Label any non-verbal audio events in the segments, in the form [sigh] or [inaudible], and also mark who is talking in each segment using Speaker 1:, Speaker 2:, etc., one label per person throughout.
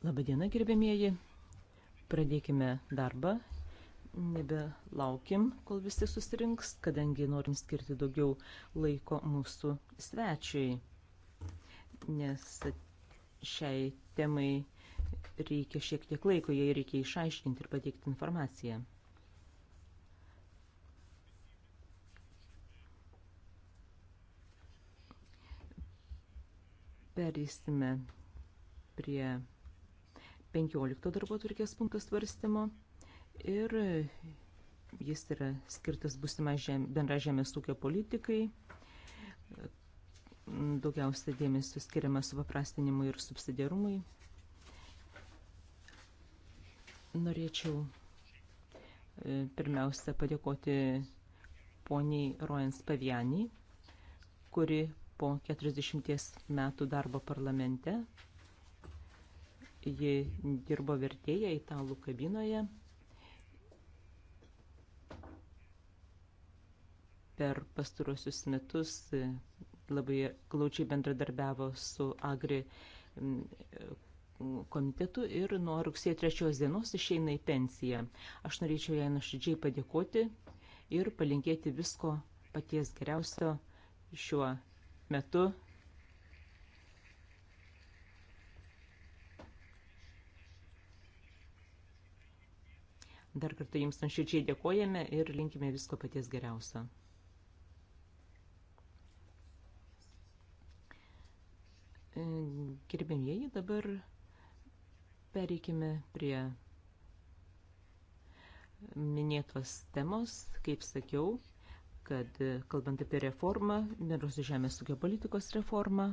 Speaker 1: Labadiena, gerbėmieji. Pradėkime darbą. Nebelaukim, kol visi susirinks, kadangi norim skirti daugiau laiko mūsų svečiai. Nes šiai temai reikia šiek tiek laiko, jai reikia išaiškinti ir pateikti informaciją. Perėsime prie 15 darbo turkės punktų svarstymo ir jis yra skirtas būsimą žem, bendrą žemės ūkio politikai. Daugiausia dėmesio skiriama supaprastinimui ir subsidiarumui. Norėčiau e, pirmiausia padėkoti poniai Roens Pavianiai, kuri po 40 metų darbo parlamente Ji dirbo vertėja italų kabinoje. Per pastarosius metus labai glaučiai bendradarbiavo su Agri komitetu ir nuo rugsėjo trečios dienos išeina į pensiją. Aš norėčiau jai nuoširdžiai padėkoti ir palinkėti visko paties geriausio šiuo metu Dar kartą jums nuoširdžiai dėkojame ir linkime visko paties geriausio. E, gerbėmieji, dabar pereikime prie minėtos temos, kaip sakiau, kad kalbant apie reformą, mirusių žemės ūkio politikos reformą,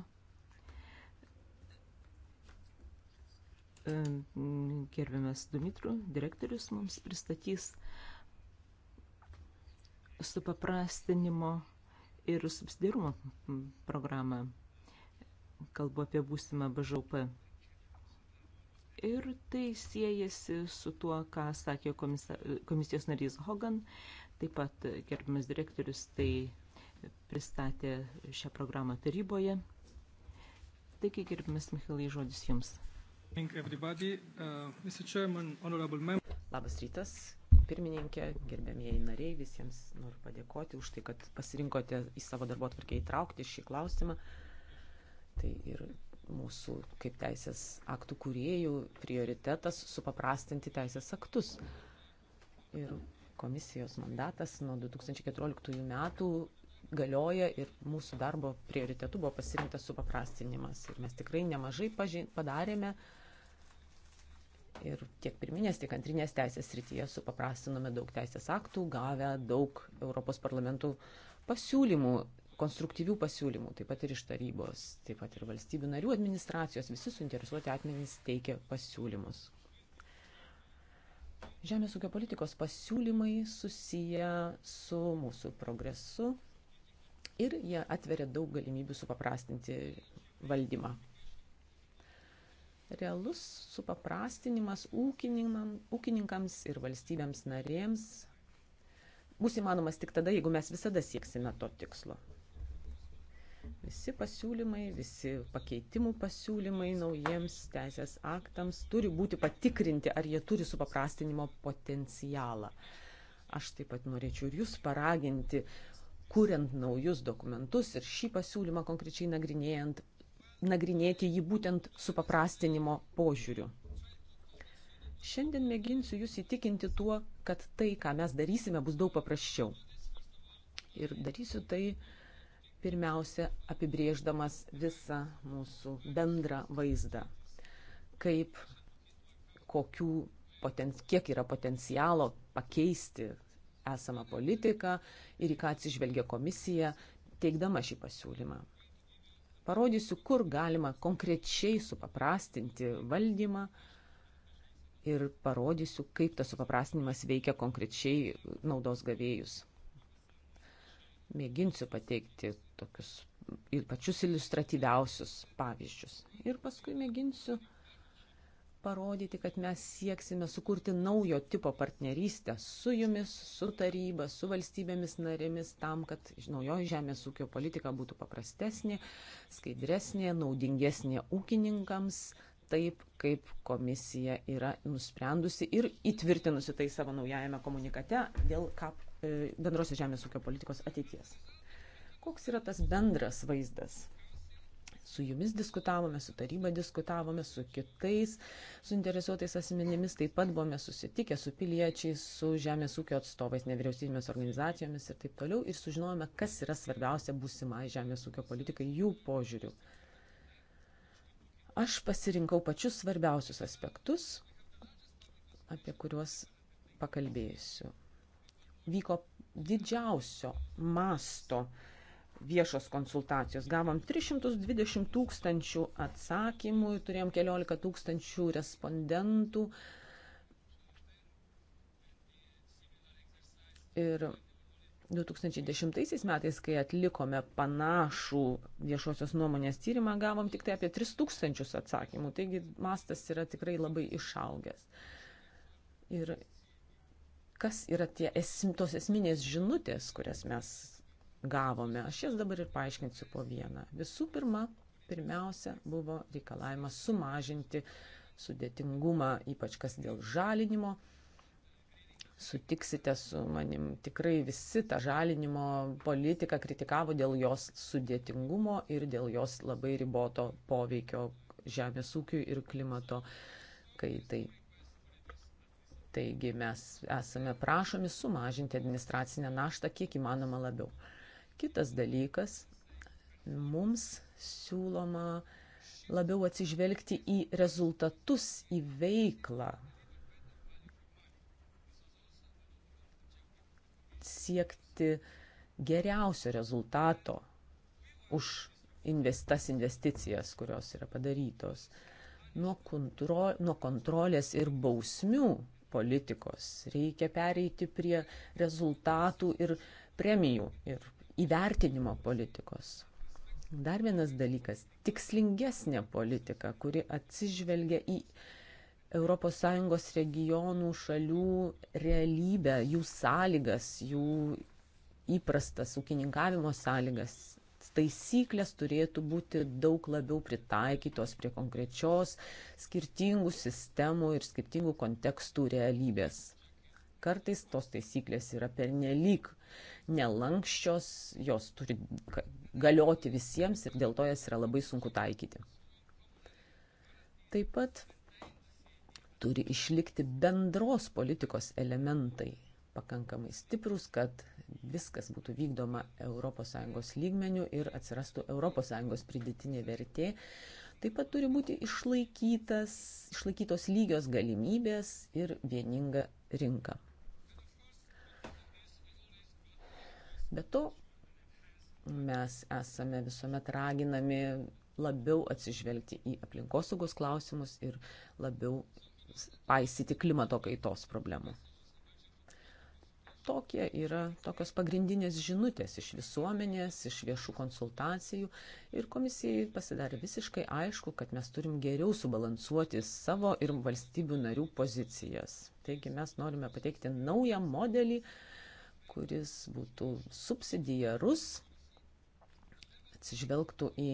Speaker 1: E, gerbiamas Dumitru, direktorius mums pristatys supaprastinimo ir subsidiarumo programą. Kalbu apie būsimą BŽP. Ir tai siejasi su tuo, ką sakė komisa, komisijos narys Hogan, taip pat gerbiamas direktorius tai pristatė šią programą taryboje. Taigi, gerbiamas Michalai, žodis jums.
Speaker 2: Uh, Labas rytas, pirmininkė, gerbėmieji nariai, visiems noriu padėkoti už tai, kad pasirinkote į savo darbo atvarkę įtraukti šį klausimą. Tai ir mūsų kaip teisės aktų kuriejų prioritetas supaprastinti teisės aktus. Ir komisijos mandatas nuo 2014 metų galioja ir mūsų darbo prioritetu buvo pasirinktas supaprastinimas. Ir mes tikrai nemažai padarėme ir tiek pirminės, tiek antrinės teisės rytyje supaprastinome daug teisės aktų, gavę daug Europos parlamentų pasiūlymų, konstruktyvių pasiūlymų, taip pat ir iš tarybos, taip pat ir valstybių narių administracijos, visi suinteresuoti atmenys teikia pasiūlymus. Žemės ūkio politikos pasiūlymai susiję su mūsų progresu, ir jie atveria daug galimybių supaprastinti valdymą. Realus supaprastinimas ūkininkams ir valstybėms narėms bus įmanomas tik tada, jeigu mes visada sieksime to tikslo. Visi pasiūlymai, visi pakeitimų pasiūlymai naujiems teisės aktams turi būti patikrinti, ar jie turi supaprastinimo potencialą. Aš taip pat norėčiau ir jūs paraginti kuriant naujus dokumentus ir šį pasiūlymą konkrečiai nagrinėjant, nagrinėti jį būtent su paprastinimo požiūriu. Šiandien mėginsiu jūs įtikinti tuo, kad tai, ką mes darysime, bus daug paprasčiau. Ir darysiu tai pirmiausia apibrėždamas visą mūsų bendrą vaizdą, kaip, kokių, poten, kiek yra potencialo pakeisti esamą politiką ir į ką atsižvelgia komisija, teikdama šį pasiūlymą. Parodysiu, kur galima konkrečiai supaprastinti valdymą ir parodysiu, kaip tas supaprastinimas veikia konkrečiai naudos gavėjus. Mėginsiu pateikti tokius ir pačius iliustratyviausius pavyzdžius. Ir paskui mėginsiu uh, parodyti, kad mes sieksime sukurti naujo tipo partnerystę su jumis, su taryba, su valstybėmis narėmis, tam, kad naujoji žemės ūkio politika būtų paprastesnė, skaidresnė, naudingesnė ūkininkams, taip, kaip komisija yra nusprendusi ir įtvirtinusi tai savo naujajame komunikate dėl kap, e, bendrosios žemės ūkio politikos ateities. Koks yra tas bendras vaizdas? su jumis diskutavome, su taryba diskutavome, su kitais suinteresuotais asmenėmis, taip pat buvome susitikę su piliečiais, su žemės ūkio atstovais, nevyriausybinėmis organizacijomis ir taip toliau ir sužinojome, kas yra svarbiausia būsimai žemės ūkio politikai jų požiūriu. Aš pasirinkau pačius svarbiausius aspektus, apie kuriuos pakalbėsiu. Vyko didžiausio masto uh, viešos konsultacijos. Gavom 320 tūkstančių atsakymų, turėjom 14 tūkstančių respondentų. Ir 2010 metais, kai atlikome panašų viešosios nuomonės tyrimą, gavom tik tai apie 3000 atsakymų, taigi mastas yra tikrai labai išaugęs. Ir kas yra tie es, tos esminės žinutės, kurias mes gavome. Aš jas dabar ir paaiškinsiu po vieną. Visų pirma, pirmiausia buvo reikalavimas sumažinti sudėtingumą, ypač kas dėl žalinimo. Sutiksite su manim, tikrai visi tą žalinimo politiką kritikavo dėl jos sudėtingumo ir dėl jos labai riboto poveikio žemės ūkiui ir klimato kaitai. Taigi mes esame prašomi sumažinti administracinę naštą kiek įmanoma labiau. Kitas dalykas, mums siūloma labiau atsižvelgti į rezultatus, į veiklą, siekti geriausio rezultato už investas investicijas, kurios yra padarytos. Nuo, kontro, nuo kontrolės ir bausmių politikos reikia pereiti prie rezultatų ir premijų ir įvertinimo politikos. Dar vienas dalykas - tikslingesnė politika, kuri atsižvelgia į ES regionų šalių realybę, jų sąlygas, jų įprastas ūkininkavimo sąlygas. Taisyklės turėtų būti daug labiau pritaikytos prie konkrečios skirtingų sistemų ir skirtingų kontekstų realybės. Kartais tos taisyklės yra pernelyg nelankščios, jos turi galioti visiems ir dėl to jas yra labai sunku taikyti. Taip pat turi išlikti bendros politikos elementai pakankamai stiprus, kad viskas būtų vykdoma ES lygmenių ir atsirastų ES pridėtinė vertė. Taip pat turi būti išlaikytos lygios galimybės ir vieninga rinka. Be to, mes esame visuomet raginami labiau atsižvelgti į aplinkosaugos klausimus ir labiau paisyti klimato kaitos problemų. Tokie yra tokios pagrindinės žinutės iš visuomenės, iš viešų konsultacijų ir komisijai pasidarė visiškai aišku, kad mes turim geriau subalansuoti savo ir valstybių narių pozicijas. Taigi mes norime pateikti naują modelį, uh, kuris būtų subsidijarus, atsižvelgtų į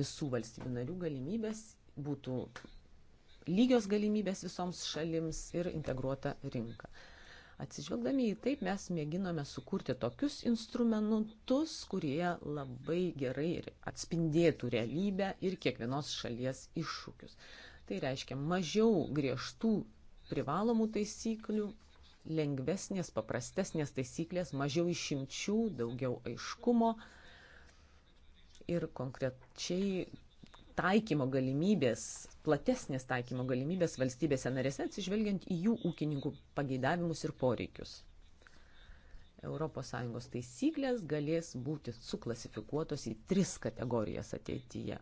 Speaker 2: visų valstybių narių galimybės, būtų lygios galimybės visoms šalims ir integruota rinka. Atsižvelgdami į taip mes mėginome sukurti tokius instrumentus, kurie labai gerai atspindėtų realybę ir kiekvienos šalies iššūkius. Tai reiškia mažiau griežtų privalomų taisyklių lengvesnės, paprastesnės taisyklės, mažiau išimčių, daugiau aiškumo ir konkrečiai taikymo galimybės, platesnės taikymo galimybės valstybėse narėse atsižvelgiant į jų ūkininkų pageidavimus ir poreikius. ES taisyklės galės būti suklasifikuotos į tris kategorijas ateityje.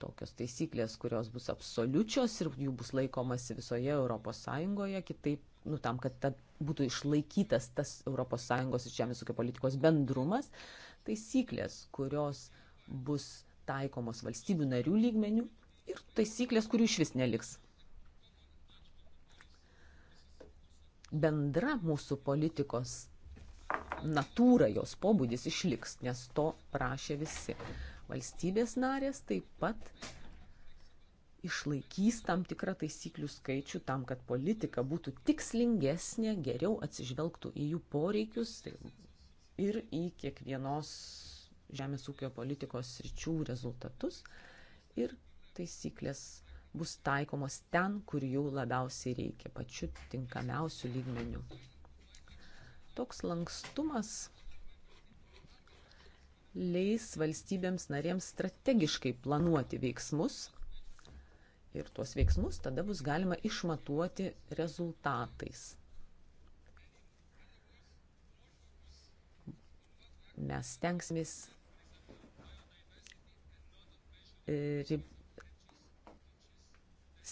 Speaker 2: Tokios taisyklės, kurios bus absoliučios ir jų bus laikomasi visoje ES, kitaip nu, tam, kad ta, būtų išlaikytas tas ES žemės ūkio politikos bendrumas, taisyklės, kurios bus taikomos valstybių narių lygmenių ir taisyklės, kurių iš vis neliks. Bendra mūsų politikos natūra, jos pobūdis išliks, nes to prašė visi. Valstybės narės taip pat išlaikys tam tikrą taisyklių skaičių tam, kad politika būtų tikslingesnė, geriau atsižvelgtų į jų poreikius tai ir į kiekvienos žemės ūkio politikos sričių rezultatus. Ir taisyklės bus taikomos ten, kur jų labiausiai reikia, pačiu tinkamiausiu lygmeniu. Toks lankstumas leis valstybėms narėms strategiškai planuoti veiksmus ir tuos veiksmus tada bus galima išmatuoti rezultatais. Mes tenksimės e,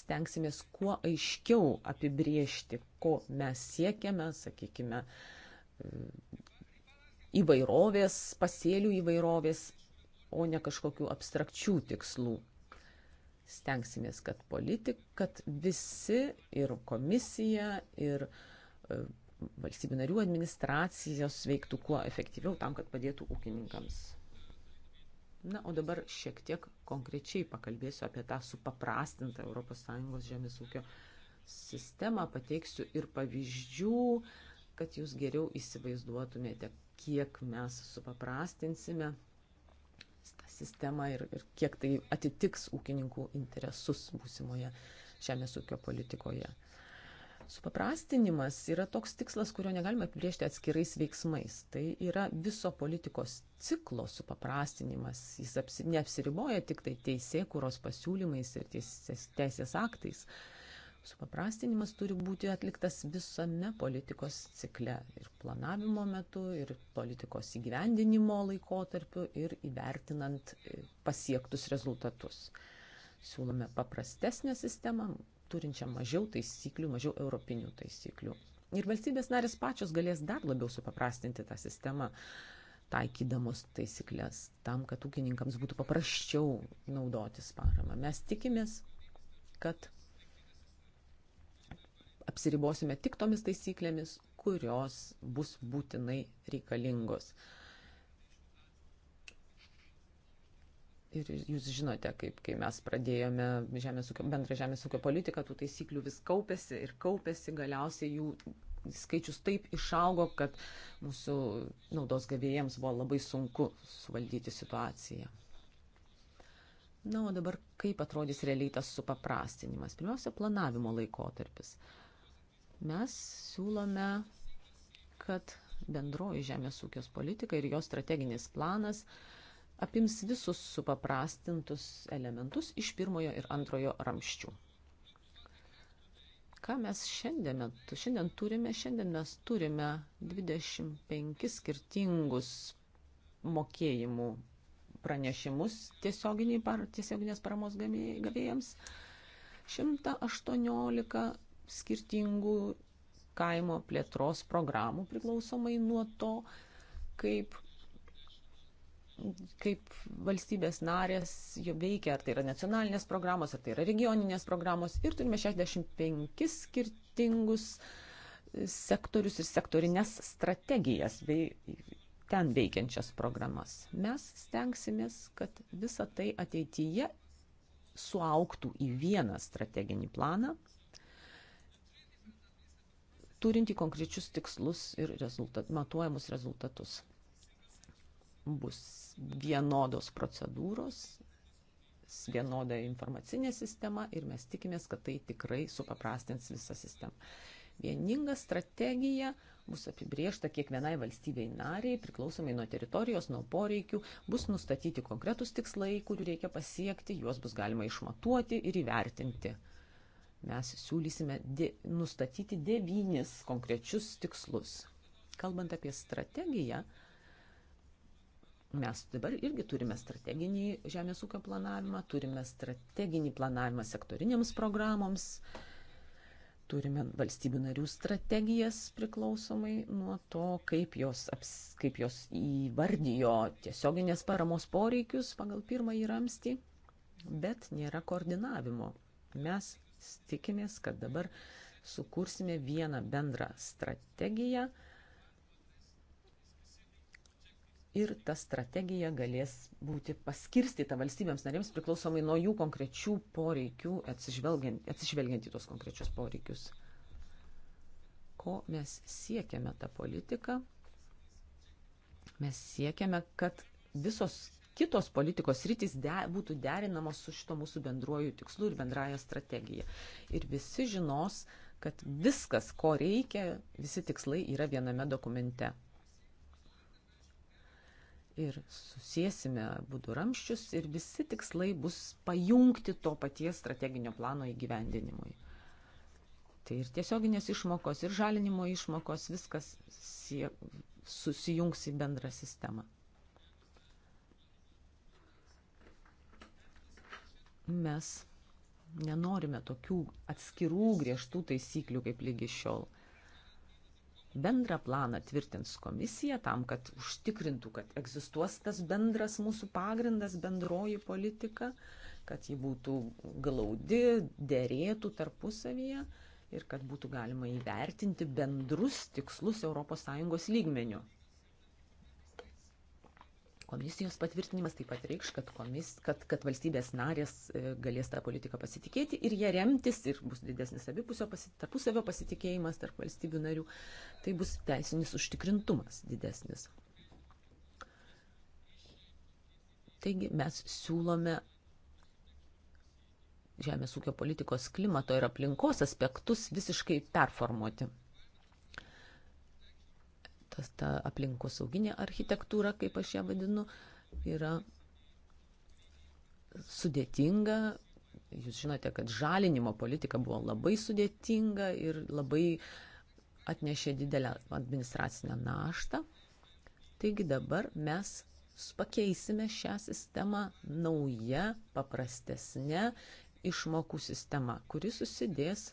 Speaker 2: stengsimės kuo aiškiau apibriežti, ko mes siekiame, sakykime, e, įvairovės, pasėlių įvairovės, o ne kažkokių abstrakčių tikslų. Stengsimės, kad politik, kad visi ir komisija, ir e, valstybių narių administracijos veiktų kuo efektyviau tam, kad padėtų ūkininkams. Na, o dabar šiek tiek konkrečiai pakalbėsiu apie tą supaprastintą ES žemės ūkio sistemą, pateiksiu ir pavyzdžių, kad jūs geriau įsivaizduotumėte, kiek mes supaprastinsime sistemą ir, ir kiek tai atitiks ūkininkų interesus būsimoje žemės ūkio politikoje. Supaprastinimas yra toks tikslas, kurio negalime apibriežti atskirais veiksmais. Tai yra viso politikos ciklo supaprastinimas. Jis apsi, neapsiriboja tik tai teisėkuros pasiūlymais ir teisės, teisės aktais. Uh, Supaprastinimas turi būti atliktas visame politikos cikle ir planavimo metu, ir politikos įgyvendinimo laikotarpiu, ir įvertinant e, pasiektus rezultatus. Siūlome paprastesnę sistemą, turinčią mažiau taisyklių, mažiau europinių taisyklių. Ir valstybės narės pačios galės dar labiau supaprastinti tą sistemą, taikydamos taisyklės tam, kad ūkininkams būtų paprasčiau naudotis paramą. Mes tikimės, kad apsiribosime tik tomis taisyklėmis, kurios bus būtinai reikalingos. Ir jūs žinote, kaip kai mes pradėjome žemės ūkio, bendrą žemės ūkio politiką, tų taisyklių vis kaupėsi ir kaupėsi, galiausiai jų skaičius taip išaugo, kad mūsų naudos gavėjams buvo labai sunku suvaldyti situaciją. Na, o dabar kaip atrodys realiai tas supaprastinimas? Pirmiausia, planavimo laikotarpis. Uh, Mes siūlome, kad bendroji žemės ūkios politika ir jos strateginis planas apims visus supaprastintus elementus iš pirmojo ir antrojo ramščių. Ką mes šiandien, šiandien turime? Šiandien mes turime 25 skirtingus mokėjimų pranešimus tiesioginės paramos gavėjams, 118 skirtingų kaimo plėtros programų priklausomai nuo to, kaip, kaip valstybės narės jo veikia, ar tai yra nacionalinės programos, ar tai yra regioninės programos. Ir turime 65 skirtingus e, sektorius ir sektorinės strategijas bei ten veikiančias programas. Mes stengsimės, kad visa tai ateityje suauktų į vieną strateginį planą turinti konkrečius tikslus ir rezultat, matuojamus rezultatus. Bus vienodos procedūros, vienoda informacinė sistema ir mes tikimės, kad tai tikrai supaprastins visą sistemą. Vieninga strategija bus apibriešta kiekvienai valstybei nariai, priklausomai nuo teritorijos, nuo poreikių, bus nustatyti konkretus tikslai, kurių reikia pasiekti, juos bus galima išmatuoti ir įvertinti mes siūlysime de, nustatyti devynis konkrečius tikslus. Kalbant apie strategiją, mes dabar irgi turime strateginį žemės ūkio planavimą, turime strateginį planavimą sektorinėms programoms, turime valstybių narių strategijas priklausomai nuo to, kaip jos, aps, kaip jos įvardijo tiesioginės paramos poreikius pagal pirmąjį ramstį, bet nėra koordinavimo. Mes tikimės, kad dabar sukursime vieną bendrą strategiją ir ta strategija galės būti paskirstyta valstybėms narėms priklausomai nuo jų konkrečių poreikių, atsižvelgiant, atsižvelgiant į tos konkrečius poreikius. Ko mes siekiame tą politiką? Mes siekiame, kad visos kitos politikos rytis de, būtų derinamos su šito mūsų bendruoju tikslu ir bendraja strategija. Ir visi žinos, kad viskas, ko reikia, visi tikslai yra viename dokumente. Ir susėsime būdų ramščius ir visi tikslai bus pajungti to paties strateginio plano įgyvendinimui. Tai ir tiesioginės išmokos, ir žalinimo išmokos, viskas susijungs į bendrą sistemą. Mes nenorime tokių atskirų griežtų taisyklių kaip lygi šiol. Bendrą planą tvirtins komisija tam, kad užtikrintų, kad egzistuos tas bendras mūsų pagrindas, bendroji politika, kad ji būtų glaudi, dėrėtų tarpusavyje ir kad būtų galima įvertinti bendrus tikslus ES lygmenių. Komisijos patvirtinimas taip pat reikš, kad, komis, kad, kad valstybės narės e, galės tą politiką pasitikėti ir jie remtis ir bus didesnis abipusio pasi, tarpusavio pasitikėjimas tarp valstybių narių. Tai bus teisinis užtikrintumas didesnis. Taigi mes siūlome žemės ūkio politikos klimato ir aplinkos aspektus visiškai performuoti tas ta aplinkosauginė architektūra, kaip aš ją vadinu, yra sudėtinga. Jūs žinote, kad žalinimo politika buvo labai sudėtinga ir labai atnešė didelę administracinę naštą. Taigi dabar mes pakeisime šią sistemą nauja, paprastesnė išmokų sistema, kuri susidės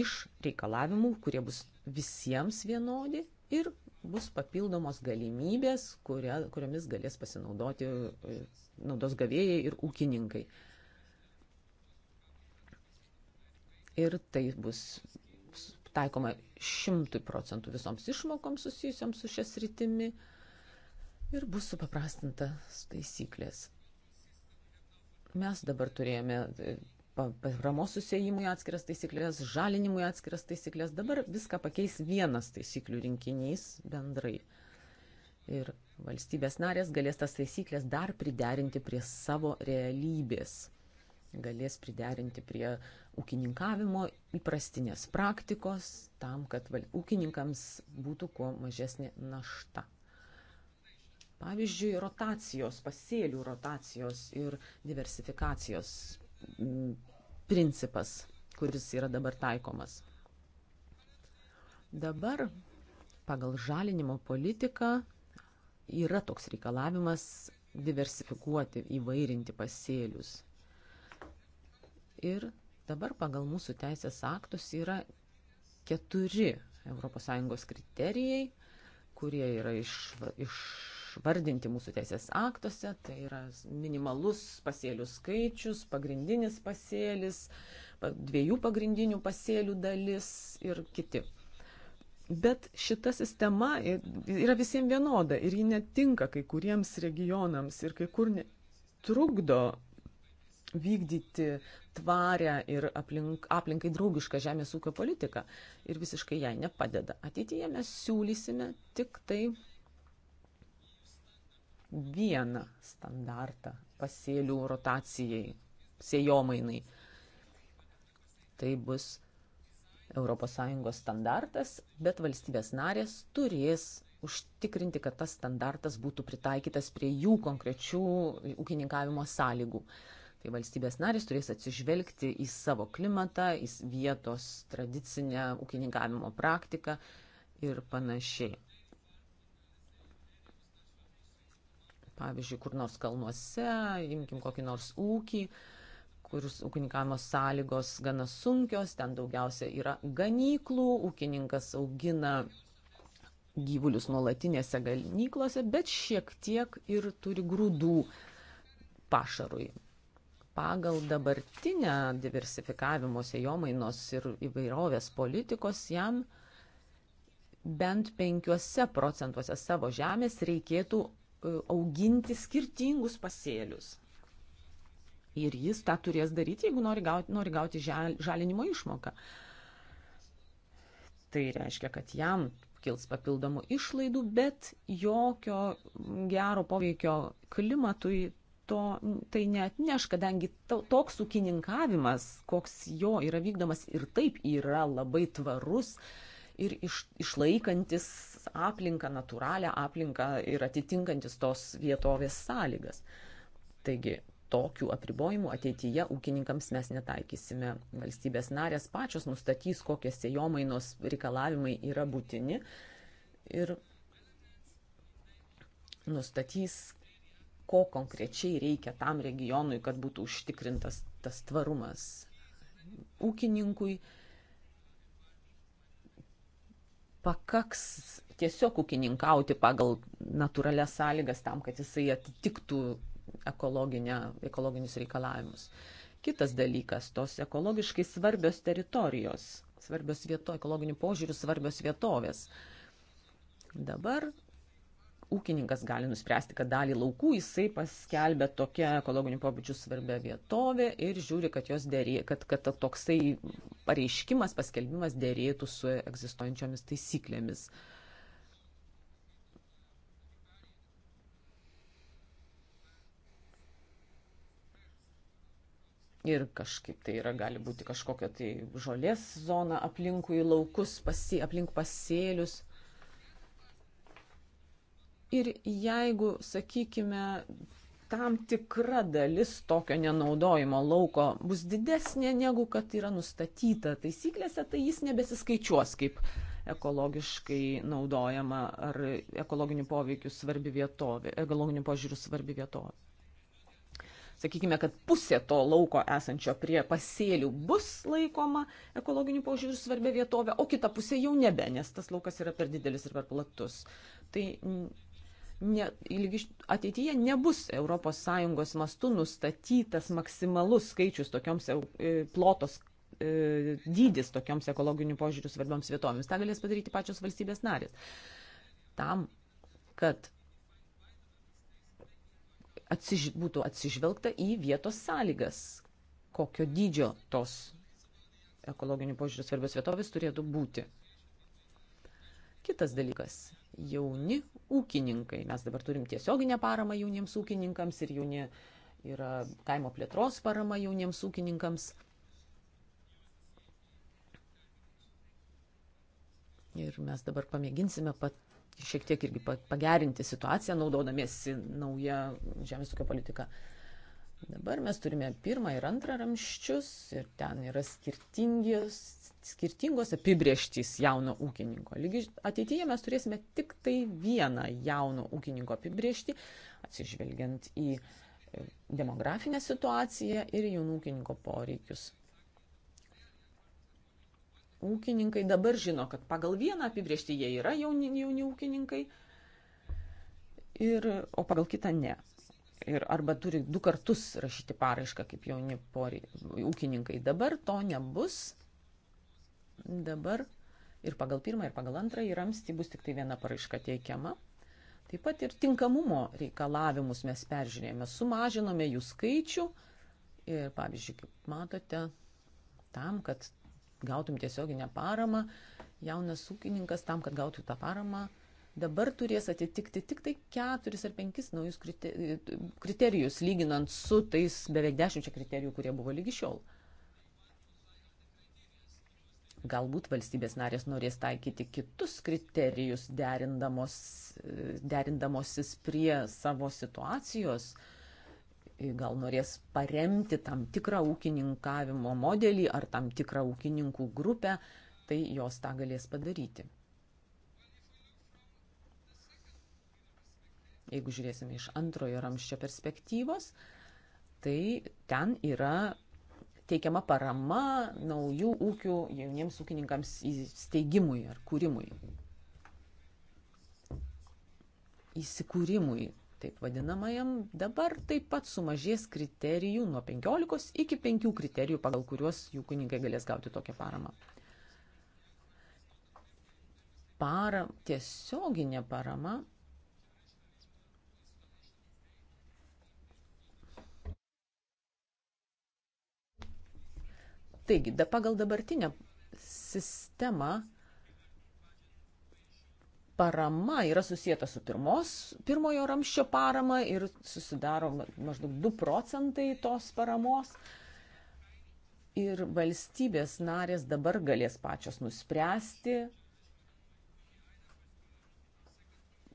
Speaker 2: iš reikalavimų, kurie bus visiems vienodi ir bus papildomos galimybės, kuria, kuriomis galės pasinaudoti e, naudos gavėjai ir ūkininkai. Ir tai bus taikoma šimtų procentų visoms išmokoms susijusioms su šias rytimi ir bus supaprastintas taisyklės. Mes dabar turėjome e, paramos susijimui atskiras taisyklės, žalinimui atskiras taisyklės. Dabar viską pakeis vienas taisyklių rinkinys bendrai. Ir valstybės narės galės tas taisyklės dar priderinti prie savo realybės. Galės priderinti prie ūkininkavimo įprastinės praktikos, tam, kad ūkininkams būtų kuo mažesnė našta. Pavyzdžiui, rotacijos, pasėlių rotacijos ir diversifikacijos principas, kuris yra dabar taikomas. Dabar pagal žalinimo politiką yra toks reikalavimas diversifikuoti, įvairinti pasėlius. Ir dabar pagal mūsų teisės aktus yra keturi ES kriterijai, kurie yra iš, iš išvardinti mūsų teisės aktuose. Tai yra minimalus pasėlių skaičius, pagrindinis pasėlis, dviejų pagrindinių pasėlių dalis ir kiti. Bet šita sistema yra visiems vienoda ir ji netinka kai kuriems regionams ir kai kur ne, trukdo vykdyti tvarę ir aplink, aplinkai draugišką žemės ūkio politiką ir visiškai jai nepadeda. Ateityje mes siūlysime tik tai vieną standartą pasėlių rotacijai, sėjomainai. Tai bus ES standartas, bet valstybės narės turės užtikrinti, kad tas standartas būtų pritaikytas prie jų konkrečių ūkininkavimo sąlygų. Tai valstybės narės turės atsižvelgti į savo klimatą, į vietos tradicinę ūkininkavimo praktiką ir panašiai. pavyzdžiui, kur nors kalnuose, imkim kokį nors ūkį, kuris ūkininkavimo sąlygos gana sunkios, ten daugiausia yra ganyklų, ūkininkas augina gyvulius nuolatinėse ganyklose, bet šiek tiek ir turi grūdų pašarui. Pagal dabartinę diversifikavimo sėjomainos ir įvairovės politikos jam bent 5 procentuose savo žemės reikėtų E, auginti skirtingus pasėlius. Ir jis tą turės daryti, jeigu nori gauti, nori gauti žalinimo išmoką. Tai reiškia, kad jam kils papildomų išlaidų, bet jokio gero poveikio klimatui to, tai neatneš, kadangi to, toks ūkininkavimas, koks jo yra vykdomas ir taip yra labai tvarus ir iš, išlaikantis parengs aplinką, natūralią aplinką ir atitinkantis tos vietovės sąlygas. Taigi tokių apribojimų ateityje ūkininkams mes netaikysime. Valstybės narės pačios nustatys, kokie sėjomainos reikalavimai yra būtini ir nustatys, ko konkrečiai reikia tam regionui, kad būtų užtikrintas tas tvarumas ūkininkui. Pakaks tiesiog ūkininkauti pagal natūralias sąlygas tam, kad jisai atitiktų ekologinius reikalavimus. Kitas dalykas - tos ekologiškai svarbios teritorijos, svarbios vieto, ekologinių požiūrių svarbios vietovės. Dabar ūkininkas gali nuspręsti, kad dalį laukų jisai paskelbė tokia ekologinių pobūdžių svarbia vietovė ir žiūri, kad, dėrė, kad, kad toksai pareiškimas, paskelbimas dėrėtų su egzistuojančiomis taisyklėmis. Uh, ir kažkaip tai yra, gali būti kažkokia tai žolės zona aplinkui laukus, pasi, aplink pasėlius. Ir jeigu, sakykime, tam tikra dalis tokio nenaudojimo lauko bus didesnė negu kad yra nustatyta taisyklėse, tai jis nebesiskaičiuos kaip ekologiškai naudojama ar ekologinių poveikių svarbi vietovė, ekologinių požiūrių svarbi vietovė sakykime, kad pusė to lauko esančio prie pasėlių bus laikoma ekologinių požiūrių svarbia vietovė, o kita pusė jau nebe, nes tas laukas yra per didelis ir per platus. Tai ne, ateityje nebus ES mastu nustatytas maksimalus skaičius tokioms e, plotos e, dydis tokioms ekologinių požiūrių svarbioms vietomis. Ta galės padaryti pačios valstybės narės. Tam, kad atsiž būtų atsižvelgta į vietos sąlygas, kokio dydžio tos ekologinių požiūrių svarbios vietovės turėtų būti. Kitas dalykas - jauni ūkininkai. Mes dabar turim tiesioginę paramą jauniems ūkininkams ir jauni yra kaimo plėtros parama jauniems ūkininkams. Ir mes dabar pamėginsime pat šiek tiek irgi pagerinti situaciją, naudodamiesi naują žemės ūkio politiką. Dabar mes turime pirmą ir antrą ramščius ir ten yra skirtingos, skirtingos apibrieštys jauno ūkininko. Lygi ateityje mes turėsime tik tai vieną jauno ūkininko apibrieštį, atsižvelgiant į e, demografinę situaciją ir jaunų ūkininko poreikius ūkininkai dabar žino, kad pagal vieną apibriežtį jie yra jauni, jauni ūkininkai, ir, o pagal kitą ne. Ir arba turi du kartus rašyti paraišką kaip jauni pori, ūkininkai. Dabar to nebus. Dabar ir pagal pirmą, ir pagal antrą įramstį bus tik tai viena paraiška teikiama. Taip pat ir tinkamumo reikalavimus mes peržiūrėjome, sumažinome jų skaičių. Ir pavyzdžiui, kaip matote, tam, kad gautum tiesioginę paramą, jaunas ūkininkas tam, kad gautų tą paramą, dabar turės atitikti tik tai keturis ar penkis naujus kriterijus, lyginant su tais beveik dešimčia kriterijų, kurie buvo lygi šiol. Galbūt valstybės narės norės taikyti kitus kriterijus derindamos, derindamosis prie savo situacijos, uh, gal norės paremti tam tikrą ūkininkavimo modelį ar tam tikrą ūkininkų grupę, tai jos tą galės padaryti. Jeigu žiūrėsime iš antrojo ramščio perspektyvos, tai ten yra teikiama parama naujų ūkių jauniems ūkininkams įsteigimui ar kūrimui. Įsikūrimui taip vadinamajam, dabar taip pat sumažės kriterijų nuo 15 iki 5 kriterijų, pagal kuriuos jų kunigai galės gauti tokią paramą. Para, tiesioginė parama Taigi, da pagal dabartinę sistemą parama yra susijęta su pirmos, pirmojo ramščio parama ir susidaro maždaug 2 procentai tos paramos. Ir valstybės narės dabar galės pačios nuspręsti,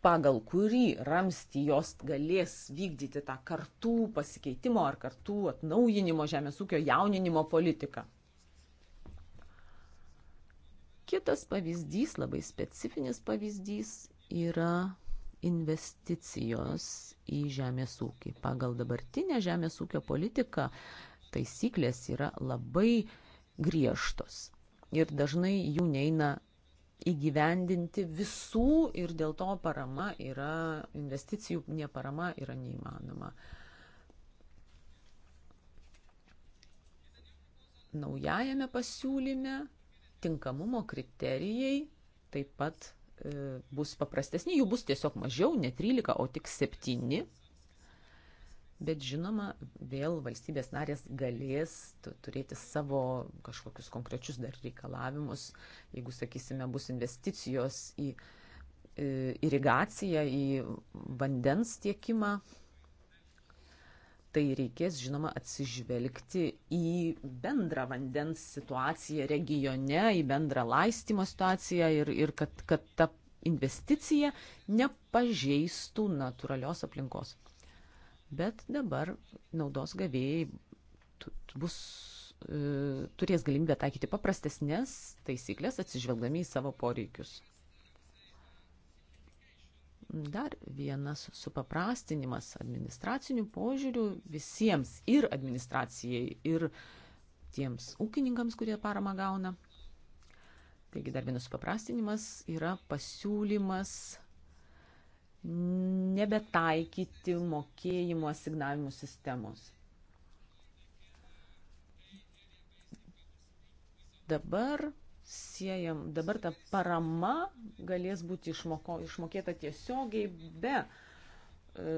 Speaker 2: pagal kurį ramstį jos galės vykdyti tą kartų pasikeitimo ar kartų atnaujinimo žemės ūkio jauninimo politiką. Kitas pavyzdys, labai specifinis pavyzdys, yra investicijos į žemės ūkį. Pagal dabartinę žemės ūkio politiką taisyklės yra labai griežtos ir dažnai jų neina įgyvendinti visų ir dėl to parama yra, investicijų neparama yra neįmanoma. Naujajame pasiūlyme tinkamumo kriterijai taip pat e, bus paprastesni, jų bus tiesiog mažiau, ne 13, o tik 7. Bet žinoma, vėl valstybės narės galės turėti savo kažkokius konkrečius dar reikalavimus, jeigu, sakysime, bus investicijos į e, irigaciją, į vandens tiekimą, tai reikės, žinoma, atsižvelgti į bendrą vandens situaciją regione, į bendrą laistymo situaciją ir, ir kad, kad ta investicija nepažeistų natūralios aplinkos. Bet dabar naudos gavėjai bus, e, turės galimybę taikyti paprastesnės taisyklės atsižvelgdami į savo poreikius dar vienas supaprastinimas administracinių požiūrių visiems ir administracijai, ir tiems ūkininkams, kurie paramą gauna. Taigi dar vienas supaprastinimas yra pasiūlymas nebetaikyti mokėjimo asignavimų sistemos. Dabar siejam, dabar ta parama galės būti išmoko, išmokėta tiesiogiai be e,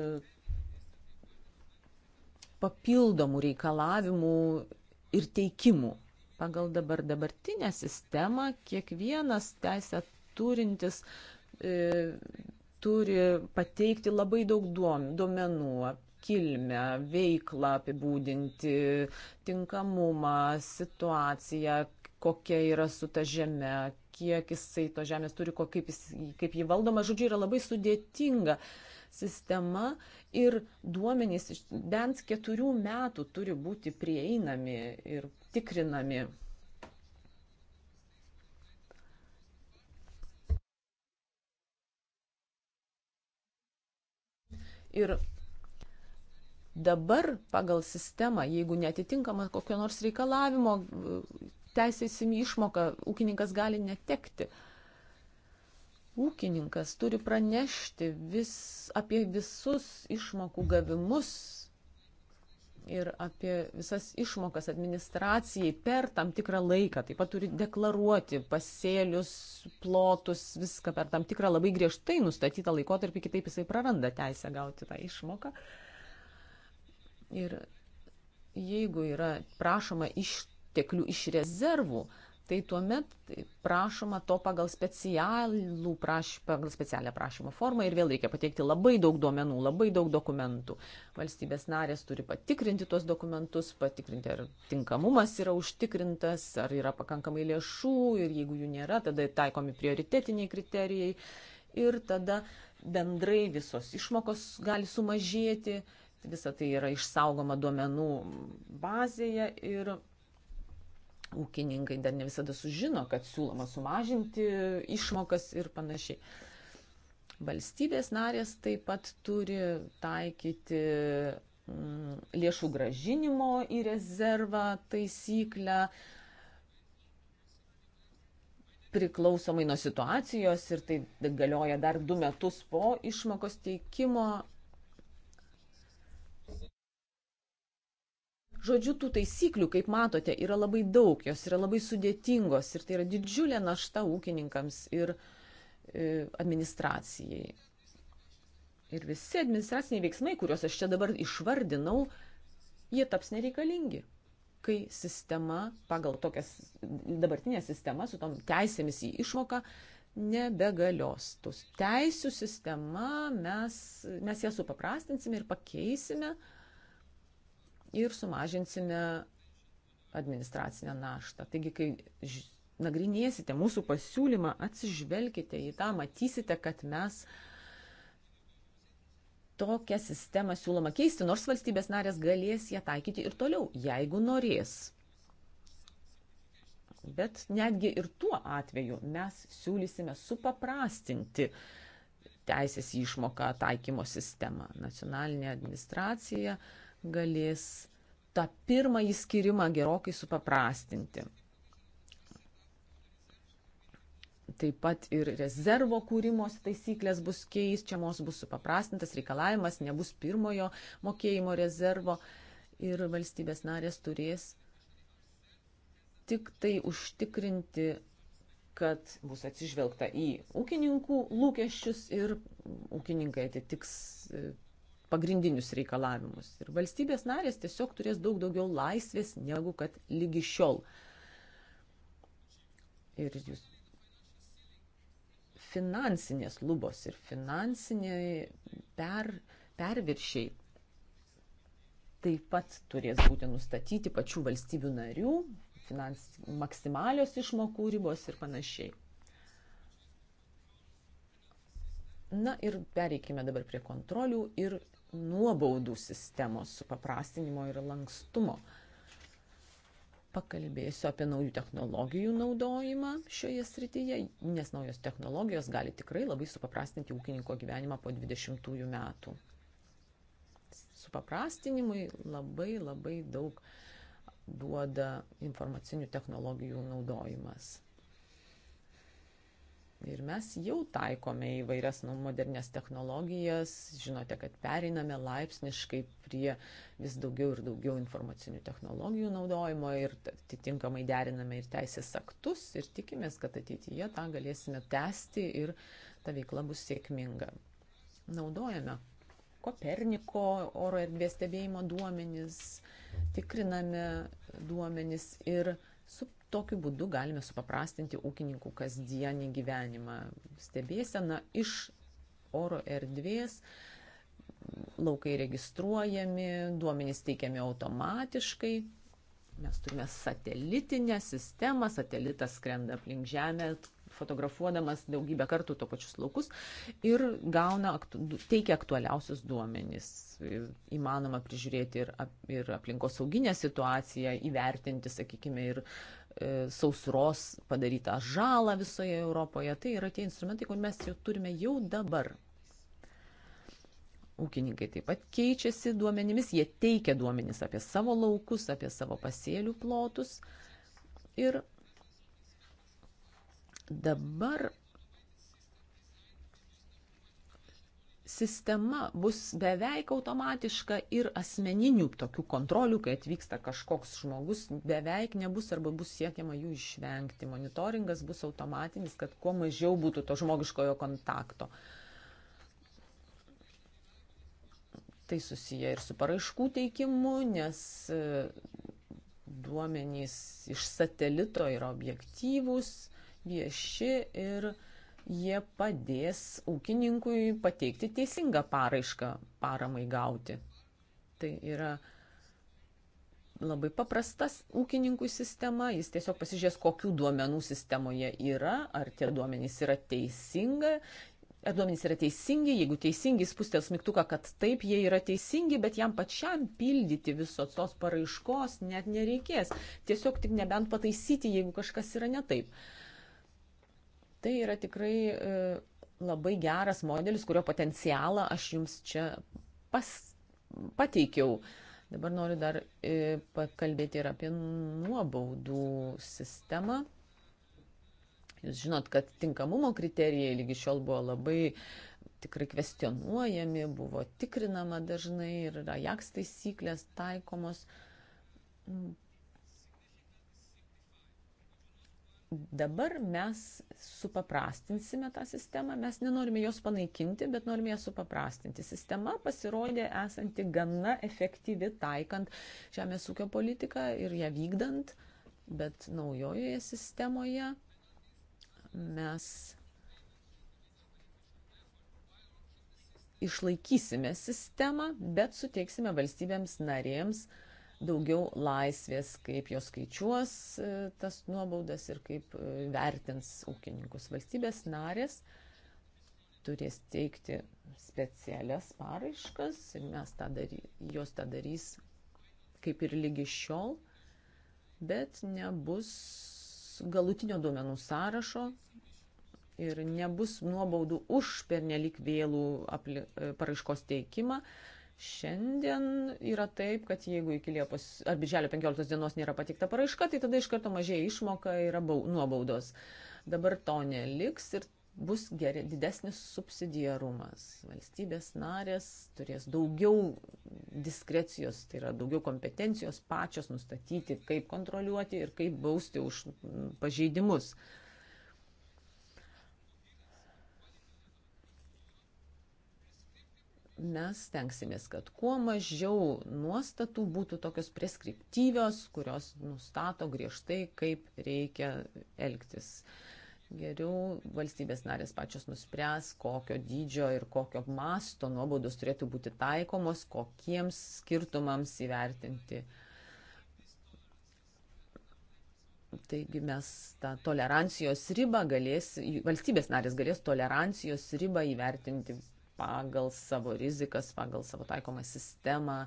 Speaker 2: papildomų reikalavimų ir teikimų. Pagal dabar dabartinę sistemą kiekvienas teisę turintis e, turi pateikti labai daug duomenų kilmę, veiklą apibūdinti, tinkamumą, situaciją, kokia yra su ta žeme, kiek jisai to žemės turi, kaip, jis, kaip jį valdoma. Žodžiu, yra labai sudėtinga sistema ir duomenys bent keturių metų turi būti prieinami ir tikrinami. Ir dabar pagal sistemą, jeigu netitinkama kokio nors reikalavimo, teisėsim išmoką ūkininkas gali netekti. Ūkininkas turi pranešti vis, apie visus išmokų gavimus ir apie visas išmokas administracijai per tam tikrą laiką. Taip pat turi deklaruoti pasėlius, plotus, viską per tam tikrą labai griežtai nustatytą laikotarpį, kitaip jisai praranda teisę gauti tą išmoką. Ir jeigu yra prašoma iš išteklių iš rezervų, tai tuomet prašoma to pagal, praš, pagal specialią prašymo formą ir vėl reikia pateikti labai daug duomenų, labai daug dokumentų. Valstybės narės turi patikrinti tuos dokumentus, patikrinti, ar tinkamumas yra užtikrintas, ar yra pakankamai lėšų ir jeigu jų nėra, tada taikomi prioritetiniai kriterijai ir tada bendrai visos išmokos gali sumažėti. Visa tai yra išsaugoma duomenų bazėje ir ūkininkai dar ne visada sužino, kad siūloma sumažinti išmokas ir panašiai. Valstybės narės taip pat turi taikyti mm, lėšų gražinimo į rezervą taisyklę priklausomai nuo situacijos ir tai galioja dar du metus po išmokos teikimo Žodžiu, tų taisyklių, kaip matote, yra labai daug, jos yra labai sudėtingos ir tai yra didžiulė našta ūkininkams ir e, administracijai. Ir visi administraciniai veiksmai, kuriuos aš čia dabar išvardinau, jie taps nereikalingi, kai sistema pagal tokias dabartinę sistemą su tom teisėmis į išmoką nebegalios. Tos teisų sistema mes, mes ją supaprastinsime ir pakeisime. Uh, ir sumažinsime administracinę naštą. Taigi, kai nagrinėsite mūsų pasiūlymą, atsižvelkite į tą, matysite, kad mes tokią sistemą siūloma keisti, nors valstybės narės galės ją taikyti ir toliau, jeigu norės. Bet netgi ir tuo atveju mes siūlysime supaprastinti teisės išmoką taikymo sistemą. Nacionalinė administracija uh, galės tą pirmąjį skirimą gerokai supaprastinti. Taip pat ir rezervo kūrimos taisyklės bus keičiamos, bus supaprastintas reikalavimas, nebus pirmojo mokėjimo rezervo ir valstybės narės turės tik tai užtikrinti, kad bus atsižvelgta į ūkininkų lūkesčius ir ūkininkai atitiks pagrindinius reikalavimus. Ir valstybės narės tiesiog turės daug daugiau laisvės negu kad lygi šiol. Ir jūs finansinės lubos ir finansiniai per, perviršiai taip pat turės būti nustatyti pačių valstybių narių, finans, maksimalios išmokų ribos ir panašiai. Na ir pereikime dabar prie kontrolių ir nuobaudų sistemos supaprastinimo ir lankstumo. Pakalbėsiu apie naujų technologijų naudojimą šioje srityje, nes naujos technologijos gali tikrai labai supaprastinti ūkininko gyvenimą po 20 metų. Supaprastinimui labai labai daug duoda informacinių technologijų naudojimas. Ir mes jau taikome įvairias nu, modernės technologijas, žinote, kad pereiname laipsniškai prie vis daugiau ir daugiau informacinių technologijų naudojimo ir atitinkamai deriname ir teisės aktus ir tikimės, kad ateityje tą galėsime tęsti ir ta veikla bus sėkminga. Naudojame Koperniko oro erdvės stebėjimo duomenis, tikriname duomenis ir su Tokiu būdu galime supaprastinti ūkininkų kasdienį gyvenimą. Stebėsena iš oro erdvės, laukai registruojami, duomenys teikiami automatiškai. Mes turime satelitinę sistemą, satelitas skrenda aplink Žemę, fotografuodamas daugybę kartų to pačius laukus ir gauna, teikia aktualiausius duomenys. Įmanoma prižiūrėti ir, ir aplinkos sauginę situaciją, įvertinti, sakykime, ir uh, E, sausros padarytą žalą visoje Europoje. Tai yra tie instrumentai, kur mes jau turime jau dabar. Ūkininkai taip pat keičiasi duomenimis, jie teikia duomenis apie savo laukus, apie savo pasėlių plotus. Ir dabar sistema bus beveik automatiška ir asmeninių tokių kontrolių, kai atvyksta kažkoks žmogus, beveik nebus arba bus siekiama jų išvengti. Monitoringas bus automatinis, kad kuo mažiau būtų to žmogiškojo kontakto. Tai susiję ir su paraiškų teikimu, nes e, duomenys iš satelito yra objektyvūs, vieši ir jie padės ūkininkui pateikti teisingą paraišką paramai gauti. Tai yra labai paprastas ūkininkų sistema, jis tiesiog pasižiūrės, kokių duomenų sistemoje yra, ar tie duomenys yra teisinga. Ar duomenys yra teisingi, jeigu teisingi, jis pustels mygtuką, kad taip, jie yra teisingi, bet jam pačiam pildyti visos tos paraiškos net nereikės. Tiesiog tik nebent pataisyti, jeigu kažkas yra ne taip. Uh, Tai yra tikrai e, labai geras modelis, kurio potencialą aš jums čia pas, pateikiau. Dabar noriu dar e, pakalbėti ir apie nuobaudų sistemą. Jūs žinot, kad tinkamumo kriterijai lygi šiol buvo labai tikrai kvestionuojami, buvo tikrinama dažnai ir Ajax taisyklės taikomos. Dabar mes supaprastinsime tą sistemą, mes nenorime jos panaikinti, bet norime ją supaprastinti. Sistema pasirodė esanti gana efektyvi taikant žemės ūkio politiką ir ją vykdant, bet naujojoje sistemoje mes išlaikysime sistemą, bet suteiksime valstybėms narėms uh, daugiau laisvės, kaip jos skaičiuos e, tas nuobaudas ir kaip e, vertins ūkininkus. Valstybės narės turės teikti specialias paraiškas ir mes tą dary, jos tą darys kaip ir lygi šiol, bet nebus galutinio duomenų sąrašo ir nebus nuobaudų už pernelik vėlų e, paraiškos teikimą Šiandien yra taip, kad jeigu iki Liepos ar Birželio 15 dienos nėra patikta paraiška, tai tada iš karto mažėja išmoka ir nuobaudos. Dabar to neliks ir bus geri, didesnis subsidiarumas. Valstybės narės turės daugiau diskrecijos, tai yra daugiau kompetencijos pačios nustatyti, kaip kontroliuoti ir kaip bausti už pažeidimus. mes tenksimės, kad kuo mažiau nuostatų būtų tokios preskriptyvios, kurios nustato griežtai, kaip reikia elgtis. Geriau valstybės narės pačios nuspręs, kokio dydžio ir kokio masto nuobaudos turėtų būti taikomos, kokiems skirtumams įvertinti. Taigi mes tą tolerancijos ribą galės, valstybės narės galės tolerancijos ribą įvertinti pagal savo rizikas, pagal savo taikomą sistemą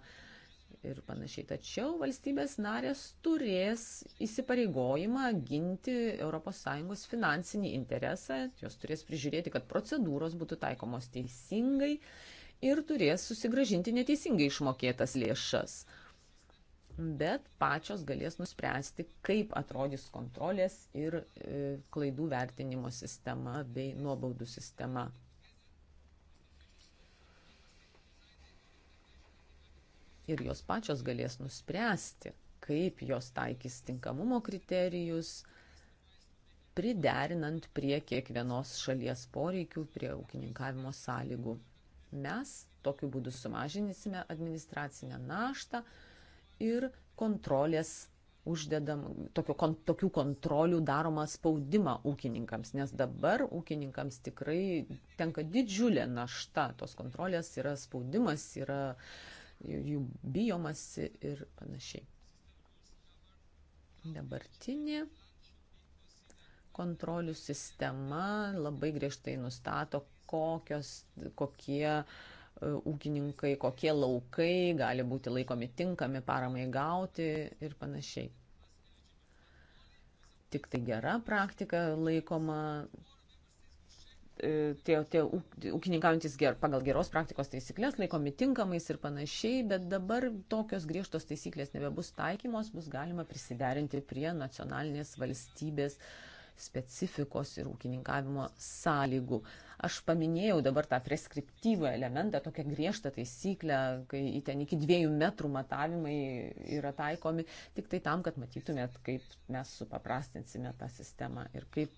Speaker 2: ir panašiai. Tačiau valstybės narės turės įsipareigojimą ginti ES finansinį interesą, jos turės prižiūrėti, kad procedūros būtų taikomos teisingai ir turės susigražinti neteisingai išmokėtas lėšas. Bet pačios galės nuspręsti, kaip atrodys kontrolės ir e, klaidų vertinimo sistema bei nuobaudų sistema. ir jos pačios galės nuspręsti, kaip jos taikys tinkamumo kriterijus, priderinant prie kiekvienos šalies poreikių, prie ūkininkavimo sąlygų. Mes tokiu būdu sumažinsime administracinę naštą ir kontrolės uždedam, tokio, kon, tokių kontrolių daromą spaudimą ūkininkams, nes dabar ūkininkams tikrai tenka didžiulė našta, tos kontrolės yra spaudimas, yra uh, jų bijomasi ir panašiai. Dabartinė kontrolių sistema labai griežtai nustato, kokios, kokie e, ūkininkai, kokie laukai gali būti laikomi tinkami paramai gauti ir panašiai. Tik tai gera praktika laikoma E, tie, tie ūkininkaujantis ger, pagal geros praktikos taisyklės laikomi tinkamais ir panašiai, bet dabar tokios griežtos taisyklės nebebus taikymos, bus galima prisiderinti prie nacionalinės valstybės specifikos ir ūkininkavimo sąlygų. Aš paminėjau dabar tą preskriptyvą elementą, tokią griežtą taisyklę, kai ten iki dviejų metrų matavimai yra taikomi, tik tai tam, kad matytumėt, kaip mes supaprastinsime tą sistemą ir kaip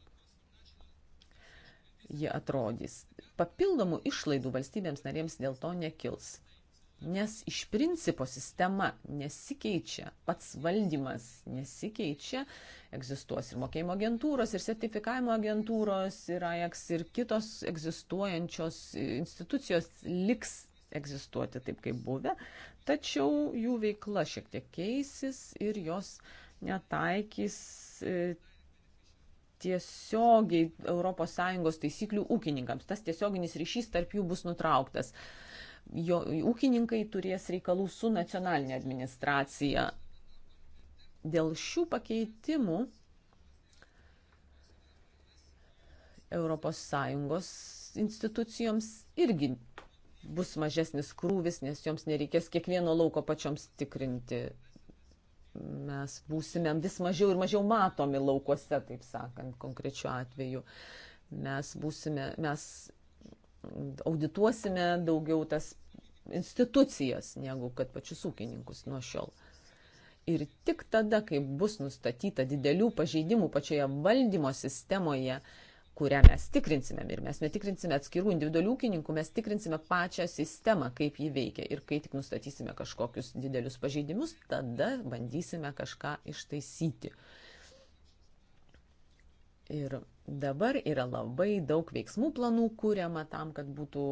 Speaker 2: jie atrodys. Papildomų išlaidų valstybėms narėms dėl to nekils, nes iš principo sistema nesikeičia, pats valdymas nesikeičia, egzistuos ir mokėjimo agentūros, ir sertifikavimo agentūros, ir AEX, ir kitos egzistuojančios institucijos liks egzistuoti taip, kaip buvę, tačiau jų veikla šiek tiek keisis ir jos netaikys e, tiesiogiai ES taisyklių ūkininkams. Tas tiesioginis ryšys tarp jų bus nutrauktas. Jo, ūkininkai turės reikalų su nacionalinė administracija. Dėl šių pakeitimų ES institucijoms irgi bus mažesnis krūvis, nes joms nereikės kiekvieno lauko pačioms tikrinti mes būsime vis mažiau ir mažiau matomi laukuose, taip sakant, konkrečiu atveju. Mes būsime, mes audituosime daugiau tas institucijas, negu kad pačius ūkininkus nuo šiol. Ir tik tada, kai bus nustatyta didelių pažeidimų pačioje valdymo sistemoje, kurią mes tikrinsime. Ir mes netikrinsime atskirų individualių ūkininkų, mes tikrinsime pačią sistemą, kaip ji veikia. Ir kai tik nustatysime kažkokius didelius pažeidimus, tada bandysime kažką ištaisyti. Ir dabar yra labai daug veiksmų planų kūriama tam, kad būtų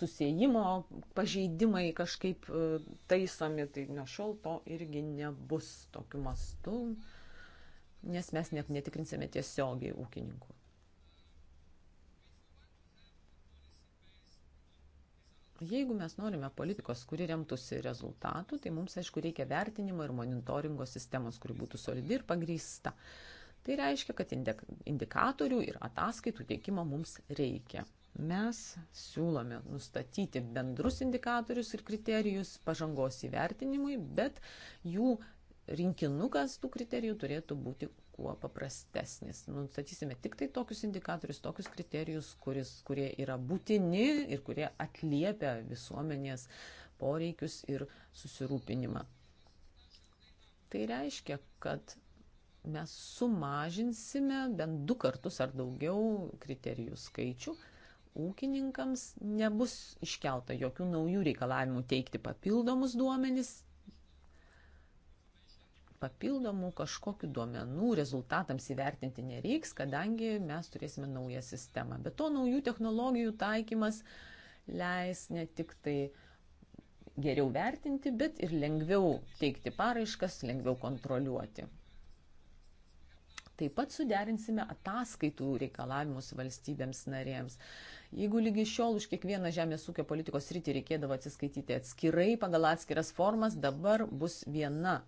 Speaker 2: susijimo pažeidimai kažkaip e, taisomi, tai nuo šiol to irgi nebus tokiu mastu, nes mes net netikrinsime tiesiogiai ūkininkų. Jeigu mes norime politikos, kuri remtųsi rezultatų, tai mums, aišku, reikia vertinimo ir monitoringo sistemos, kuri būtų solidi ir pagrįsta. Tai reiškia, kad indikatorių ir ataskaitų teikimo mums reikia. Mes siūlome nustatyti bendrus indikatorius ir kriterijus pažangos įvertinimui, bet jų rinkinukas tų kriterijų turėtų būti kuo paprastesnis. Nustatysime tik tai tokius indikatorius, tokius kriterijus, kuris, kurie yra būtini ir kurie atliepia visuomenės poreikius ir susirūpinimą. Tai reiškia, kad mes sumažinsime bent du kartus ar daugiau kriterijų skaičių. Ūkininkams nebus iškelta jokių naujų reikalavimų teikti papildomus duomenis, papildomų kažkokių duomenų rezultatams įvertinti nereiks, kadangi mes turėsime naują sistemą. Bet to naujų technologijų taikymas leis ne tik tai geriau vertinti, bet ir lengviau teikti paraiškas, lengviau kontroliuoti. Taip pat suderinsime ataskaitų reikalavimus valstybėms narėms. Jeigu lygi šiol už kiekvieną žemės ūkio politikos rytį reikėdavo atsiskaityti atskirai pagal atskiras formas, dabar bus viena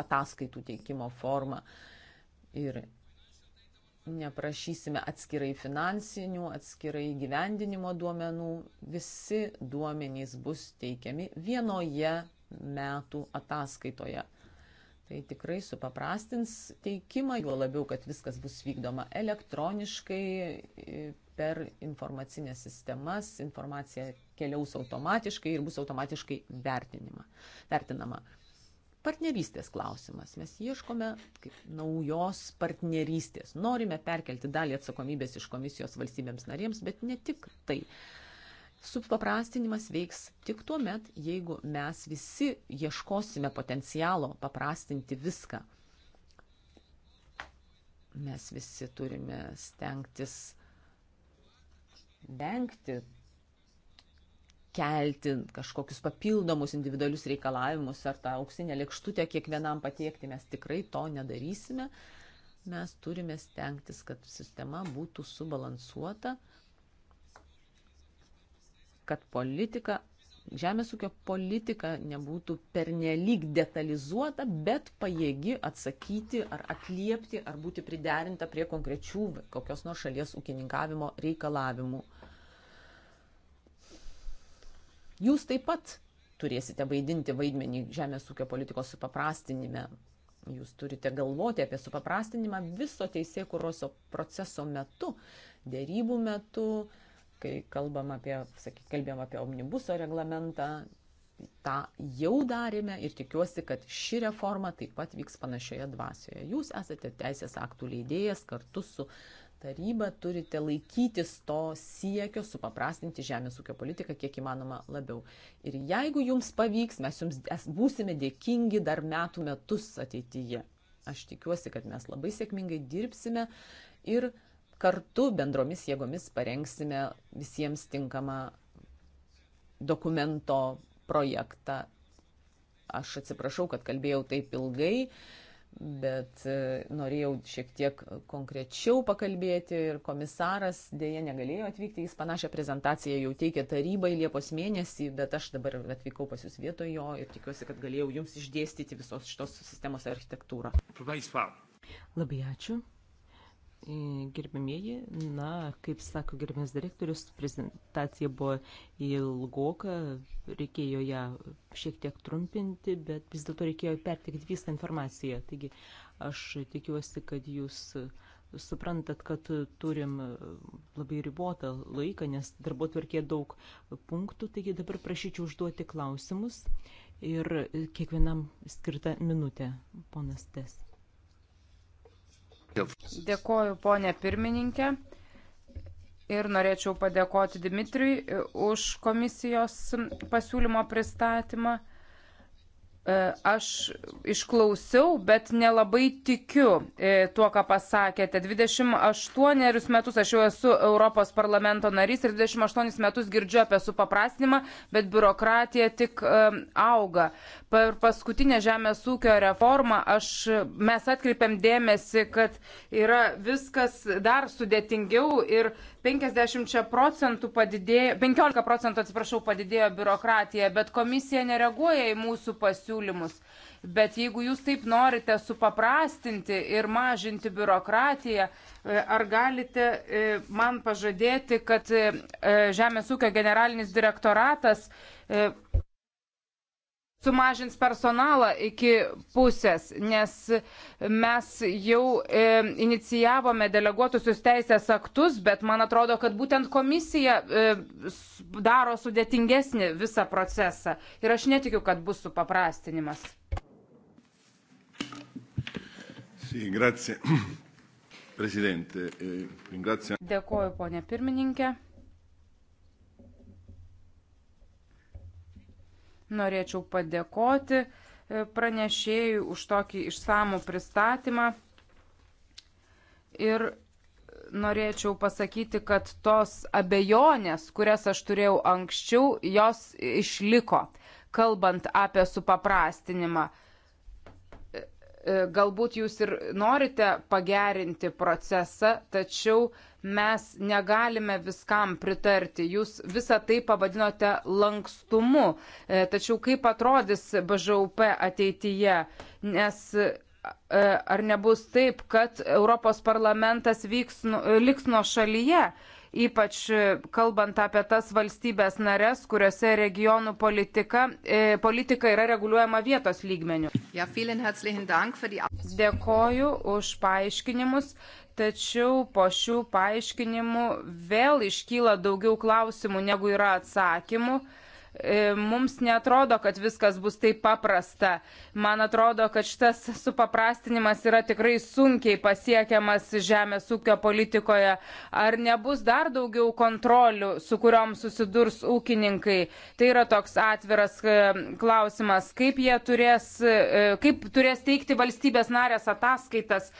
Speaker 2: ataskaitų teikimo formą ir neprašysime atskirai finansinių, atskirai gyvendinimo duomenų. Visi duomenys bus teikiami vienoje metų ataskaitoje. Tai tikrai supaprastins teikimą, juo labiau, kad viskas bus vykdoma elektroniškai per informacinės sistemas, informacija keliaus automatiškai ir bus automatiškai vertinama partnerystės klausimas. Mes ieškome kaip naujos partnerystės. Norime perkelti dalį atsakomybės iš komisijos valstybėms narėms, bet ne tik tai. Supaprastinimas veiks tik tuo met, jeigu mes visi ieškosime potencialo paprastinti viską. Mes visi turime stengtis vengti kelti kažkokius papildomus individualius reikalavimus ar tą auksinę lėkštutę kiekvienam patiekti. Mes tikrai to nedarysime. Mes turime stengtis, kad sistema būtų subalansuota, kad politika, žemės ūkio politika nebūtų pernelyg detalizuota, bet pajėgi atsakyti ar atliepti ar būti priderinta prie konkrečių kokios nors šalies ūkininkavimo reikalavimų. Jūs taip pat turėsite vaidinti vaidmenį žemės ūkio politikos supaprastinime. Jūs turite galvoti apie supaprastinimą viso teisėkuros proceso metu, dėrybų metu, kai kalbam apie, sakyk, kalbėjom apie omnibuso reglamentą, tą jau darėme ir tikiuosi, kad ši reforma taip pat vyks panašioje dvasioje. Jūs esate teisės aktų leidėjas kartu su taryba turite laikytis to siekio supaprastinti žemės ūkio politiką kiek įmanoma labiau. Ir jeigu jums pavyks, mes jums būsime dėkingi dar metų metus ateityje. Aš tikiuosi, kad mes labai sėkmingai dirbsime ir kartu bendromis jėgomis parengsime visiems tinkamą dokumento projektą. Aš atsiprašau, kad kalbėjau taip ilgai bet e, norėjau šiek tiek konkrečiau pakalbėti ir komisaras dėje negalėjo atvykti, jis panašią prezentaciją jau teikė tarybai Liepos mėnesį, bet aš dabar atvykau pas jūs vietoj jo ir tikiuosi, kad galėjau jums išdėstyti visos šitos sistemos architektūrą.
Speaker 1: Labai ačiū. Gerbėmėji, na, kaip sako gerbiamas direktorius, prezentacija buvo ilgoka, reikėjo ją šiek tiek trumpinti, bet vis dėlto reikėjo pertikti visą informaciją. Taigi aš tikiuosi, kad jūs suprantat, kad turim labai ribotą laiką, nes darbo tvarkė daug punktų, taigi dabar prašyčiau užduoti klausimus ir kiekvienam skirtą minutę, ponas Tes.
Speaker 3: Dėkoju, ponė pirmininkė. Ir norėčiau padėkoti Dimitriui e, už komisijos pasiūlymo pristatymą. E, aš išklausiau, bet nelabai tikiu e, tuo, ką pasakėte. 28 metus aš jau esu Europos parlamento narys ir 28 metus girdžiu apie supaprastinimą, bet biurokratija tik e, auga. Per paskutinę žemės ūkio reformą aš, mes atkreipiam dėmesį, kad yra viskas dar sudėtingiau ir 50 procentų padidėjo, 15 procentų atsiprašau padidėjo biurokratija, bet komisija nereaguoja į mūsų pasiūlymus. Bet jeigu jūs taip norite supaprastinti ir mažinti biurokratiją, e, ar galite e, man pažadėti, kad e, Žemės ūkio generalinis direktoratas sumažins personalą iki pusės, nes mes jau e, inicijavome deleguotusius teisės aktus, bet man atrodo, kad būtent komisija e, daro sudėtingesnį visą procesą. Ir aš netikiu, kad bus supaprastinimas.
Speaker 4: Sì, grazie. [clears throat] Presidente, eh, ringrazio...
Speaker 3: Dėkoju, ponė pirmininkė. Norėčiau padėkoti e, pranešėjui už tokį išsamų pristatymą. Ir norėčiau pasakyti, kad tos abejonės, kurias aš turėjau anksčiau, jos išliko, kalbant apie supaprastinimą. E, galbūt jūs ir norite pagerinti procesą, tačiau mes negalime viskam pritarti. Jūs visą tai pavadinote lankstumu, e, tačiau kaip atrodys BŽUP ateityje, nes e, ar nebus taip, kad Europos parlamentas vyks, nu, liks nuo šalyje ypač e, kalbant apie tas valstybės nares, kuriuose regionų politika, e, politika yra reguliuojama vietos lygmenių. Ja, die... Dėkoju už paaiškinimus. Tačiau po šių paaiškinimų vėl iškyla daugiau klausimų, negu yra atsakymų. E, mums netrodo, kad viskas bus taip paprasta. Man atrodo, kad šitas supaprastinimas yra tikrai sunkiai pasiekiamas žemės ūkio politikoje. Ar nebus dar daugiau kontrolių, su kuriuom susidurs ūkininkai? Tai yra toks atviras e, klausimas, kaip jie turės, e, kaip turės teikti valstybės narės ataskaitas,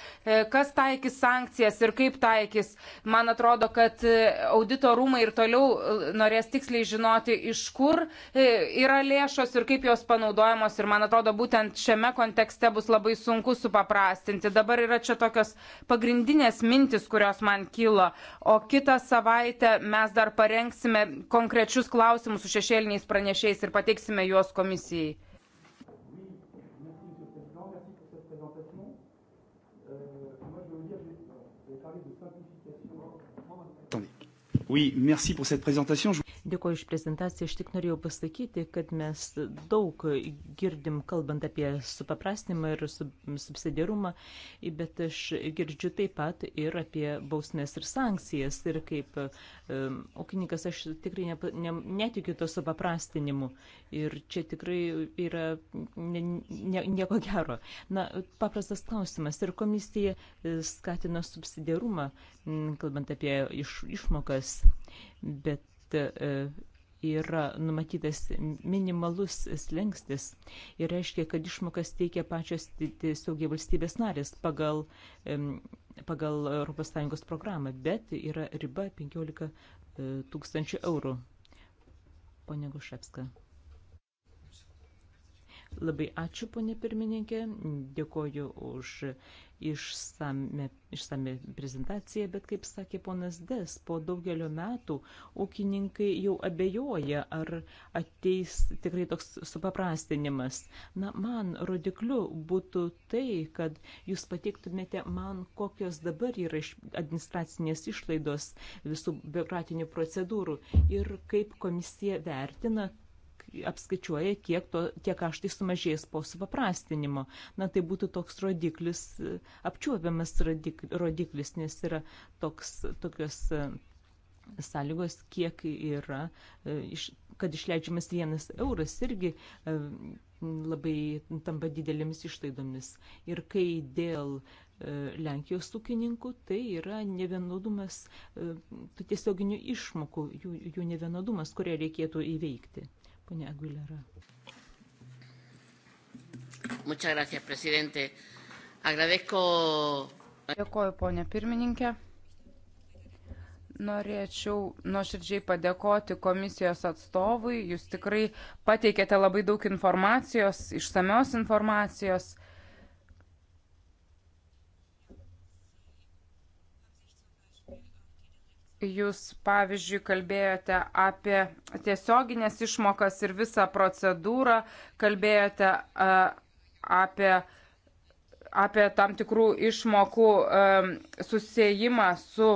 Speaker 3: kas taikys sankcijas ir kaip taikys. Man atrodo, kad audito rūmai ir toliau norės tiksliai žinoti, iš kur kur e, yra lėšos ir kaip jos panaudojamos. Ir man atrodo, būtent šiame kontekste bus labai sunku supaprastinti. Dabar yra čia tokios pagrindinės mintis, kurios man kilo. O kitą savaitę mes dar parengsime konkrečius klausimus su šešėliniais pranešėjais ir pateiksime juos komisijai. Oui, merci pour cette présentation.
Speaker 1: Dėkuoju iš prezentaciją. Aš tik norėjau pasakyti, kad mes daug girdim, kalbant apie supaprastinimą ir sub, subsidiarumą, bet aš girdžiu taip pat ir apie bausmės ir sankcijas. Ir kaip um, ūkininkas, aš tikrai ne, ne, netikiu to supaprastinimu. Ir čia tikrai yra ne, ne, nieko gero. Na, paprastas klausimas. Ir komisija e, skatina subsidiarumą, kalbant apie iš, išmokas bet e, yra numatytas minimalus slengstis ir reiškia, kad išmokas teikia pačios tiesiogiai valstybės narės pagal, pagal ES programą, bet yra riba 15 e, tūkstančių eurų. Pone Guševska. Labai ačiū, ponė pirmininkė, dėkoju už išsame, išsame prezentaciją, bet kaip sakė ponas Des, po daugelio metų ūkininkai jau abejoja, ar ateis tikrai toks supaprastinimas. Na, man rodikliu būtų tai, kad jūs pateiktumėte man, kokios dabar yra administracinės išlaidos visų biurokratinių procedūrų ir kaip komisija vertina, apskaičiuoja, kiek, to, kiek kaštai sumažės po supaprastinimo. Na, tai būtų toks rodiklis, apčiuopiamas rodik, rodiklis, nes yra toks, tokios e, sąlygos, kiek yra, e, kad išleidžiamas vienas euras irgi e, labai tampa didelėmis išlaidomis. Ir kai dėl Lenkijos ūkininkų, tai yra nevienodumas tų tiesioginių išmokų, jų, jų nevienodumas, kurią reikėtų įveikti. Pone Aguilera.
Speaker 2: Muchas gracias, presidente. Agradezco.
Speaker 3: Dėkoju, ponė pirmininkė. Norėčiau nuoširdžiai padėkoti komisijos atstovui. Jūs tikrai pateikėte labai daug informacijos, išsamios informacijos. Jūs, pavyzdžiui, kalbėjote apie tiesioginės išmokas ir visą procedūrą, kalbėjote apie, apie tam tikrų išmokų susijimą su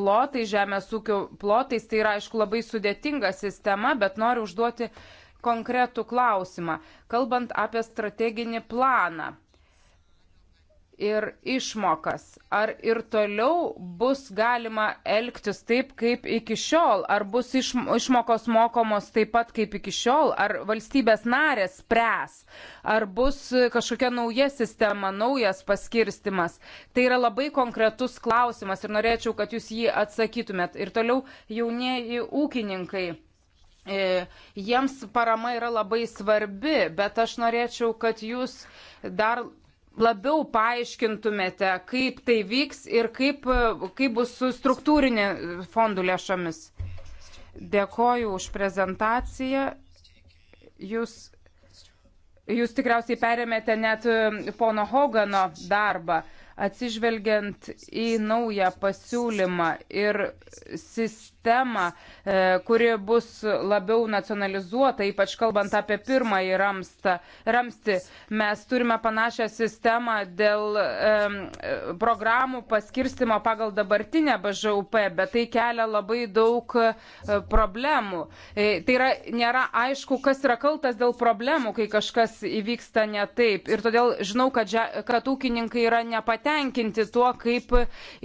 Speaker 3: plotai, žemės ūkio plotais. Tai yra, aišku, labai sudėtinga sistema, bet noriu užduoti konkretų klausimą. Kalbant apie strateginį planą ir išmokas. Ar ir toliau bus galima elgtis taip, kaip iki šiol? Ar bus išmokos mokomos taip pat, kaip iki šiol? Ar valstybės narės spręs? Ar bus kažkokia nauja sistema, naujas paskirstimas? Tai yra labai konkretus klausimas ir norėčiau, kad jūs jį atsakytumėt. Ir toliau jaunieji ūkininkai. E, jiems parama yra labai svarbi, bet aš norėčiau, kad jūs dar labiau paaiškintumėte, kaip tai vyks ir kaip, kaip bus su struktūrinė fondų lėšomis. Dėkoju už prezentaciją. Jūs, jūs tikriausiai perėmėte net pono Hogano darbą atsižvelgiant į naują pasiūlymą ir sistemą, e, kuri bus labiau nacionalizuota, ypač kalbant apie pirmąjį ramstą, ramstį, mes turime panašią sistemą dėl programų paskirstimo pagal dabartinę BŽUP, bet tai kelia labai daug e, problemų. E, tai yra, nėra aišku, kas yra kaltas dėl problemų, kai kažkas įvyksta ne taip. Ir todėl žinau, kad, že, kad ūkininkai yra nepatenkinti nepatenkinti tuo, kaip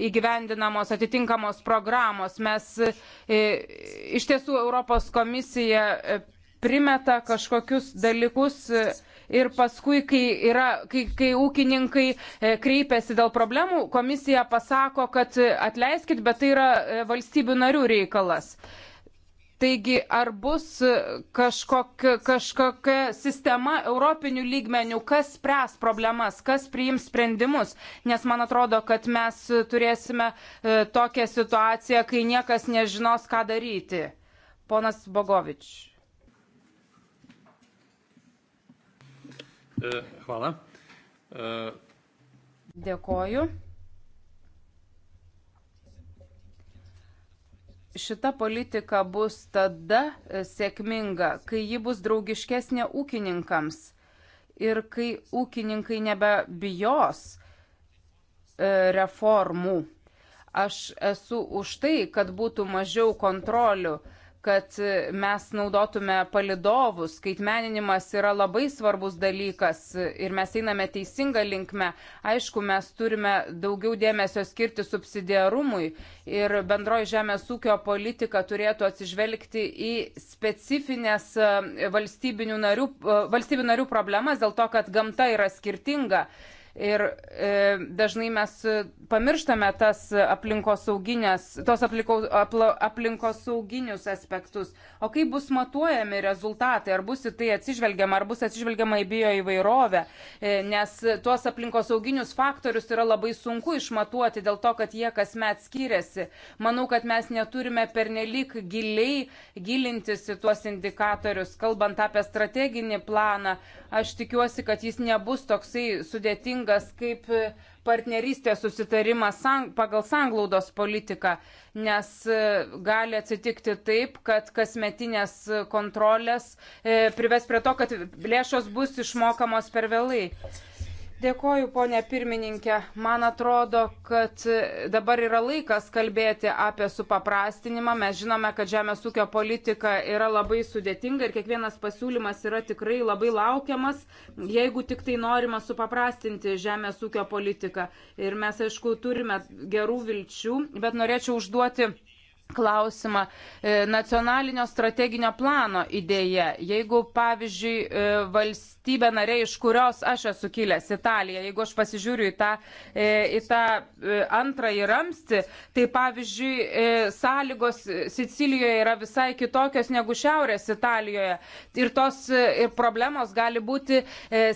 Speaker 3: įgyvendinamos atitinkamos programos. Mes e, iš tiesų Europos komisija e, primeta kažkokius dalykus e, ir paskui, kai, yra, kai, kai ūkininkai kreipiasi dėl problemų, komisija pasako, kad atleiskit, bet tai yra valstybių narių reikalas. Taigi, ar bus e, kažkokia, kažkokia sistema europinių lygmenių, kas spręs problemas, kas priims sprendimus, nes man atrodo, kad mes turėsime e, tokią situaciją, kai niekas nežinos, ką daryti. Ponas Bogovič.
Speaker 4: E, hvala.
Speaker 3: Dėkoju. šita politika bus tada e, sėkminga, kai ji bus draugiškesnė ūkininkams ir kai ūkininkai nebebijos e, reformų. Aš esu už tai, kad būtų mažiau kontrolių, kad mes naudotume palidovus. Skaitmeninimas yra labai svarbus dalykas ir mes einame teisinga linkme. Aišku, mes turime daugiau dėmesio skirti subsidiarumui ir bendroji žemės ūkio politika turėtų atsižvelgti į specifines e, valstybių narių, e, valstybių narių problemas dėl to, kad gamta yra skirtinga. Ir e, dažnai mes pamirštame tas aplinkosauginės, tos apliko, apla, aplinkosauginius aspektus. O kaip bus matuojami rezultatai, ar bus į tai atsižvelgiama, ar bus atsižvelgiama į bio įvairovę, e, nes tuos aplinkosauginius faktorius yra labai sunku išmatuoti dėl to, kad jie kasmet skiriasi. Manau, kad mes neturime pernelik giliai gilintis į tuos indikatorius, kalbant apie strateginį planą. Aš tikiuosi, kad jis nebus toksai sudėtingas kaip partnerystės susitarimas sang, pagal sanglaudos politiką, nes e, gali atsitikti taip, kad kasmetinės kontrolės e, prives prie to, kad lėšos bus išmokamos per vėlai. Dėkoju, ponė pirmininkė. Man atrodo, kad dabar yra laikas kalbėti apie supaprastinimą. Mes žinome, kad žemės ūkio politika yra labai sudėtinga ir kiekvienas pasiūlymas yra tikrai labai laukiamas, jeigu tik tai norima supaprastinti žemės ūkio politiką. Ir mes, aišku, turime gerų vilčių, bet norėčiau užduoti klausimą e, nacionalinio strateginio plano idėja. Jeigu, pavyzdžiui, e, valstybė narė, iš kurios aš esu kilęs, Italija, jeigu aš pasižiūriu į tą, e, į tą antrąjį ramstį, tai, pavyzdžiui, sąlygos Sicilijoje yra visai kitokios negu Šiaurės Italijoje. Ir tos ir problemos gali būti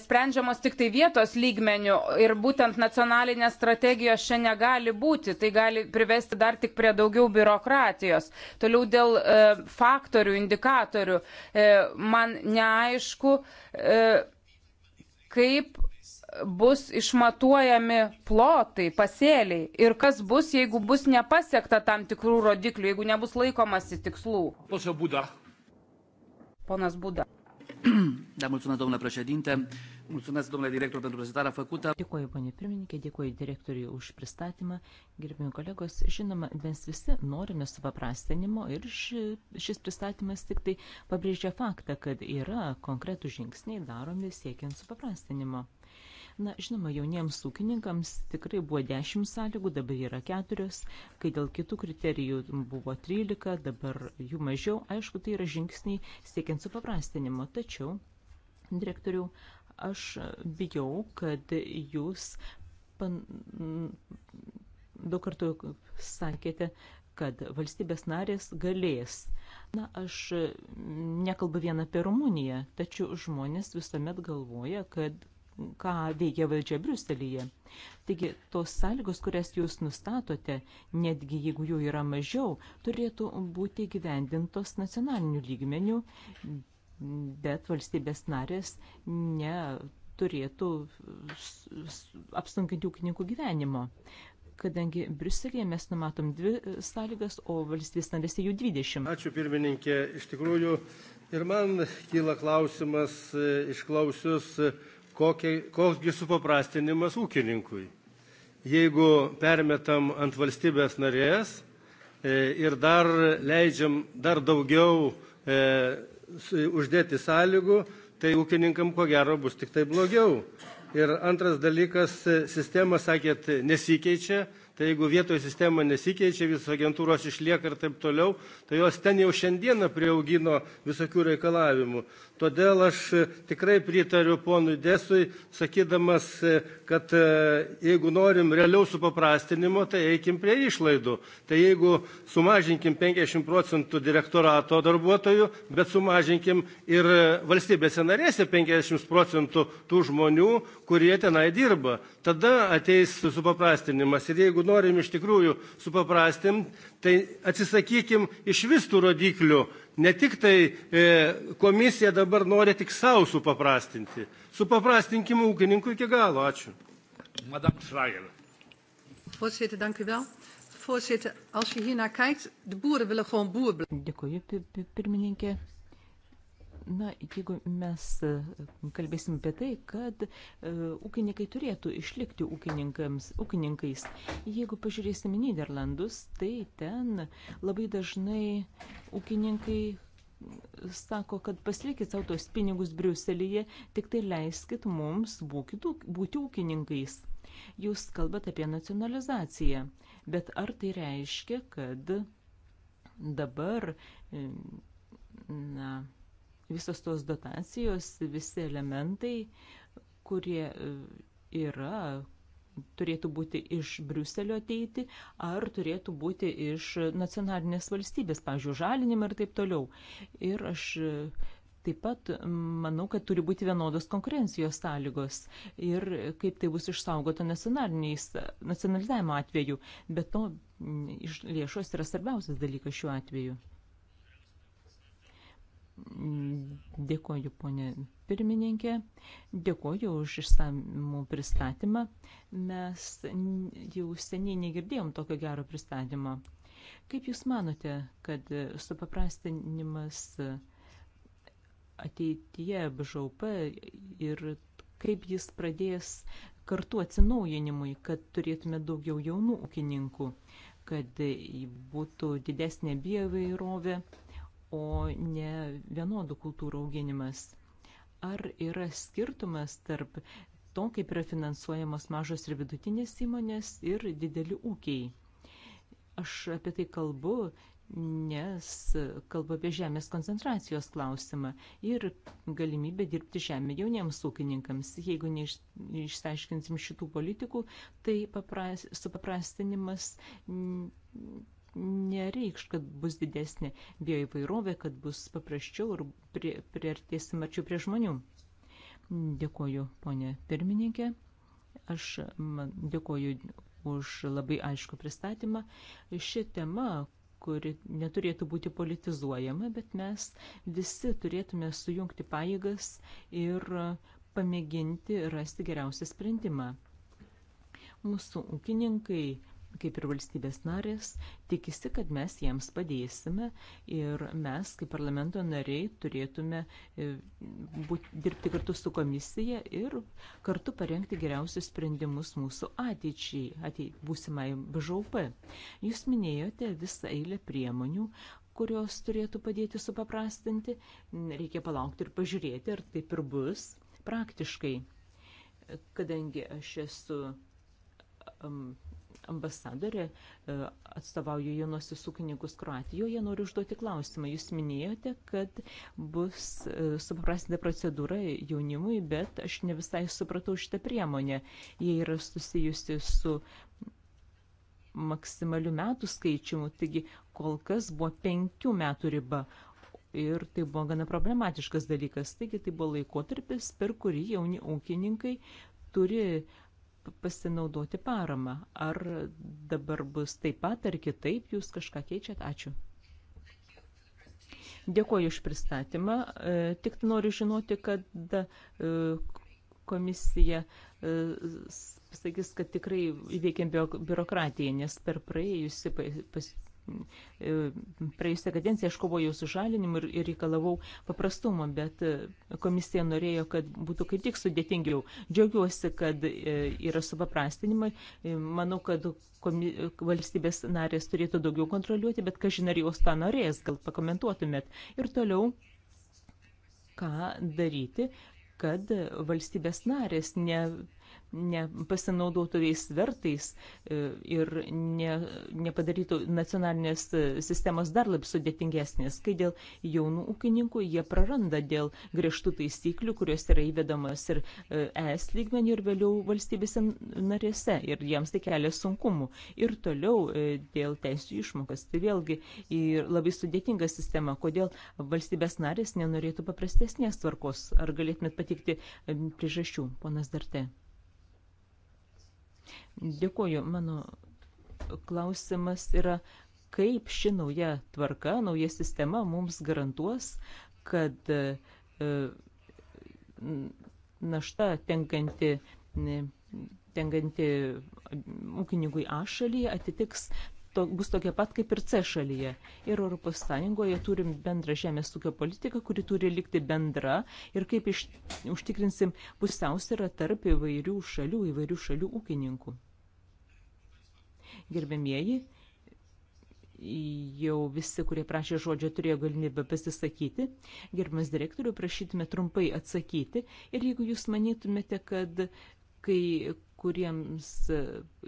Speaker 3: sprendžiamos tik tai vietos lygmenių ir būtent nacionalinės strategijos čia negali būti. Tai gali privesti dar tik prie daugiau biurokratijos biurokratijos. Toliau dėl e, faktorių, indikatorių. E, man neaišku, e, kaip bus išmatuojami plotai, pasėliai ir kas bus, jeigu bus nepasiekta tam tikrų rodiklių, jeigu nebus laikomasi tikslų. Posio Buda. Ponas Buda. Da,
Speaker 4: mulțumesc, domnule președinte. Uh, Mulțumesc, domnule director, pentru prezentarea făcută.
Speaker 1: Dėkuoju, ponė pirmininkė, dėkuoju direktoriui už pristatymą. Gerbimi kolegos, žinoma, mes visi norime supaprastinimo ir ši, šis pristatymas tik tai pabrėžia faktą, kad yra konkretų žingsniai daromi siekiant supaprastinimo. Na, žinoma, jauniems ūkininkams tikrai buvo 10 sąlygų, dabar yra 4, kai dėl kitų kriterijų buvo 13, dabar jų mažiau. Aišku, tai yra žingsniai siekiant supaprastinimo. Tačiau, direktorių, Aš bijau, kad jūs pan... daug kartų sakėte, kad valstybės narės galės. Na, aš nekalbu vien apie Rumuniją, tačiau žmonės visuomet galvoja, kad ką veikia valdžia Briuselyje. Taigi, tos sąlygos, kurias jūs nustatote, netgi jeigu jų yra mažiau, turėtų būti gyvendintos nacionaliniu lygmeniu bet valstybės narės neturėtų apsunkinti ūkininkų gyvenimo. Kadangi Briuselėje mes numatom dvi sąlygas, o valstybės
Speaker 4: narėse jų 20. Ačiū pirmininkė, iš tikrųjų ir man kyla klausimas e, išklausius, kokie, koksgi supaprastinimas ūkininkui. Jeigu permetam ant valstybės narės e, ir dar leidžiam dar daugiau e, uždėti sąlygų, tai ūkininkam ko gero bus tik tai blogiau. Ir antras dalykas, sistema, sakėt, nesikeičia, tai jeigu vietoje sistema nesikeičia, visos agentūros išlieka ir taip toliau, tai jos ten jau šiandieną prieaugino visokių reikalavimų. Todėl aš e, tikrai pritariu ponui Desui, sakydamas, e, kad e, jeigu norim realiau supaprastinimo, tai eikim prie išlaidų. Tai jeigu sumažinkim 50 procentų direktorato darbuotojų, bet sumažinkim ir valstybėse narėse 50 procentų tų žmonių, kurie tenai dirba. Tada ateis supaprastinimas. Ir jeigu norim iš tikrųjų supaprastinti, tai atsisakykim iš vis tų rodiklių Ne tik tai e, komisija dabar nori tik savo supaprastinti. Supaprastinkime ūkininkų iki galo. Ačiū. Madame Schreier.
Speaker 2: Voorzitter, dank u wel. Voorzitter, als je hier naar kijkt, de boeren willen gewoon
Speaker 1: boer blijven. Dėkoju, pirmininkė. Na, jeigu mes e, kalbėsim apie tai, kad e, ūkininkai turėtų išlikti ūkininkais, jeigu pažiūrėsim į Niderlandus, tai ten labai dažnai ūkininkai sako, kad pasilikit savo tos pinigus Briuselyje, tik tai leiskit mums būkit, būti ūkininkais. Jūs kalbate apie nacionalizaciją, bet ar tai reiškia, kad dabar, e, na, visos tos dotacijos, visi elementai, kurie e, yra, turėtų būti iš Briuselio ateiti, ar turėtų būti iš nacionalinės valstybės, pavyzdžiui, žalinimą ir taip toliau. Ir aš e, Taip pat manau, kad turi būti vienodos konkurencijos sąlygos ir kaip tai bus išsaugota nacionalizavimo atveju. Bet to lėšos yra svarbiausias dalykas šiuo atveju. Dėkoju, ponė pirmininkė, dėkoju už išsamų pristatymą. Mes jau seniai negirdėjom tokio gero pristatymo. Kaip Jūs manote, kad supaprastinimas ateityje BŽP ir kaip jis pradės kartu atsinaujinimui, kad turėtume daugiau jaunų ūkininkų, kad būtų didesnė bioįvairovė? o ne vienodų kultūrų auginimas. Ar yra skirtumas tarp to, kaip yra finansuojamos mažos ir vidutinės įmonės ir dideli ūkiai? Aš apie tai kalbu, nes kalbu apie žemės koncentracijos klausimą ir galimybę dirbti žemę jauniems ūkininkams. Jeigu neišsiaiškinsim šitų politikų, tai papras, supaprastinimas nereikš, kad bus didesnė bioįvairovė, kad bus paprasčiau ir prie, priartėsim arčiau prie žmonių. Dėkoju, ponė pirmininkė. Aš man, dėkoju už labai aišku pristatymą. Ši tema, kuri neturėtų būti politizuojama, bet mes visi turėtume sujungti pajėgas ir pamėginti rasti geriausią sprendimą. Mūsų ūkininkai kaip ir valstybės narės, tikisi, kad mes jiems padėsime ir mes, kaip parlamento nariai, turėtume e, būt, dirbti kartu su komisija ir kartu parengti geriausius sprendimus mūsų ateičiai, ateit, būsimai BŽP. Jūs minėjote visą eilę priemonių, kurios turėtų padėti supaprastinti. Reikia palaukti ir pažiūrėti, ar taip ir bus praktiškai. Kadangi aš esu um, ambasadorė, e, atstovauju jaunosius ūkininkus Kroatijoje, noriu užduoti klausimą. Jūs minėjote, kad bus e, suprastinta procedūra jaunimui, bet aš ne visai supratau šitą priemonę. Jie yra susijusi su maksimaliu metų skaičiumu, taigi kol kas buvo penkių metų riba, ir tai buvo gana problematiškas dalykas. Taigi tai buvo laikotarpis, per kurį jauni ūkininkai turi pasinaudoti paramą. Ar dabar bus taip pat ar kitaip, jūs kažką keičiat? Ačiū. Dėkuoju už pristatymą. E, tik noriu žinoti, kad e, komisija e, sakys, kad tikrai įveikėm biurokratiją, nes per praėjusi pas, E, praėjusią kadenciją aš kovojau su žalinimu ir, ir reikalavau paprastumo, bet e, komisija norėjo, kad būtų kaip tik sudėtingiau. Džiaugiuosi, kad e, yra supaprastinimai. Manau, kad komi, valstybės narės turėtų daugiau kontroliuoti, bet kažin ar jos tą norės, gal pakomentuotumėt. Ir toliau, ką daryti, kad valstybės narės ne nepasinaudotų jais vertais e, ir ne, nepadarytų nacionalinės e, sistemos dar labiau sudėtingesnės, kai dėl jaunų ūkininkų jie praranda dėl griežtų taisyklių, kurios yra įvedamas ir ES e lygmenį ir vėliau valstybėse narėse ir jiems tai kelia sunkumų. Ir toliau dėl teisų išmokas. Tai vėlgi labai sudėtinga sistema, kodėl valstybės narės nenorėtų paprastesnės tvarkos. Ar galėtumėt patikti priežasčių, ponas Darte? Dėkuoju, mano klausimas yra, kaip ši nauja tvarka, nauja sistema mums garantuos, kad e, našta tenkanti tenkanti ūkininkui A šalyje atitiks to, bus tokie pat kaip ir C šalyje. Ir Europos Sąjungoje turim bendrą žemės ūkio politiką, kuri turi likti bendra ir kaip iš, užtikrinsim pusiausvyrą tarp įvairių šalių, įvairių šalių ūkininkų. Gerbėmieji, jau visi, kurie prašė žodžio, turėjo galimybę pasisakyti. Gerbimas direktorių, prašytume trumpai atsakyti ir jeigu jūs manytumėte, kad kai kuriems,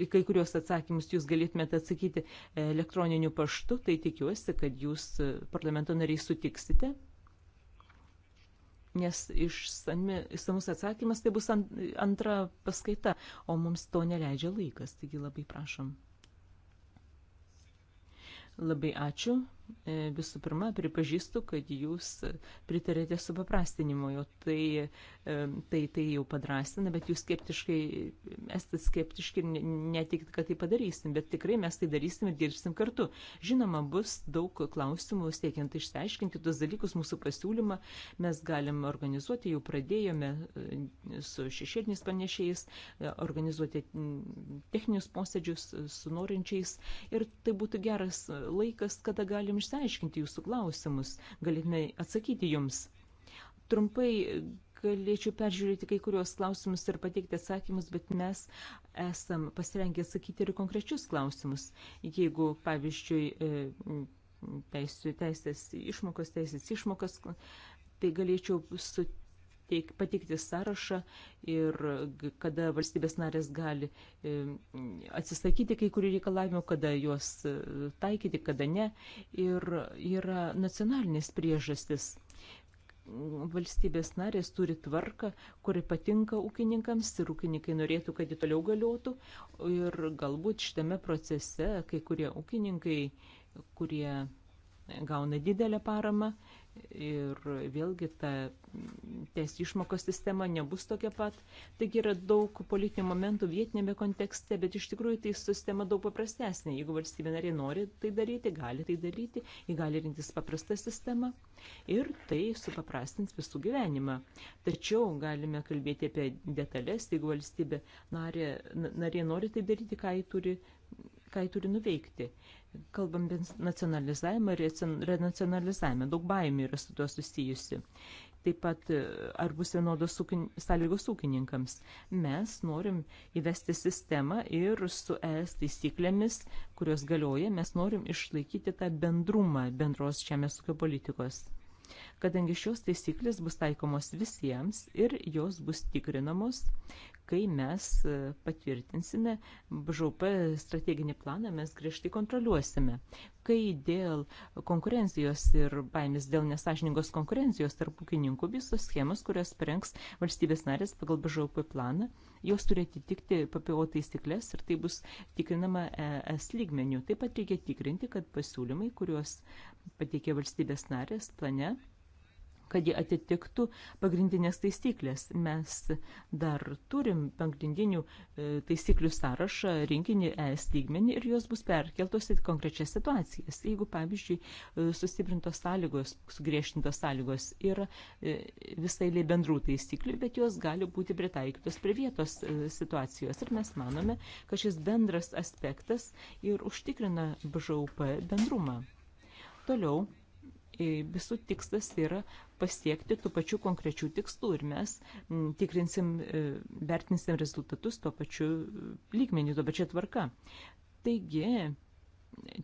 Speaker 1: į kai kuriuos atsakymus jūs galėtumėte atsakyti elektroniniu paštu, tai tikiuosi, kad jūs e, parlamento nariai sutiksite. Nes išsamus atsakymas tai bus antra paskaita, o mums to neleidžia laikas, taigi labai prašom. Labai ačiū. E, visų pirma, pripažįstu, kad jūs pritarėte supaprastinimui, o tai, e, tai, tai jau padrastina, bet jūs skeptiškai, esate skeptiški ir netikit, kad tai padarysim, bet tikrai mes tai darysim ir dirbsim kartu. Žinoma, bus daug klausimų, siekiant išsiaiškinti tos dalykus, mūsų pasiūlymą mes galim organizuoti, jau pradėjome e, su šešėliniais panešėjais, organizuoti techninius posėdžius su norinčiais ir tai būtų geras laikas, kada galim galėtumėm išsiaiškinti jūsų klausimus, galėtume atsakyti jums. Trumpai galėčiau peržiūrėti kai kurios klausimus ir pateikti atsakymus, bet mes esam pasirengę atsakyti ir konkrečius klausimus. Jeigu, pavyzdžiui, e, teisės, teisės išmokos, teisės išmokos, tai galėčiau su teik, pateikti sąrašą ir kada valstybės narės gali e, atsisakyti kai kurių reikalavimų, kada juos e, taikyti, kada ne. Ir yra nacionalinės priežastis. Valstybės narės turi tvarką, kuri patinka ūkininkams ir ūkininkai norėtų, kad ji toliau galiotų. Ir galbūt šitame procese kai kurie ūkininkai, kurie gauna didelę paramą, ir vėlgi ta teisų išmokos sistema nebus tokia pat. Taigi yra daug politinių momentų vietinėme kontekste, bet iš tikrųjų tai sistema daug paprastesnė. Jeigu valstybė narė nori tai daryti, gali tai daryti, ji gali rinktis paprastą sistemą ir tai supaprastins visų gyvenimą. Tačiau galime kalbėti apie detalės, jeigu valstybė narė, narė nori tai daryti, ką ji turi ką jį turi nuveikti. Kalbam apie nacionalizavimą ir renacionalizavimą. Daug baimių yra su tuo susijusi. Taip pat, e, ar bus vienodos ūkin, sąlygos ūkininkams. Mes norim įvesti sistemą ir su ES taisyklėmis, kurios galioja, mes norim išlaikyti tą bendrumą bendros žemės ūkio politikos. Kadangi šios taisyklės bus taikomos visiems ir jos bus tikrinamos, kai mes e, patvirtinsime BŽP strateginį planą, mes griežtai kontroliuosime. Kai dėl konkurencijos ir baimės dėl nesažiningos konkurencijos tarp ūkininkų visos schemos, kurias parengs valstybės narės pagal BŽP planą, jos turi atitikti PPO taisyklės ir tai bus tikrinama ES lygmenių. Taip pat reikia tikrinti, kad pasiūlymai, kuriuos pateikė valstybės narės plane, kad jie atitiktų pagrindinės taisyklės. Mes dar turim pagrindinių e, taisyklių sąrašą, rinkinį ES lygmenį ir jos bus perkeltos į konkrečias situacijas. Jeigu, pavyzdžiui, e, sustiprintos sąlygos, sugriešintos sąlygos yra e, visai lė bendrų taisyklių, bet jos gali būti pritaikytos prie vietos situacijos. Ir mes manome, kad šis bendras aspektas ir užtikrina BŽUP bendrumą. Toliau E, visų tikslas yra pasiekti tų pačių konkrečių tikslų ir mes tikrinsim, e, vertinsim rezultatus tuo pačiu e, lygmenį, tuo pačia tvarka. Taigi,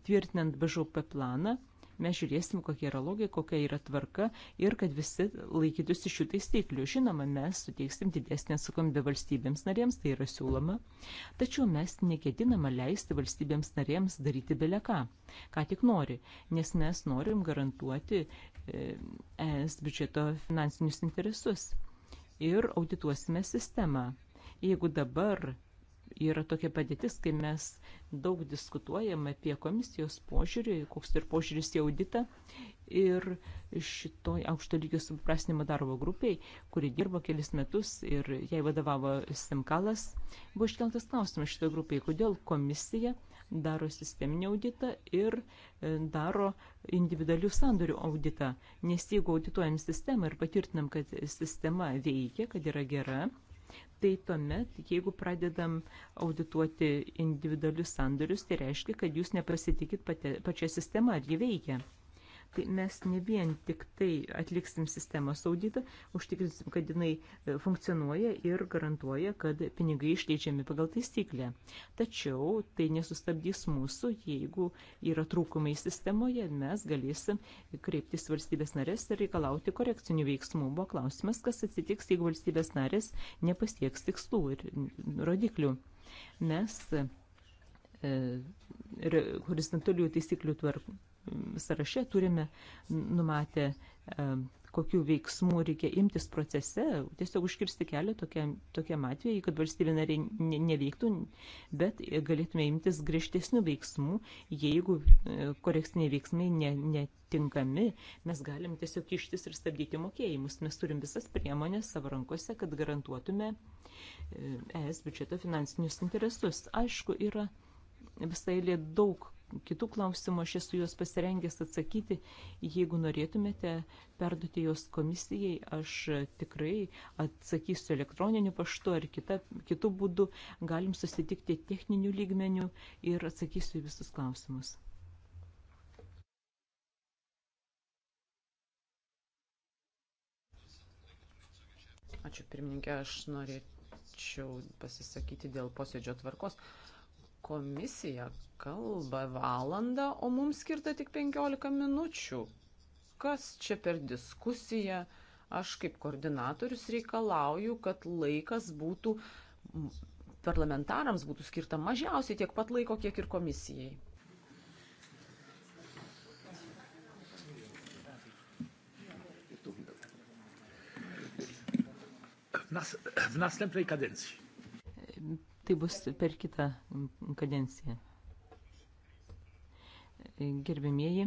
Speaker 1: tvirtinant BŽP planą, Mes žiūrėsim, kokia yra logija, kokia yra tvarka ir kad visi laikytųsi šių taisyklių. Žinoma, mes suteiksim didesnį atsakomybę valstybėms narėms, tai yra siūloma, tačiau mes neketinama leisti valstybėms narėms daryti beleką, ką tik nori, nes mes norim garantuoti e, ES biudžeto finansinius interesus ir audituosime sistemą. Jeigu dabar yra tokia padėtis, kai mes daug diskutuojam apie komisijos požiūrį, koks ir požiūris į auditą. Ir šitoj aukšto lygio suprasnimo darbo grupiai, kuri dirbo kelis metus ir jai vadovavo Simkalas, buvo iškeltas klausimas šitoje grupėje, kodėl komisija daro sisteminį auditą ir e, daro individualių sandorių auditą. Nes jeigu audituojam sistemą ir patvirtinam, kad sistema veikia, kad yra gera, tai tuomet, jeigu pradedam audituoti individualius sandorius, tai reiškia, kad jūs nepasitikit pati, pačia sistema, ar ji veikia. Tai mes ne vien tik tai atliksim sistemos auditą, užtikrinsim, kad jinai e, funkcionuoja ir garantuoja, kad pinigai išleidžiami pagal taisyklę. Tačiau tai nesustabdys mūsų, jeigu yra trūkumai sistemoje, mes galėsim kreiptis valstybės narės ir reikalauti korekcinių veiksmų. Buvo klausimas, kas atsitiks, jeigu valstybės narės nepasieks tikslų ir rodiklių. Mes e, horizontalių taisyklių tvarkų sąraše turime numatę, e, kokiu veiksmu reikia imtis procese, tiesiog užkirsti kelią tokiam, tokiam atvejai, kad valstybė nariai neveiktų, bet galėtume imtis griežtesnių veiksmų, jeigu e, korekciniai veiksmai netinkami, mes galim tiesiog ištis ir stabdyti mokėjimus. Mes turim visas priemonės savo rankose, kad garantuotume e, ES biudžeto finansinius interesus. Aišku, yra visai lė daug kitų klausimų, aš esu juos pasirengęs atsakyti. Jeigu norėtumėte perduoti juos komisijai, aš tikrai atsakysiu elektroniniu paštu ar kita, kitų būdų. Galim susitikti techninių lygmenių ir atsakysiu į visus klausimus.
Speaker 2: Ačiū pirmininkė, aš norėčiau pasisakyti dėl posėdžio tvarkos. Uh, Komisija kalba valandą, o mums skirta tik 15 minučių. Kas čia per diskusiją? Aš kaip koordinatorius reikalauju, kad laikas būtų, parlamentarams būtų skirta mažiausiai tiek pat laiko, kiek ir komisijai.
Speaker 4: w następnej kadencji.
Speaker 1: Tai bus per kitą kadenciją. Gerbimieji.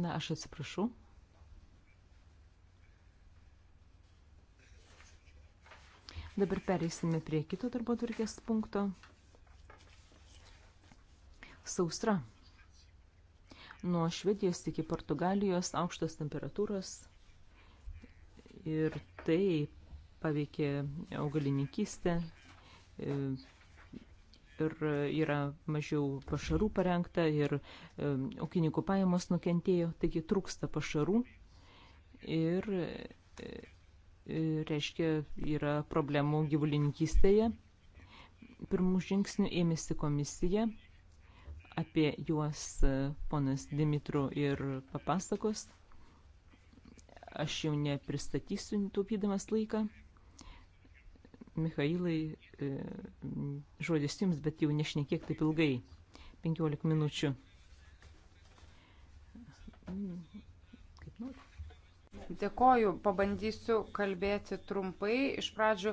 Speaker 1: Na, aš atsiprašau. Dabar pereisime prie kito darbo turkės punkto. Saustra. Nuo Švedijos iki Portugalijos aukštos temperatūros ir tai paveikė augalininkystę e, ir yra mažiau pašarų parengta ir e, ūkininkų pajamos nukentėjo, taigi trūksta pašarų ir e, reiškia yra problemų gyvulininkystėje. Pirmų žingsnių ėmėsi komisija, apie juos ponas Dimitru ir papasakos. Aš jau nepristatysiu, taupydamas laiką. Mikhailai, e, žodis jums, bet jau nešnekiek taip ilgai. 15 minučių.
Speaker 3: Kaip nori. Dėkoju, pabandysiu kalbėti trumpai. Iš pradžių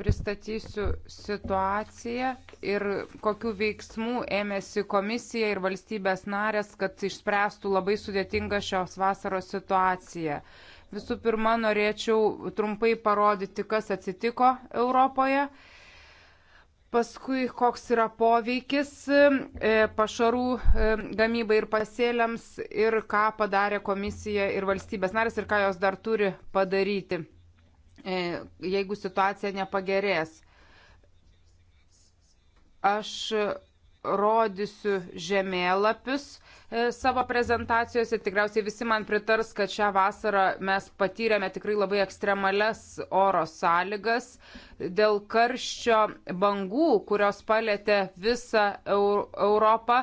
Speaker 3: pristatysiu situaciją ir kokiu veiksmu ėmėsi komisija ir valstybės narės, kad išspręstų labai sudėtingą šios vasaros situaciją. Visų pirma, norėčiau trumpai parodyti, kas atsitiko Europoje. Paskui, koks yra poveikis e, pašarų e, gamybai ir pasėliams ir ką padarė komisija ir valstybės narės ir ką jos dar turi padaryti, e, jeigu situacija nepagerės. Aš rodysiu žemėlapius e, savo prezentacijose. Tikriausiai visi man pritars, kad šią vasarą mes patyrėme tikrai labai ekstremales oro sąlygas dėl karščio bangų, kurios palėtė visą Europą.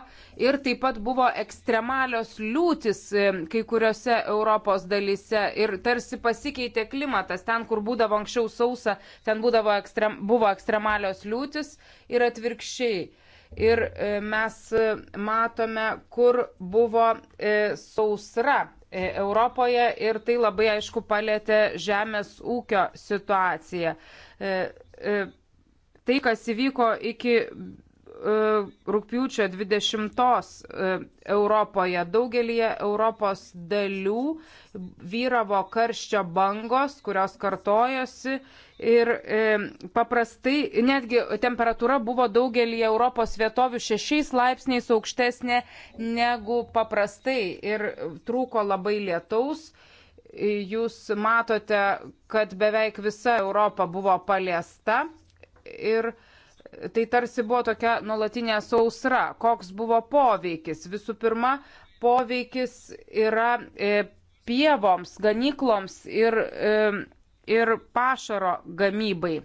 Speaker 3: Ir taip pat buvo ekstremalios liūtis e, kai kuriuose Europos dalyse. Ir tarsi pasikeitė klimatas. Ten, kur būdavo anksčiau sausa, ten būdavo ekstrem, buvo ekstremalios liūtis ir atvirkščiai ir e, mes e, matome, kur buvo e, sausra Europoje ir tai labai aišku palėtė žemės ūkio situaciją. Tai, kas įvyko iki E, rūpiučio 20 e, Europoje daugelie Europos dalių vyravo karščio bangos, kurios kartojosi ir e, paprastai netgi temperatūra buvo daugelie Europos vietovių 6 laipsniais aukštesnė negu paprastai ir trūko labai lietaus jūs matote, kad beveik visa Europa buvo paliesta ir e, tai tarsi buvo tokia nuolatinė sausra. Koks buvo poveikis? Visų pirma, poveikis yra e, pievoms, ganykloms ir, e, ir pašaro gamybai.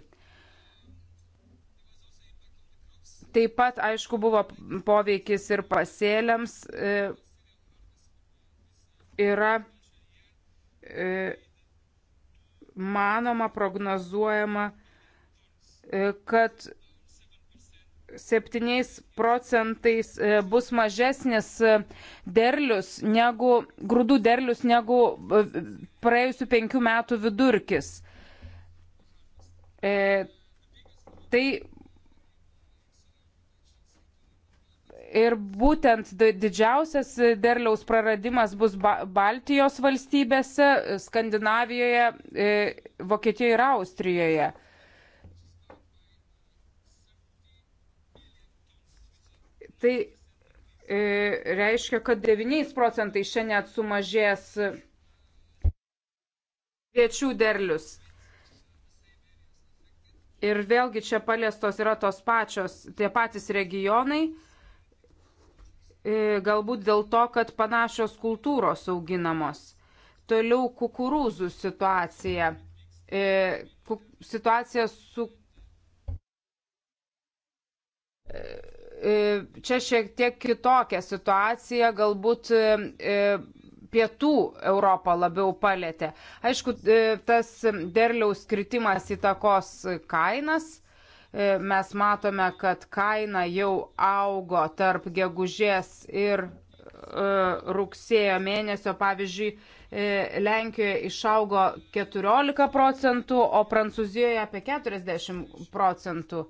Speaker 3: Taip pat, aišku, buvo poveikis ir pasėliams. E, yra e, manoma, prognozuojama, e, kad 7 procentais e, bus mažesnis e, derlius negu, grūdų derlius negu e, praėjusių penkių metų vidurkis. E, tai ir būtent didžiausias derliaus praradimas bus ba Baltijos valstybėse, Skandinavijoje, e, Vokietijoje ir Austrijoje. Tai e, reiškia, kad 9 procentai šiandien sumažės kviečių derlius. Ir vėlgi čia paliestos yra tos pačios, tie patys regionai, e, galbūt dėl to, kad panašios kultūros auginamos. Toliau kukurūzų situacija. E, situacija su E, čia šiek tiek kitokia situacija, galbūt e, e, pietų Europą labiau palėtė. Aišku, tas derliaus kritimas įtakos kainas. Mes matome, kad kaina jau augo tarp gegužės ir rugsėjo mėnesio, pavyzdžiui, Lenkijoje išaugo 14 procentų, o Prancūzijoje apie 40 procentų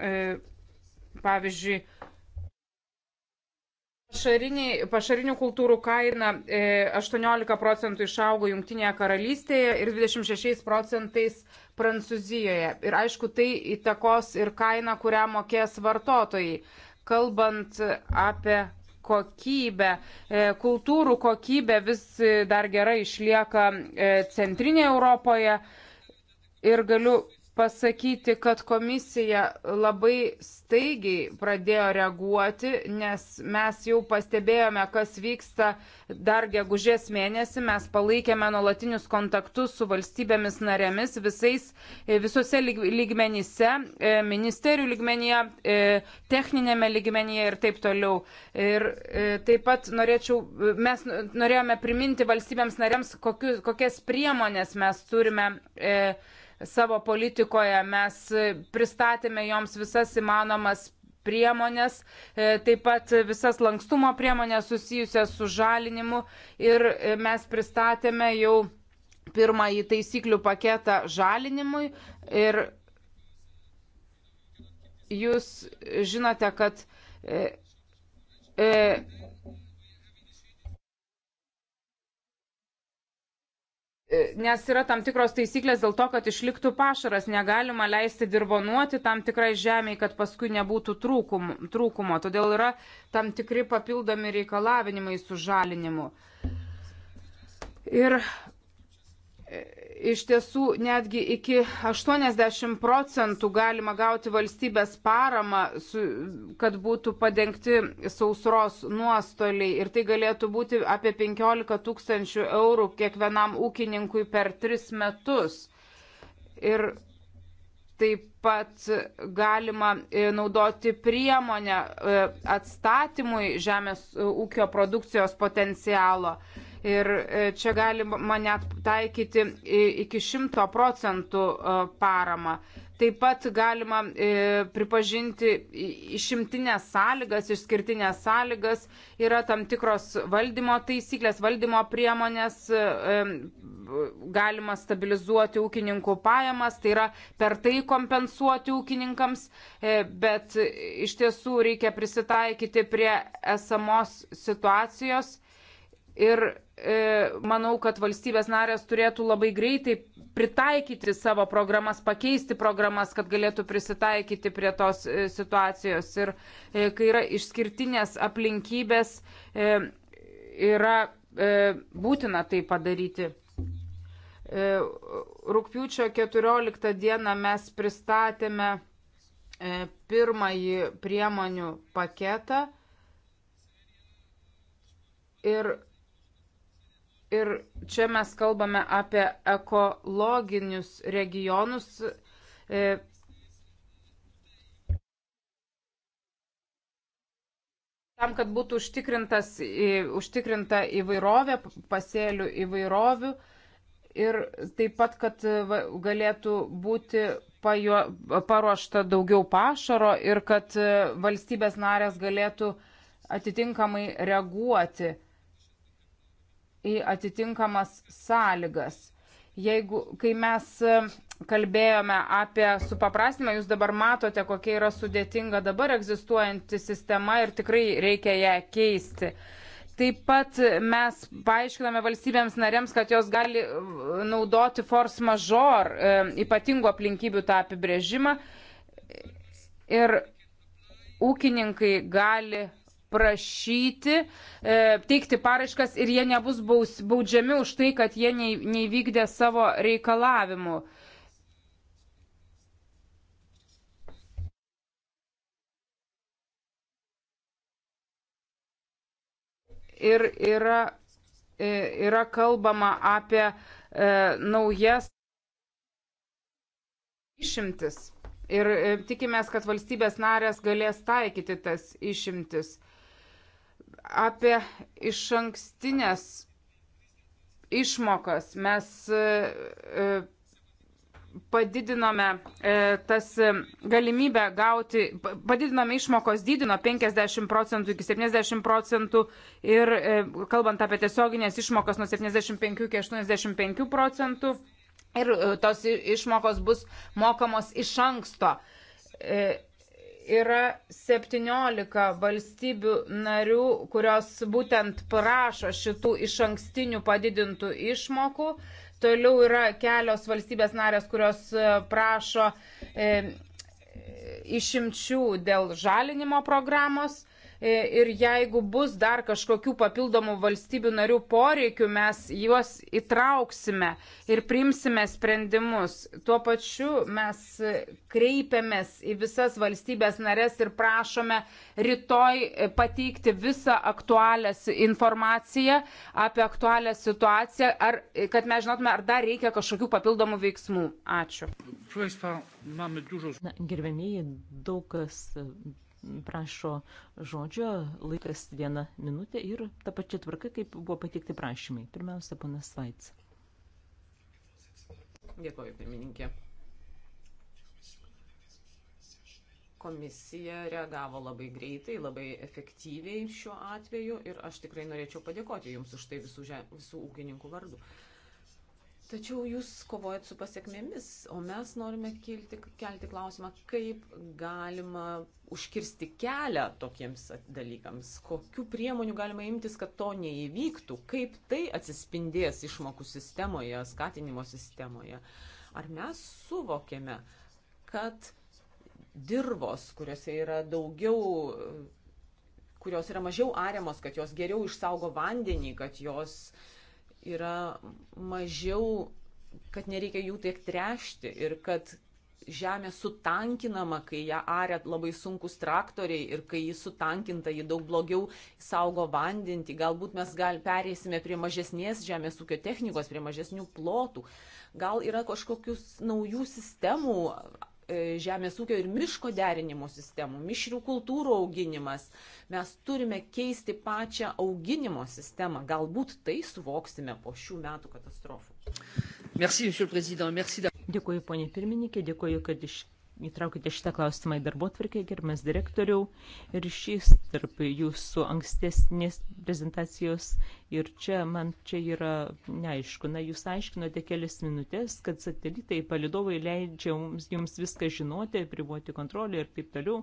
Speaker 3: E, pavyzdžiui, Pašarinių kultūrų kaina 18 e, procentų išaugo Junktinėje karalystėje ir 26 procentais Prancūzijoje. Ir aišku, tai įtakos ir kainą, kurią mokės vartotojai. Kalbant apie kokybę, e, kultūrų kokybė vis dar gerai išlieka centrinėje Europoje. Ir galiu pasakyti, kad komisija labai staigiai pradėjo reaguoti, nes mes jau pastebėjome, kas vyksta dar gegužės mėnesį. Mes palaikėme nuolatinius kontaktus su valstybėmis narėmis visais, e, visose lygmenyse, e, ministerijų lygmenyje, e, techninėme lygmenyje ir taip toliau. Ir taip pat norėčiau, mes norėjome priminti valstybėms narėms, kokius, kokias priemonės mes turime. E, savo politikoje. Mes pristatėme joms visas įmanomas priemonės, e, taip pat visas lankstumo priemonės susijusias su žalinimu ir e, mes pristatėme jau pirmąjį taisyklių paketą žalinimui ir jūs žinote, kad e, E, nes yra tam tikros taisyklės dėl to, kad išliktų pašaras, negalima leisti dirbonuoti tam tikrai žemiai, kad paskui nebūtų trūkumo, trūkumo. Todėl yra tam tikri papildomi reikalavinimai su žalinimu. Ir iš tiesų netgi iki 80 procentų galima gauti valstybės paramą, su, kad būtų padengti sausros nuostoliai. Ir tai galėtų būti apie 15 tūkstančių eurų kiekvienam ūkininkui per 3 metus. Ir taip pat galima e, naudoti priemonę e, atstatymui žemės e, ūkio produkcijos potencialo. Ir e, čia galima net taikyti iki 100 procentų e, paramą. Taip pat galima e, pripažinti išimtinės sąlygas, išskirtinės sąlygas, yra tam tikros valdymo taisyklės, valdymo priemonės, galima stabilizuoti ūkininkų pajamas, tai yra per tai kompensuoti ūkininkams, bet iš tiesų reikia prisitaikyti prie esamos situacijos ir E, manau, kad valstybės narės turėtų labai greitai pritaikyti savo programas, pakeisti programas, kad galėtų prisitaikyti prie tos e, situacijos. Ir e, kai yra išskirtinės aplinkybės, yra būtina tai padaryti. Rūpiučio 14 dieną mes pristatėme pirmąjį priemonių paketą ir Ir čia mes kalbame apie ekologinius regionus. E, tam, kad būtų užtikrinta įvairovė, pasėlių įvairovių ir taip pat, kad galėtų būti pajo, paruošta daugiau pašaro ir kad e, valstybės narės galėtų atitinkamai reaguoti į atitinkamas sąlygas. Jeigu, kai mes e, kalbėjome apie supaprastinimą, jūs dabar matote, kokia yra sudėtinga dabar egzistuojanti sistema ir tikrai reikia ją keisti. Taip pat mes paaiškiname valstybėms narėms, kad jos gali e, naudoti force major, e, ypatingų aplinkybių tą apibrėžimą. Ir ūkininkai gali prašyti, e, teikti paraiškas ir jie nebus baudžiami už tai, kad jie neįvykdė savo reikalavimų. Ir yra, e, yra kalbama apie e, naujas išimtis. Ir e, tikimės, kad valstybės narės galės taikyti tas išimtis apie iš ankstinės išmokas. Mes e, padidinome e, tas galimybę gauti, padidinome išmokos dydį nuo 50 procentų iki 70 procentų ir e, kalbant apie tiesioginės išmokas nuo 75 iki 85 procentų ir tos išmokos bus mokamos iš anksto yra 17 valstybių narių, kurios būtent prašo šitų iš ankstinių padidintų išmokų. Toliau yra kelios valstybės narės, kurios e, prašo e, e, išimčių dėl žalinimo programos. E, ir jeigu bus dar kažkokių papildomų valstybių narių poreikių, mes juos įtrauksime ir primsime sprendimus. Tuo pačiu mes kreipiamės į visas valstybės narės ir prašome rytoj e, pateikti visą aktualią informaciją apie aktualią situaciją, ar, e, kad mes žinotume, ar dar reikia kažkokių papildomų veiksmų. Ačiū.
Speaker 1: Na, gerbėmėjai, daug kas prašo žodžio, laikas vieną minutę ir ta pačia tvarka, kaip buvo patikti prašymai. Pirmiausia, panas Vaits.
Speaker 2: Dėkoju, pirmininkė. Komisija reagavo labai greitai, labai efektyviai šiuo atveju ir aš tikrai norėčiau padėkoti Jums už tai visų, žem, visų ūkininkų vardų. Uh, Tačiau jūs kovojat su pasiekmėmis, o mes norime kilti, kelti klausimą, kaip galima užkirsti kelią tokiems dalykams, kokiu priemonių galima imtis, kad to neįvyktų, kaip tai atsispindės išmokų sistemoje, skatinimo sistemoje. Ar mes suvokėme, kad dirbos, kuriuose yra daugiau kurios yra mažiau ariamos, kad jos geriau išsaugo vandenį, kad jos uh, yra mažiau, kad nereikia jų tiek trešti ir kad žemė sutankinama, kai ją aria labai sunkus traktoriai ir kai ji sutankinta, ji daug blogiau saugo vandentį. Galbūt mes gal perėsime prie mažesnės žemės ūkio technikos, prie mažesnių plotų. Gal yra kažkokius naujų sistemų E, žemės ūkio ir miško derinimo sistemų, mišrių kultūrų auginimas. Mes turime keisti pačią auginimo sistemą. Galbūt tai suvoksime po šių metų katastrofų.
Speaker 1: Merci, Dėkuoju, ponė pirmininkė, dėkuoju, kad iš įtraukite šitą klausimą į darbo tvarkę, gerbiamas direktoriau, ryšys tarp jūsų ankstesnės prezentacijos ir čia man čia yra neaišku. Na, jūs aiškinote kelias minutės, kad satelitai, palidovai leidžia jums, jums viską žinoti, privuoti kontrolę ir taip toliau,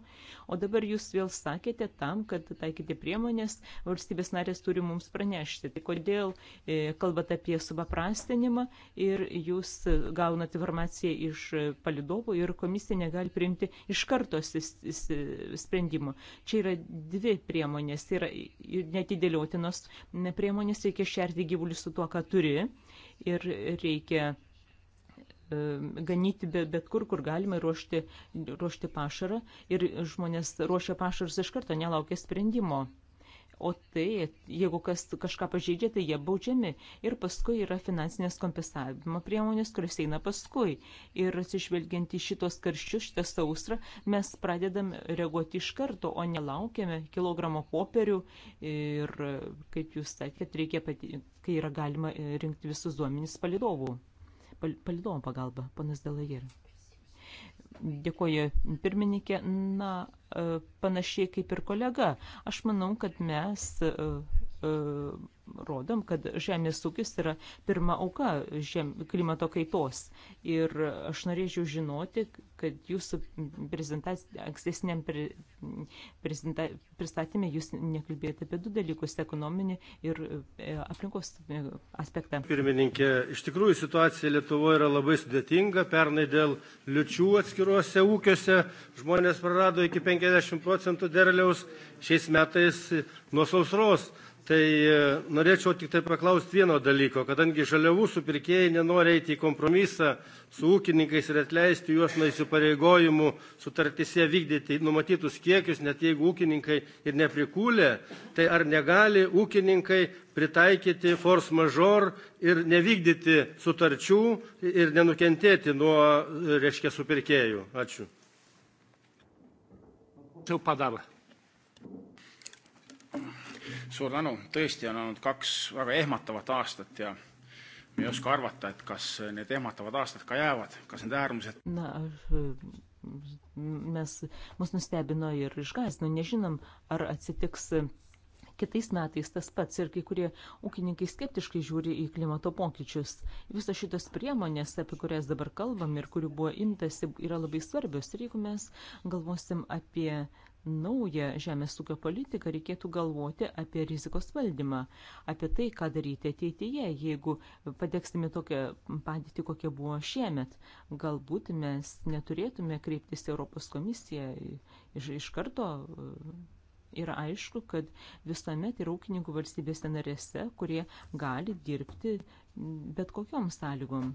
Speaker 1: o dabar jūs vėl sakėte tam, kad taikyti priemonės, valstybės narės turi mums pranešti. Tai kodėl e, kalbate apie supaprastinimą ir jūs gaunate informaciją iš palidovų ir komisija negali priimti iš karto sprendimų. Čia yra dvi priemonės, tai yra netidėliotinos priemonės, reikia šerti gyvulius su tuo, ką turi ir reikia e, ganyti bet, bet kur, kur galima ruošti, ruošti pašarą ir žmonės ruošia pašarus iš karto, nelaukia sprendimo o tai, jeigu kas kažką pažeidžia, tai jie baudžiami. Ir paskui yra finansinės kompensavimo priemonės, kuris eina paskui. Ir atsižvelgiant į šitos karščius, šitą sausrą, mes pradedam reaguoti iš karto, o nelaukiame kilogramo popierių ir, kaip jūs sakėt, reikia, pati, kai yra galima e, rinkti visus duomenys palidovų. Pal, palidovom pagalba, panas Delajer. Dėkoju pirmininkė. Na, panašiai kaip ir kolega. Aš manau, kad mes E, rodom, kad žemės ūkis yra pirma auka žem, klimato kaitos. Ir aš norėčiau žinoti, kad jūsų ankstesniam pre, prezenta, pristatymė jūs nekalbėjote apie du dalykus - ekonominį ir e, aplinkos e, aspektą.
Speaker 4: Pirmininkė, iš tikrųjų situacija Lietuvoje yra labai sudėtinga. Pernai dėl liučių atskiruose ūkiuose žmonės prarado iki 50 procentų derliaus, šiais metais nuo sausros. Tai e, norėčiau tik tai paklausti vieno dalyko, kadangi žaliavų supirkėjai nenori eiti į kompromisą su ūkininkais ir atleisti juos nuo įsipareigojimų sutartise vykdyti numatytus kiekius, net jeigu ūkininkai ir neprikūlė, tai ar negali ūkininkai pritaikyti force major ir nevykdyti sutarčių ir nenukentėti nuo, reiškia, supirkėjų? Ačiū. Padava suur tänu, tõesti on olnud kaks väga ehmatavat aastat ja me ei oska arvata, et kas need ehmatavad aastad ka jäävad, kas need äärmused.
Speaker 1: na, mes, mus nustebino ir išgaisino, nežinom, ar atsitiks kitais metais tas pats ir kai kurie ūkininkai skeptiškai žiūri į klimato pokyčius. Visos šitos priemonės, apie kurias dabar kalbam ir kurių buvo imtasi, yra labai svarbios. Ir jeigu mes galvosim apie naują žemės ūkio politiką, reikėtų galvoti apie rizikos valdymą, apie tai, ką daryti ateityje, jeigu pateksime tokią padėtį, kokia buvo šiemet. Galbūt mes neturėtume kreiptis į Europos komisiją iš, iš karto. E, yra aišku, kad visuomet yra ūkininkų valstybėse narėse, kurie gali dirbti bet kokiom sąlygom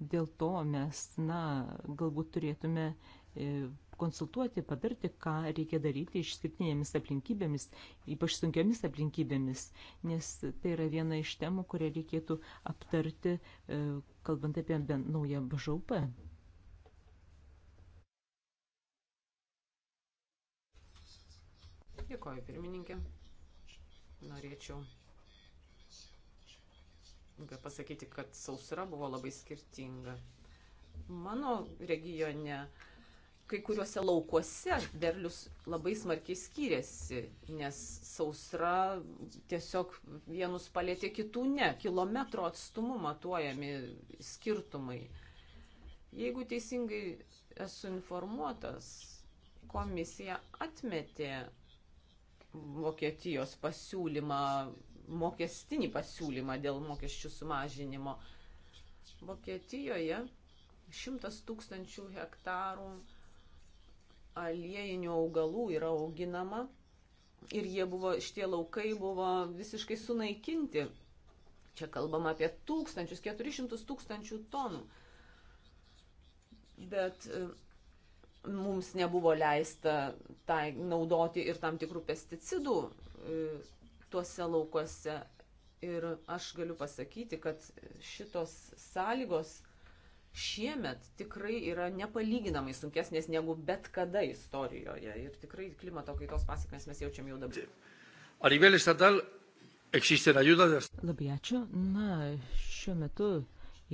Speaker 1: dėl to mes, na, galbūt turėtume e, pakonsultuoti, patarti, ką reikia daryti išskirtinėmis aplinkybėmis, ypač sunkiomis aplinkybėmis, nes tai yra viena iš temų, kurią reikėtų aptarti, e, kalbant apie naują BŽP.
Speaker 2: Dėkoju, pirmininkė. Norėčiau pasakyti, kad sausra buvo labai skirtinga. Mano regione uh, kai kuriuose laukuose derlius labai smarkiai skyrėsi, nes sausra tiesiog vienus palėtė kitų ne, kilometro atstumu matuojami skirtumai. Jeigu teisingai esu informuotas, komisija atmetė Vokietijos pasiūlymą, mokestinį pasiūlymą dėl mokesčių sumažinimo. Vokietijoje 100 tūkstančių hektarų aliejinių augalų yra auginama ir jie buvo, šitie laukai buvo visiškai sunaikinti. Čia kalbama apie tūkstančius, 400 tūkstančių tonų. Bet e, mums nebuvo leista tai naudoti ir tam tikrų pesticidų e, tuose laukuose. Ir aš galiu pasakyti, kad šitos sąlygos šiemet tikrai yra nepalyginamai sunkesnės negu bet kada istorijoje. Ir tikrai klimato kaitos pasiekmes mes jaučiam jau dabar.
Speaker 4: Ar įvėl estatal egzisten ayudas? Labai ačiū. Na, šiuo metu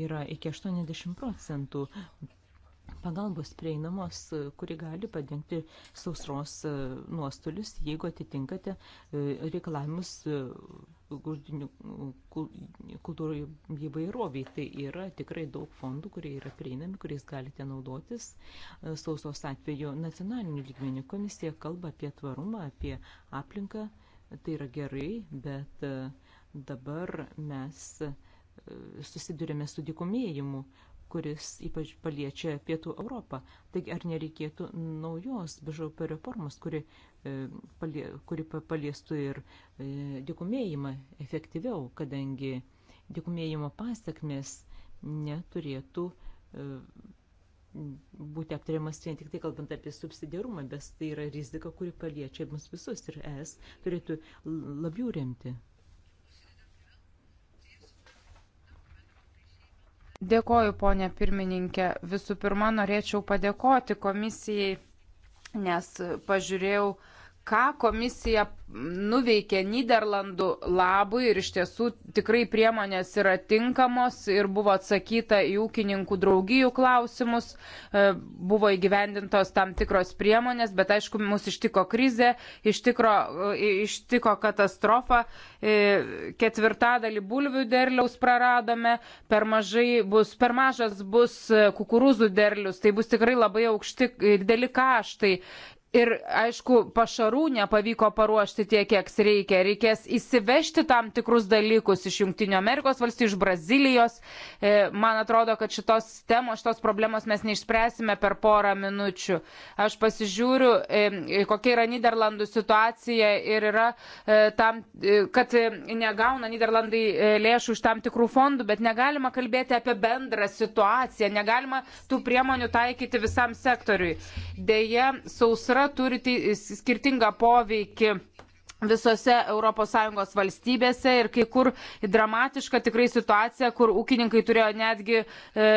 Speaker 1: yra iki 80 procentų pagalbos prieinamos, e, kuri gali padengti sausros e, nuostolius, jeigu atitinkate e, reikalavimus kultūrai įvairoviai. Tai yra tikrai daug fondų, kurie yra prieinami, kuriais galite naudotis. Sausos atveju nacionalinių lygmenių komisija kalba apie tvarumą, apie aplinką. Tai yra gerai, bet dabar mes susidurėme su dikumėjimu, kuris ypač paliečia Pietų Europą. Taigi ar nereikėtų naujos BŽP reformos, kuri, e, palie, kuri paliestų ir e, dikumėjimą efektyviau, kadangi dikumėjimo pasiekmes neturėtų e, būti aptariamas vien tik tai kalbant apie subsidiarumą, bet tai yra rizika, kuri paliečia mus visus ir es turėtų labiau remti
Speaker 3: Dėkoju, ponė pirmininkė. Visų pirma, norėčiau padėkoti komisijai, nes pažiūrėjau, ką komisija nuveikė Niderlandų labui ir iš tiesų tikrai priemonės yra tinkamos ir buvo atsakyta į ūkininkų draugijų klausimus, e, buvo įgyvendintos tam tikros priemonės, bet aišku, mus ištiko krizė, ištiko, e, ištiko katastrofa, e, ketvirtadalį bulvių derliaus praradome, per, bus, per mažas bus kukurūzų derlius, tai bus tikrai labai aukšti ir dideli kaštai Ir aišku, pašarų nepavyko paruošti tiek, kiek reikia. Reikės įsivežti tam tikrus dalykus iš Junktinio Amerikos valstybių, iš Brazilijos. E, man atrodo, kad šitos temos, šitos problemos mes neišspręsime per porą minučių. Aš pasižiūriu, e, kokia yra Niderlandų situacija ir yra e, tam, kad negauna Niderlandai lėšų iš tam tikrų fondų, bet negalima kalbėti apie bendrą situaciją, negalima tų priemonių taikyti visam sektoriui. Deja, sausra turi skirtingą poveikį visose ES valstybėse ir kai kur dramatiška tikrai situacija, kur ūkininkai turėjo netgi e,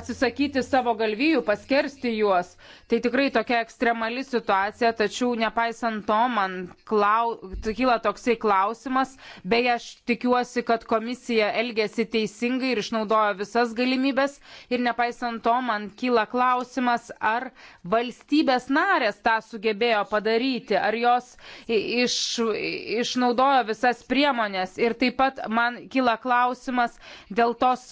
Speaker 3: atsisakyti savo galvijų, paskersti juos. Tai tikrai tokia ekstremali situacija, tačiau nepaisant to, man klau, kyla toksai klausimas. Beje, aš tikiuosi, kad komisija elgėsi teisingai ir išnaudojo visas galimybės. Ir nepaisant to, man kyla klausimas, ar valstybės narės tą sugebėjo padaryti, ar jos iš, išnaudojo visas priemonės. Ir taip pat man kyla klausimas dėl tos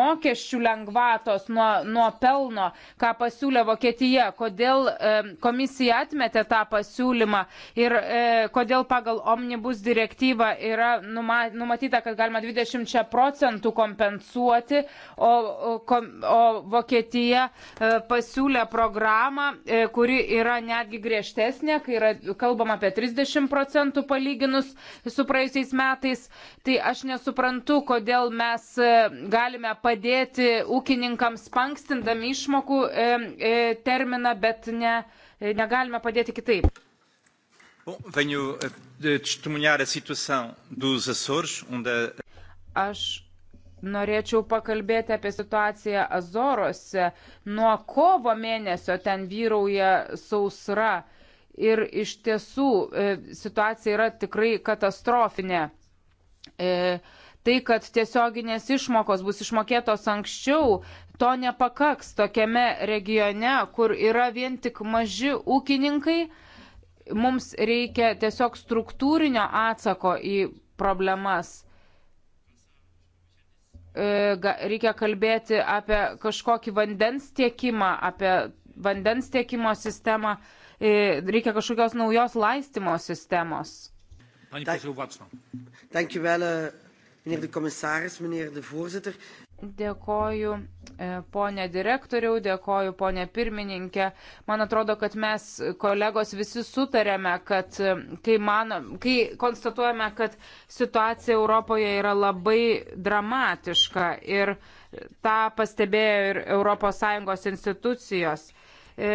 Speaker 3: mokesčių lengvatos nuo, nuo pelno, ką pasiūlė Vokietija srityje, kodėl e, komisija atmetė tą pasiūlymą ir e, kodėl pagal omnibus direktyvą yra numatyta, kad galima 20 procentų kompensuoti, o, o, o Vokietija e, pasiūlė programą, kuri yra netgi griežtesnė, kai yra kalbama apie 30 procentų palyginus su praėjusiais metais. Tai aš nesuprantu, kodėl mes galime padėti ūkininkams pankstindami išmokų terminą domina, bet ne, negalime padėti kitaip.
Speaker 4: Bom, venho eh, testemunhar a situação dos Açores, onde... Aš
Speaker 3: norėčiau pakalbėti apie situaciją Azorose. Nuo kovo mėnesio ten vyrauja sausra ir iš tiesų eh, situacija yra tikrai katastrofinė. E, tai, kad tiesioginės išmokos bus išmokėtos anksčiau, to nepakaks tokiame regione, kur yra vien tik maži ūkininkai. Mums reikia tiesiog struktūrinio atsako į problemas. E, reikia kalbėti apie kažkokį vandens tiekimą, apie vandens tiekimo sistemą, e, reikia kažkokios naujos laistimo sistemos.
Speaker 4: Pani poseł Vacna. Dankjewel, meneer de commissaris, meneer de voorzitter.
Speaker 3: Dėkoju, e, ponė direktoriau, dėkoju, ponė pirmininkė. Man atrodo, kad mes, kolegos, visi sutarėme, kad e, kai, mano, kai konstatuojame, kad situacija Europoje yra labai dramatiška ir tą pastebėjo ir ES institucijos. E,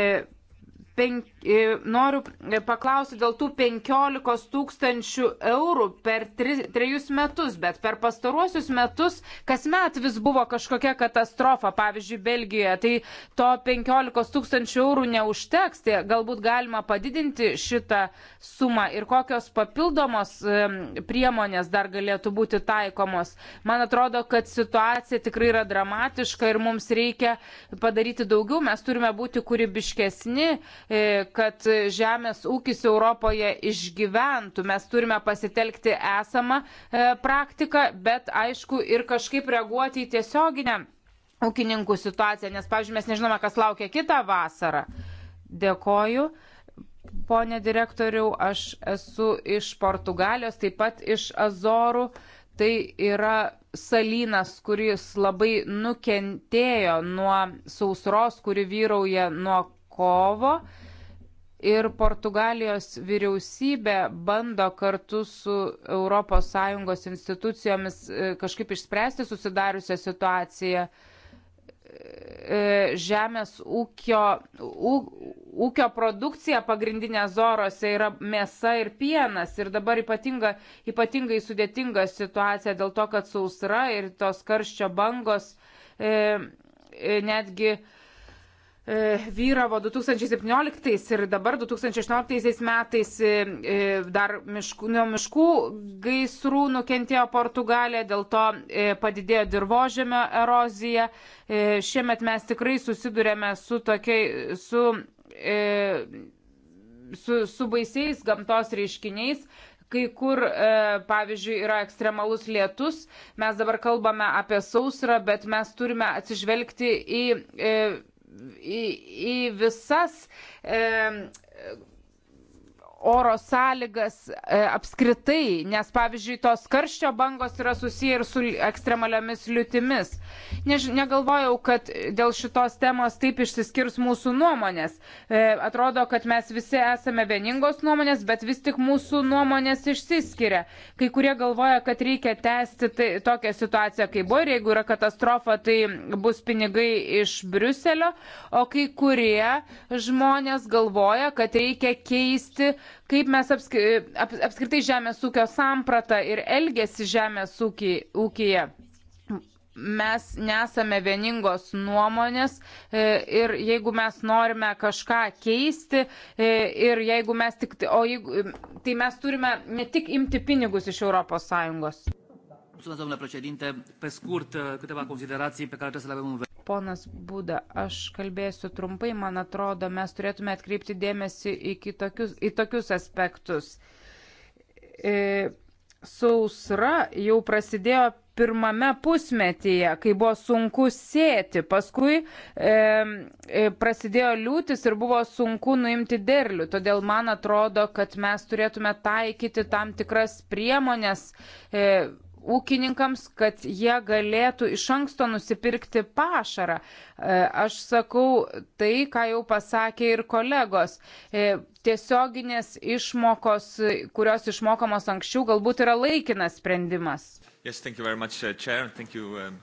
Speaker 3: penk, e, noriu e, paklausti dėl tų 15 tūkstančių eurų per tri, trejus metus, bet per pastaruosius metus kasmet vis buvo kažkokia katastrofa, pavyzdžiui, Belgijoje, tai to 15 tūkstančių eurų neužteks, tai galbūt galima padidinti šitą sumą ir kokios papildomos e, priemonės dar galėtų būti taikomos. Man atrodo, kad situacija tikrai yra dramatiška ir mums reikia padaryti daugiau, mes turime būti kūrybiškesni E, kad žemės ūkis Europoje išgyventų. Mes turime pasitelkti esamą e, praktiką, bet aišku ir kažkaip reaguoti į tiesioginę ūkininkų situaciją, nes, pavyzdžiui, mes nežinome, kas laukia kitą vasarą. Dėkoju. Pone direktoriau, aš esu iš Portugalijos, taip pat iš Azorų. Tai yra salynas, kuris labai nukentėjo nuo sausros, kuri vyrauja nuo kovo. Ir Portugalijos vyriausybė bando kartu su ES institucijomis e, kažkaip išspręsti susidariusią situaciją. E, žemės ūkio, ū, ūkio produkcija pagrindinė Zorose yra mėsa ir pienas. Ir dabar ypatinga, ypatingai sudėtinga situacija dėl to, kad sausra ir tos karščio bangos e, e netgi e, E, vyravo 2017 ir dabar 2018 metais e, e, dar miškų, nuo miškų gaisrų nukentėjo Portugalija, dėl to padidėjo dirbožėmio erozija. Šiemet mes tikrai susidurėme su tokiai, su, su, su baisiais gamtos reiškiniais, kai kur, pavyzdžiui, yra ekstremalus lietus, mes dabar kalbame apie sausrą, bet mes turime atsižvelgti į į, į visas e, oro sąlygas e, apskritai, nes pavyzdžiui, tos karščio bangos yra susiję ir su ekstremaliomis liūtimis. Než, negalvojau, kad dėl šitos temos taip išsiskirs mūsų nuomonės. E, atrodo, kad mes visi esame vieningos nuomonės, bet vis tik mūsų nuomonės išsiskiria. Kai kurie galvoja, kad reikia tęsti tai, tokią situaciją, kaip buvo ir jeigu yra katastrofa, tai bus pinigai iš Briuselio, o kai kurie žmonės galvoja, kad reikia keisti kaip mes apskri, ap, apskritai žemės ūkio sampratą ir elgesi žemės ūkį, ūkyje. Mes nesame vieningos nuomonės e, ir jeigu mes norime kažką keisti e, ir jeigu mes tik, o jeigu, tai mes turime ne tik imti pinigus iš ES.
Speaker 4: Mulțumesc, domnule președinte. Pe scurt, uh, câteva considerații pe care trebuie să le avem în vedere.
Speaker 3: Ponas Būda, aš kalbėsiu trumpai, man atrodo, mes turėtume atkreipti dėmesį į, kitokius, į tokius aspektus. E, sausra jau prasidėjo pirmame pusmetyje, kai buvo sunku sėti, paskui e, e prasidėjo liūtis ir buvo sunku nuimti derlių. Todėl man atrodo, kad mes turėtume taikyti tam tikras priemonės. E, ūkininkams, kad jie galėtų iš anksto nusipirkti pašarą. E, aš sakau tai, ką jau pasakė ir kolegos. E, tiesioginės išmokos, kurios išmokamos anksčiau, galbūt yra laikinas sprendimas.
Speaker 2: Yes, much, uh, um,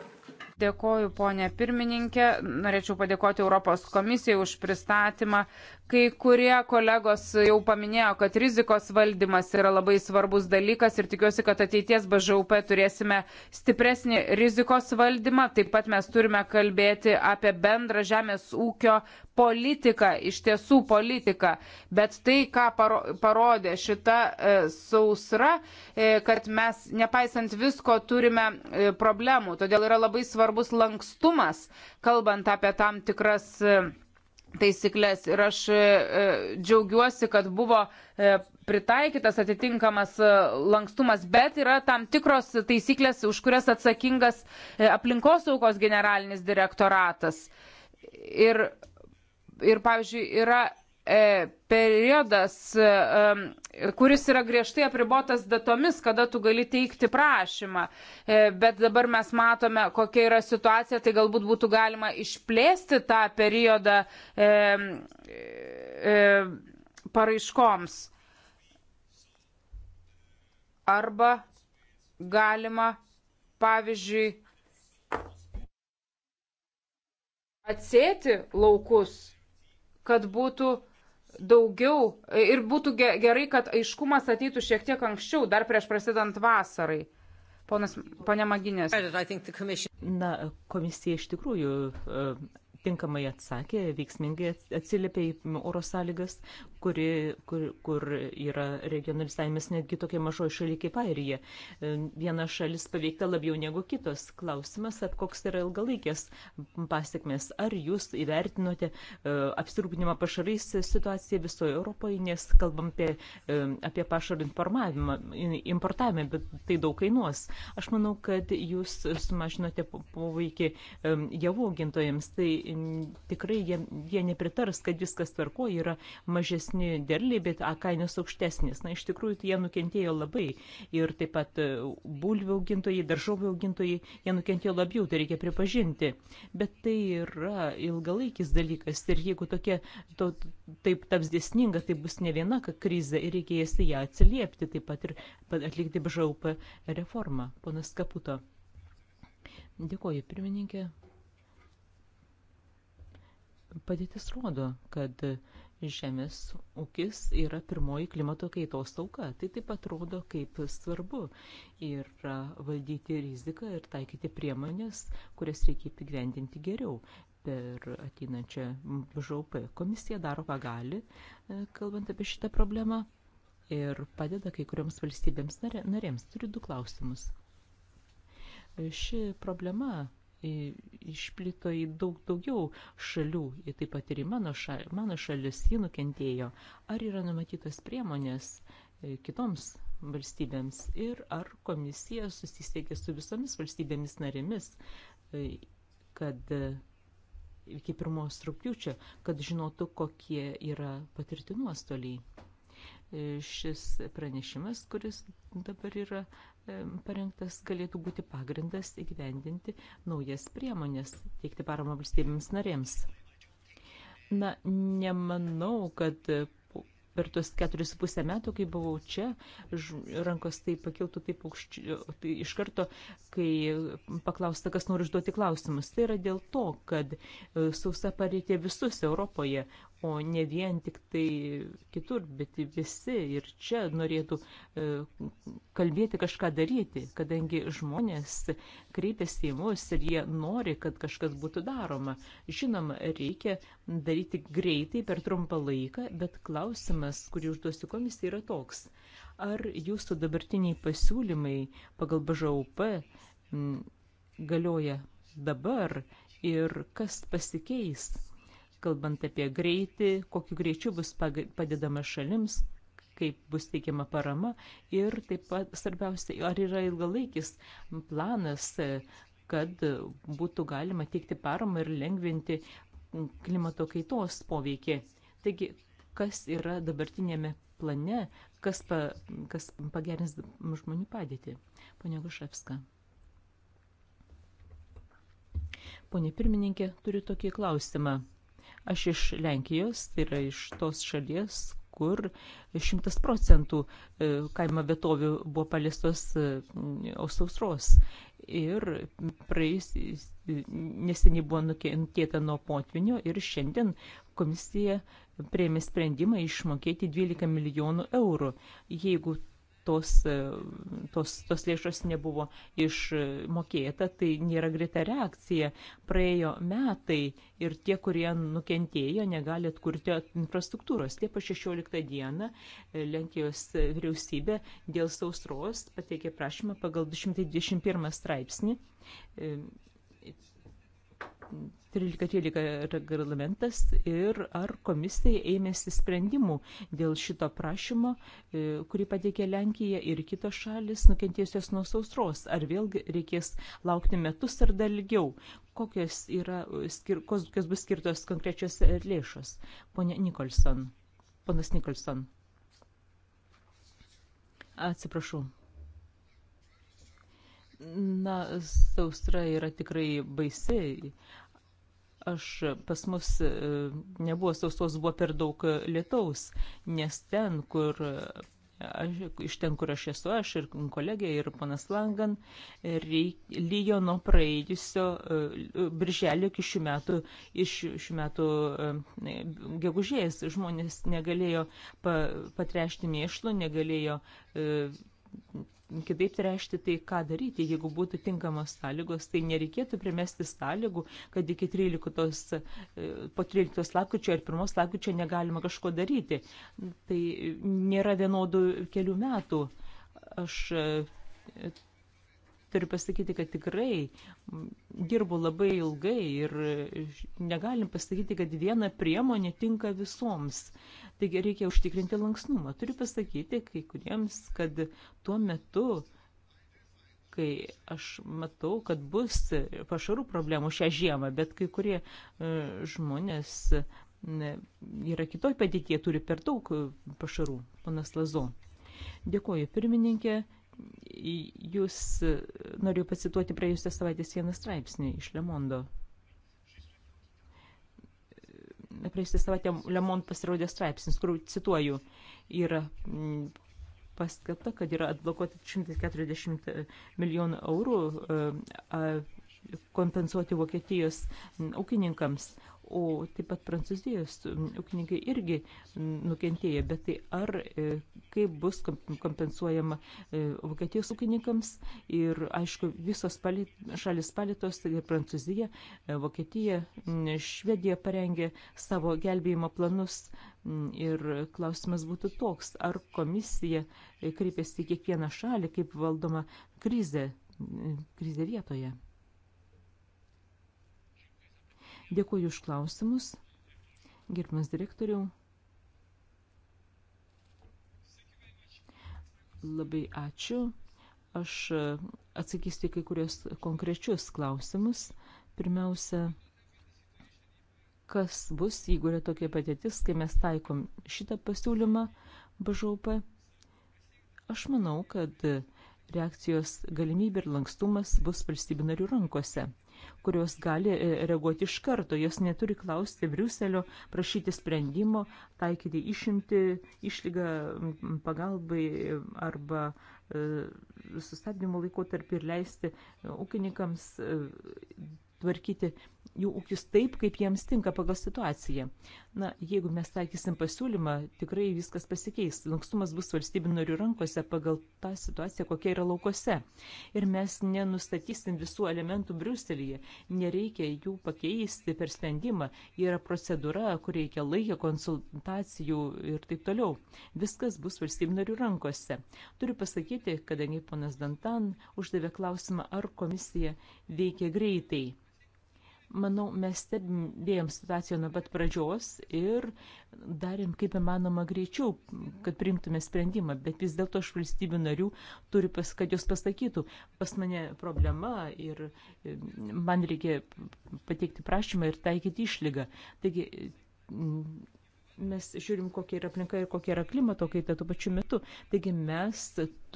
Speaker 3: Dėkoju, ponė pirmininkė. Norėčiau padėkoti Europos komisijai už pristatymą. Kai kurie kolegos jau paminėjo, kad rizikos valdymas yra labai svarbus dalykas ir tikiuosi, kad ateities BŽUP turėsime stipresnį rizikos valdymą. Taip pat mes turime kalbėti apie bendrą žemės ūkio politiką, iš tiesų politiką. Bet tai, ką paro, parodė šita e, sausra, e, kad mes, nepaisant visko, turime e, problemų. Todėl yra labai svarbus lankstumas, kalbant apie tam tikras. E, taisyklės. Ir aš e, e, džiaugiuosi, kad buvo e, pritaikytas atitinkamas lankstumas, bet yra tam tikros taisyklės, už kurias atsakingas aplinkosaugos generalinis direktoratas. Ir, ir pavyzdžiui, yra E, periodas, e, e, kuris yra griežtai apribotas datomis, kada tu gali teikti prašymą. Bet dabar mes matome, kokia yra situacija, tai galbūt būtų galima išplėsti tą periodą paraiškoms. Arba galima, pavyzdžiui, atsėti laukus, kad būtų daugiau ir būtų gerai, kad aiškumas ateitų šiek tiek anksčiau, dar prieš prasidant vasarai. Ponas, ponė Maginės.
Speaker 1: Na, komisija iš tikrųjų tinkamai atsakė, veiksmingai atsiliepė į oro sąlygas, kuri, kur, kur yra regionalizavimas tai netgi tokia mažoji šalia kaip Airija. E, viena šalis paveikta labiau negu kitos. Klausimas, ar koks yra ilgalaikės pasiekmes, ar jūs įvertinote e, apsirūpinimą pašarais situaciją visoje Europoje, nes kalbam apie, e, apie pašarų informavimą, importavimą, bet tai daug kainuos. Aš manau, kad jūs sumažinote poveikį javų augintojams. Tai tikrai jie, jie nepritars, kad viskas tvarko, yra mažesni derliai, bet kainos aukštesnės. Na, iš tikrųjų, tai jie nukentėjo labai. Ir taip pat e, bulvių augintojai, daržovių augintojai, jie nukentėjo labiau, tai reikia pripažinti. Bet tai yra ilgalaikis dalykas. Ir jeigu tokie, to, taip taps dėsninga, tai bus ne viena krizė ir reikės į ją atsiliepti, taip pat ir atlikti BŽUP reformą. Ponas Kaputo. Dėkoju, pirmininkė. Padėtis rodo, kad žemės ūkis yra pirmoji klimato kaitos auka. Tai taip pat rodo, kaip svarbu yra valdyti riziką ir taikyti priemonės, kurias reikia įgyvendinti geriau per ateinančią žaupą. Komisija daro, ką gali, e, kalbant apie šitą problemą ir padeda kai kurioms valstybėms narėms. Turiu du klausimus. Ši problema išplito į daug daugiau šalių, ir taip pat ir į mano, šal, mano šalis, ji nukentėjo. Ar yra numatytos priemonės e, kitoms valstybėms ir ar komisija susisiekė su visomis valstybėmis narėmis, e, kad e, iki pirmos rūpiučio, kad žinotų, kokie yra patirti nuostoliai šis pranešimas, kuris dabar yra parengtas galėtų būti pagrindas įgyvendinti naujas priemonės, teikti paramą valstybėms narėms. Na, nemanau, kad e, per tuos keturis pusę metų, kai buvau čia, rankos tai pakiltų taip aukščiau, tai iš karto, kai paklausta, kas nori užduoti klausimus. Tai yra dėl to, kad e, sausa parėtė visus Europoje, o ne vien tik tai kitur, bet visi ir čia norėtų e, kalbėti kažką daryti, kadangi žmonės kreipiasi į mus ir jie nori, kad kažkas būtų daroma. Žinoma, reikia daryti greitai per trumpą laiką, bet klausimas, kurį užduosiu komisijai, yra toks. Ar jūsų dabartiniai pasiūlymai pagal BŽUP galioja dabar ir kas pasikeis? kalbant apie greitį, kokiu greičiu bus padedama šalims, kaip bus teikiama parama ir taip pat svarbiausia, ar yra ilgalaikis planas, kad būtų galima teikti paramą ir lengvinti klimato kaitos poveikį. Taigi, kas yra dabartinėme plane, kas, pa, kas pagerins žmonių padėtį. Pone Guševska. Pone pirmininkė, turiu tokį klausimą. Aš iš Lenkijos, tai yra iš tos šalies, kur šimtas procentų e, kaimo vietovių buvo paliestos e, sausros. Ir praeis neseniai buvo nukentėta nuo potvinio ir šiandien komisija prieimė sprendimą išmokėti 12 milijonų eurų. Jeigu tos, e, tos, tos lėšos nebuvo išmokėta, tai nėra greita reakcija. Praėjo metai ir tie, kurie nukentėjo, negali atkurti infrastruktūros. Liepa 16 dieną e, Lenkijos vyriausybė dėl sausros pateikė prašymą pagal 221 straipsnį e, 13.13 reglamentas ir ar komisija ėmėsi sprendimų dėl šito prašymo, e, kurį pateikė Lenkija ir kitos šalis nukentėjusios nuo sausros, ar vėlgi reikės laukti metus ar dar ilgiau, kokios, yra, e, skir, kokios bus skirtos konkrečios lėšos. Pone Nikolson, ponas Nikolson. Atsiprašau, Na, sausra yra tikrai baisiai. Aš pas mus e, nebuvo sausos, buvo per daug lietaus, nes ten, kur aš, iš ten, kur aš esu, aš ir kolegė, ir panas Langan, lyjo nuo praėjusio e, birželio iki šių metų, iš šių metų e, gegužės žmonės negalėjo patrešti mėšlų, negalėjo kitaip reišti, tai ką daryti, jeigu būtų tinkamos sąlygos, tai nereikėtų primesti sąlygų, kad iki 13, e, po 13 lakučio ar 1 lakučio negalima kažko daryti. Tai nėra vienodų kelių metų. Aš e, turiu pasakyti, kad tikrai dirbu labai ilgai ir negalim pasakyti, kad viena priemonė tinka visoms. Taigi reikia užtikrinti lankstumą. Turiu pasakyti kai kuriems, kad tuo metu, kai aš matau, kad bus pašarų problemų šią žiemą, bet kai kurie e, žmonės yra kitoj padėtyje, turi per daug pašarų, panas Lazo. Dėkuoju, pirmininkė. Jūs e, noriu pacituoti praėjusią savaitę vieną straipsnį iš Lemondo praėjusią savaitę Le Monde pasirodė straipsnis, kur cituoju, yra mm, paskelbta, kad yra atblokuoti 140 e, milijonų eurų e, kompensuoti Vokietijos ūkininkams, o taip pat Prancūzijos ūkininkai irgi nukentėjo, bet tai ar e, kaip bus kompensuojama e, Vokietijos ūkininkams ir aišku visos palit, šalis palitos, tai Prancūzija, e, Vokietija, Švedija parengė savo gelbėjimo planus ir klausimas būtų toks, ar komisija kreipėsi į kiekvieną šalį, kaip valdoma krizė, krizė vietoje. Dėkuoju už klausimus. Gerbimas direktoriau. Labai ačiū. Aš atsakysiu kai kurios konkrečius klausimus. Pirmiausia, kas bus, jeigu yra tokia patėtis, kai mes taikom šitą pasiūlymą BŽP. Aš manau, kad reakcijos galimybė ir lankstumas bus valstybių narių rankose kurios gali e, reaguoti iš karto. Jos neturi klausti Briuselio, prašyti sprendimo, taikyti išimti, išlygą pagalbai arba e, sustabdymo laikotarpį ir leisti e, ūkininkams tvarkyti jų ūkius taip, kaip jiems tinka pagal situaciją. Na, jeigu mes taikysim pasiūlymą, tikrai viskas pasikeis. Lankstumas bus valstybių narių rankose pagal tą situaciją, kokia yra laukose. Ir mes nenustatysim visų elementų Briuselėje. Nereikia jų pakeisti per sprendimą. Yra procedūra, kur reikia laiko konsultacijų ir taip toliau. Viskas bus valstybių narių rankose. Turiu pasakyti, kadangi ponas Dantan uždavė klausimą, ar komisija veikia greitai Manau, mes stebėjom situaciją nuo pat pradžios ir darėm kaip įmanoma greičiau, kad priimtume sprendimą, bet vis dėlto iš valstybių narių turi, pas, kad jos pasakytų, pas mane problema ir e, man reikia pateikti prašymą ir taikyti išlygą. Taigi, mes žiūrim, kokia yra aplinka ir kokia yra klimato kaita tuo pačiu metu. Taigi mes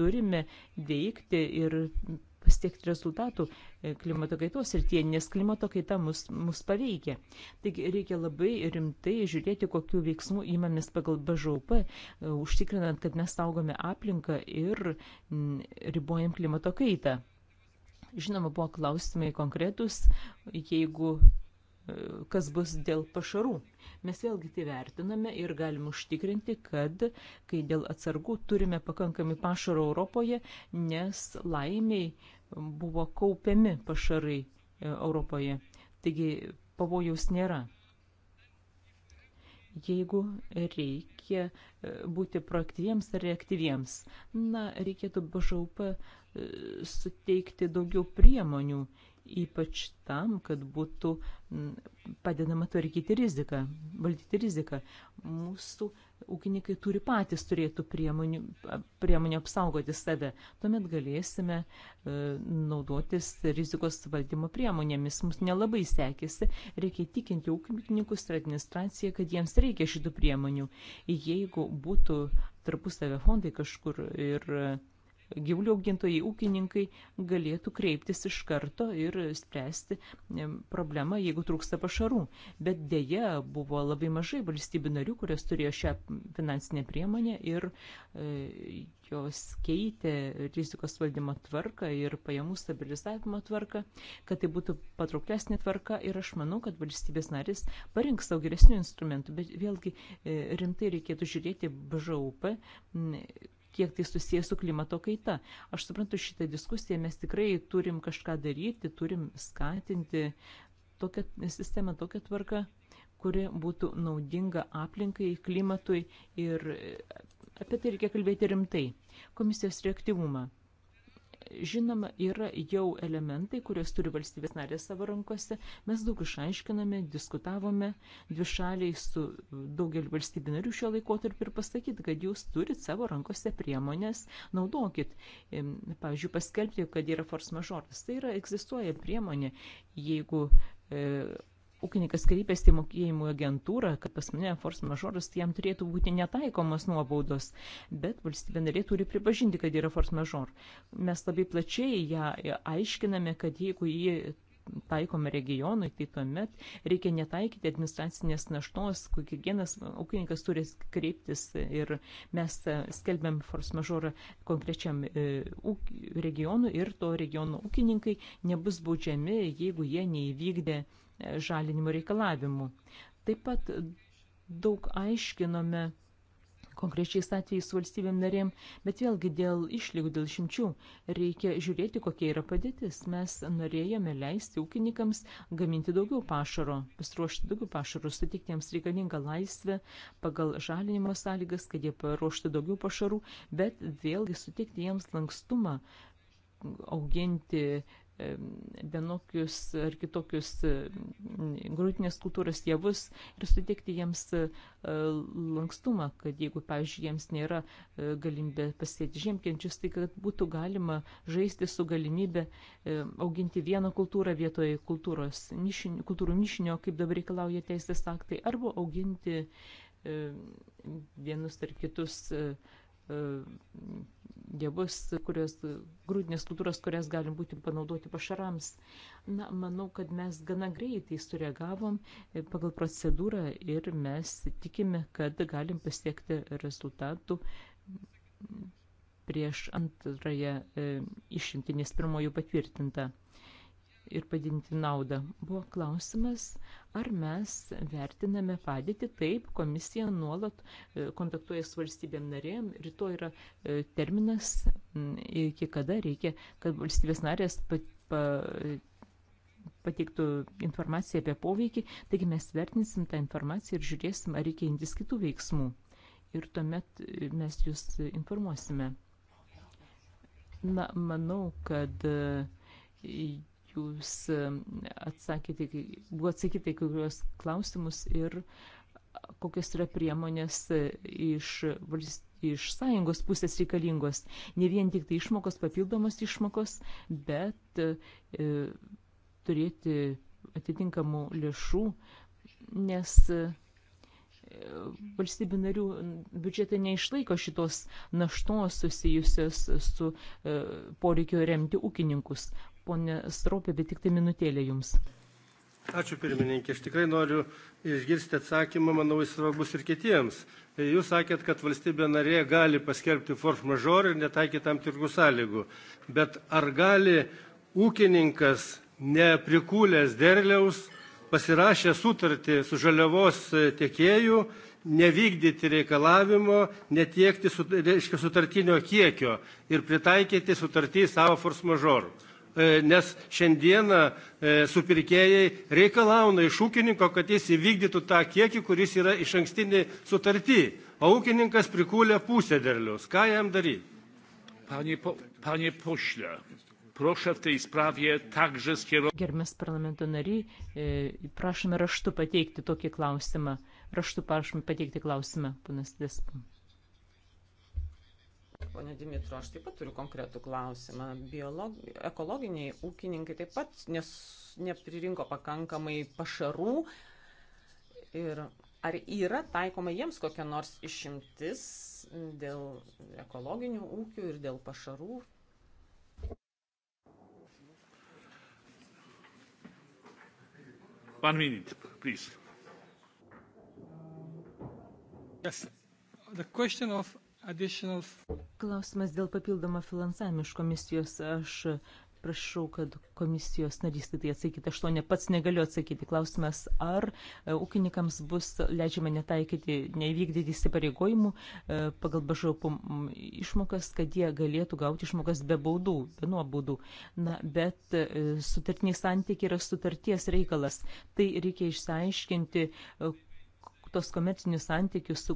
Speaker 1: turime veikti ir pasiekti rezultatų e, klimato kaitos ir tie, nes klimato kaita mus, mus paveikia. Taigi reikia labai rimtai žiūrėti, kokiu veiksmu įmamės pagal BŽUP, e, užtikrinant, kad mes saugome aplinką ir ribojam klimato kaitą. Žinoma, buvo klausimai konkretus, jeigu e, kas bus dėl pašarų. Mes vėlgi tai vertiname ir galim užtikrinti, kad kai dėl atsargų turime pakankami pašarų Europoje, nes laimiai buvo kaupiami pašarai e, Europoje. Taigi pavojaus nėra. Jeigu reikia e, būti proaktyviems ar reaktyviems, na, reikėtų BŽUP e, suteikti daugiau priemonių ypač tam, kad būtų padedama tvarkyti riziką, valdyti riziką. Mūsų ūkininkai turi patys turėtų priemonių, priemonių apsaugoti save. Tuomet galėsime e, naudotis rizikos valdymo priemonėmis. Mums nelabai sekėsi, reikia tikinti ūkininkus ir administraciją, kad jiems reikia šitų priemonių. Jeigu būtų tarpusavę fondai kažkur ir gyvulių augintojai, ūkininkai galėtų kreiptis iš karto ir spręsti e, problemą, jeigu trūksta pašarų. Bet dėja buvo labai mažai valstybių narių, kurios turėjo šią finansinę priemonę ir e, jos keitė rizikos valdymo tvarką ir pajamų stabilizavimo tvarką, kad tai būtų patrauklesnė tvarka ir aš manau, kad valstybės narys parinks savo geresnių instrumentų, bet vėlgi e, rimtai reikėtų žiūrėti BŽUP, kiek tai susijęs su klimato kaita. Aš suprantu šitą diskusiją, mes tikrai turim kažką daryti, turim skatinti tokią sistemą, tokią tvarką, kuri būtų naudinga aplinkai, klimatui ir apie tai reikia kalbėti rimtai. Komisijos reaktyvumą. Žinoma, yra jau elementai, kuriuos turi valstybės narės savo rankose. Mes daug išaiškiname, diskutavome dvišaliai su daugeliu valstybių narių šio laikotarpiu ir pasakyti, kad jūs turit savo rankose priemonės, naudokit. Pavyzdžiui, paskelbti, kad yra force majoras. Tai yra egzistuoja priemonė, jeigu e, ūkininkas kreipėsi į mokėjimų agentūrą, kad pas mane force majoras, tai jam turėtų būti netaikomos nuobaudos, bet valstybė narė turi pripažinti, kad yra force major. Mes labai plačiai ją aiškiname, kad jeigu jį taikome regionui, tai tuomet reikia netaikyti administracinės naštos, kiekvienas ūkininkas turi kreiptis ir mes skelbiam force majorą konkrečiam e, regionui ir to regiono ūkininkai nebus baudžiami, jeigu jie neįvykdė žalinimo reikalavimų. Taip pat daug aiškinome konkrečiais atvejais valstybėm narėm, bet vėlgi dėl išlygų, dėl šimčių reikia žiūrėti, kokia yra padėtis. Mes norėjome leisti ūkininkams gaminti daugiau pašaro, pasiruošti daugiau pašarų, sutikti jiems reikalingą laisvę pagal žalinimo sąlygas, kad jie paruoštų daugiau pašarų, bet vėlgi sutikti jiems lankstumą auginti vienokius ar kitokius grūtinės kultūros javus ir suteikti jiems e, lankstumą, kad jeigu, pavyzdžiui, jiems nėra e, galimybė pasėti žiemkenčius, tai kad būtų galima žaisti su galimybė e, auginti vieną kultūrą vietoje kultūros, nišinio, kultūrų mišinio, kaip dabar reikalauja teisės aktai, arba auginti vienus ar kitus javus, e, kurios, grūdinės kultūros, kurias galim būti panaudoti pašarams. Na, manau, kad mes gana greitai sureagavom e, pagal procedūrą ir mes tikime, kad galim pasiekti rezultatų prieš antrąją e, išimtį, nes pirmojų patvirtinta ir padinti naudą. Buvo klausimas, ar mes vertiname padėtį taip, komisija nuolat e, kontaktuoja su valstybėm narėm ir to yra e, terminas, iki kada reikia, kad valstybės narės pateiktų informaciją apie poveikį, taigi mes vertinsim tą informaciją ir žiūrėsim, ar reikia imtis kitų veiksmų. Ir tuomet e, mes jūs informuosime. Na, manau, kad jūs atsakėte, buvo atsakyti kai kurios klausimus ir kokios yra priemonės e, iš, iš sąjungos pusės reikalingos. Ne vien tik tai išmokos, papildomos išmokos, bet e, e turėti atitinkamų lėšų, nes e, valstybių narių biudžetai neišlaiko šitos naštos susijusios su e, poreikiu remti ūkininkus ponė Straupė, bet tik tai minutėlė jums.
Speaker 4: Ačiū pirmininkė, aš tikrai noriu išgirsti atsakymą, manau, jis svarbus ir kitiems. Jūs sakėt, kad valstybė narė gali paskelbti force majeure ir netaikyti tam tikrų sąlygų, bet ar gali ūkininkas neprikūlęs derliaus, pasirašę sutartį su žaliavos tiekėju, nevykdyti reikalavimo, netiekti reiškia, sutartinio kiekio ir pritaikyti sutartį savo force majeure. E, nes šiandieną e, supirkėjai reikalauna iš ūkininko, kad jis įvykdytų tą kiekį, kuris yra iš ankstinį sutartį, o ūkininkas prikūlė pusę derlius. Ką jam daryti? Panie, po, panie pośle, proszę w tej sprawie także skierować. Gerbiamas parlamento
Speaker 1: nariai, e, prašome raštu pateikti tokį klausimą. Raštu prašome pateikti klausimą, panas Despum.
Speaker 2: Pone Dimitro, aš taip pat turiu konkretų klausimą. Biolog... Ekologiniai ūkininkai taip pat nes... nepririnko pakankamai pašarų. Ir ar yra taikoma jiems kokia nors išimtis dėl ekologinių ūkių ir dėl pašarų?
Speaker 4: One minute, please. Yes.
Speaker 1: The question of additional... Klausimas dėl papildomo finansavimo iš komisijos. Aš prašau, kad komisijos narys tai atsakyti. Aš to ne pats negaliu atsakyti. Klausimas, ar e, ūkininkams bus leidžiama netaikyti, nevykdyti įsipareigojimų e, pagal bažaupų išmokas, kad jie galėtų gauti išmokas be baudų, be nuobaudų. Na, bet e, sutartiniai santykiai yra sutarties reikalas. Tai reikia išsiaiškinti, tos komercinius santykius, su,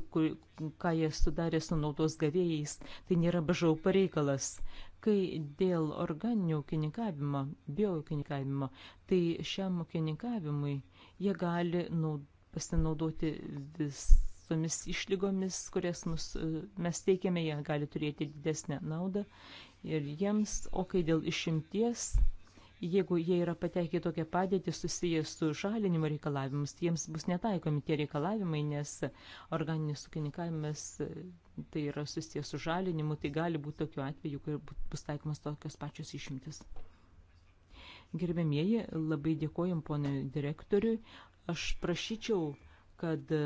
Speaker 1: ką jie sudarė su naudos gavėjais, tai nėra bažau pareikalas. Kai dėl organinio ūkininkavimo, bioūkininkavimo, tai šiam ūkininkavimui jie gali naud, pasinaudoti visomis išlygomis, kurias mus, e, mes teikiame, jie gali turėti didesnę naudą ir jiems, o kai dėl išimties, jeigu jie yra patekę tokią padėtį susijęs su žalinimo reikalavimus, jiems bus netaikomi tie reikalavimai, nes organinis ūkininkavimas e, tai yra susijęs su žalinimu, tai gali būti tokiu atveju, kai bus taikomas tokios pačios išimtis. Gerbėmieji, labai dėkojom ponui direktoriui. Aš prašyčiau, kad e,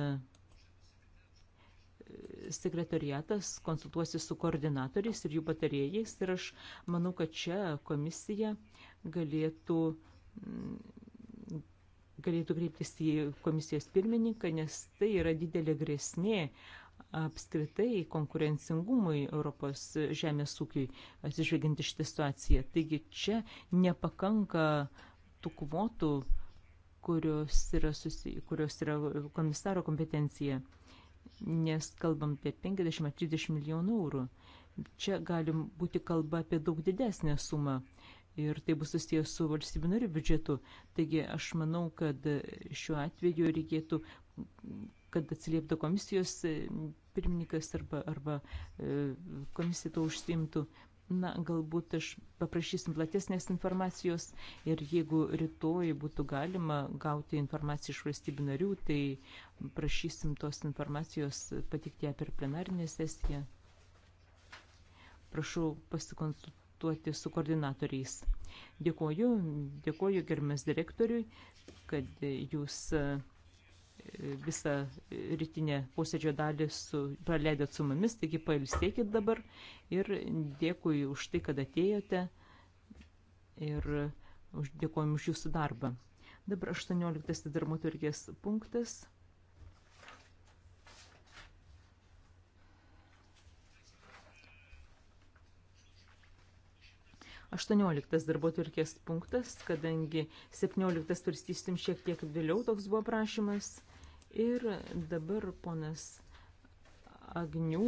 Speaker 1: sekretariatas konsultuosi su koordinatoriais ir jų patarėjais ir aš manau, kad čia komisija galėtų, mm, galėtų kreiptis į komisijos pirmininką, nes tai yra didelė grėsmė apskritai konkurencingumui Europos žemės ūkiui atsižvelgiant iš situaciją. Taigi čia nepakanka tų kvotų, kurios yra, susi, kurios yra komisaro kompetencija, nes kalbam apie 50 ar 30 milijonų eurų. Čia galim būti kalba apie daug didesnę sumą ir tai bus susijęs su valstybių narių biudžetu. Taigi aš manau, kad šiuo atveju reikėtų, kad atsilieptų komisijos e, pirmininkas arba, arba e, komisija to užsimtų. Na, galbūt aš paprašysim platesnės informacijos ir jeigu rytoj būtų galima gauti informaciją iš valstybių narių, tai prašysim tos informacijos patikti ją per plenarinę sesiją. Prašau pasikonsultuoti kontaktuoti su koordinatoriais. Dėkuoju, dėkuoju gerbiamas direktoriui, kad jūs e, visą rytinę posėdžio dalį su, praleidėt su mumis, taigi pailsėkit dabar ir dėkui už tai, kad atėjote ir dėkojom už jūsų darbą. Dabar 18 darbo turkės punktas. 18 darbo turkės punktas, kadangi 17 turstysim šiek tiek vėliau, toks buvo prašymas. Ir dabar ponas Agnių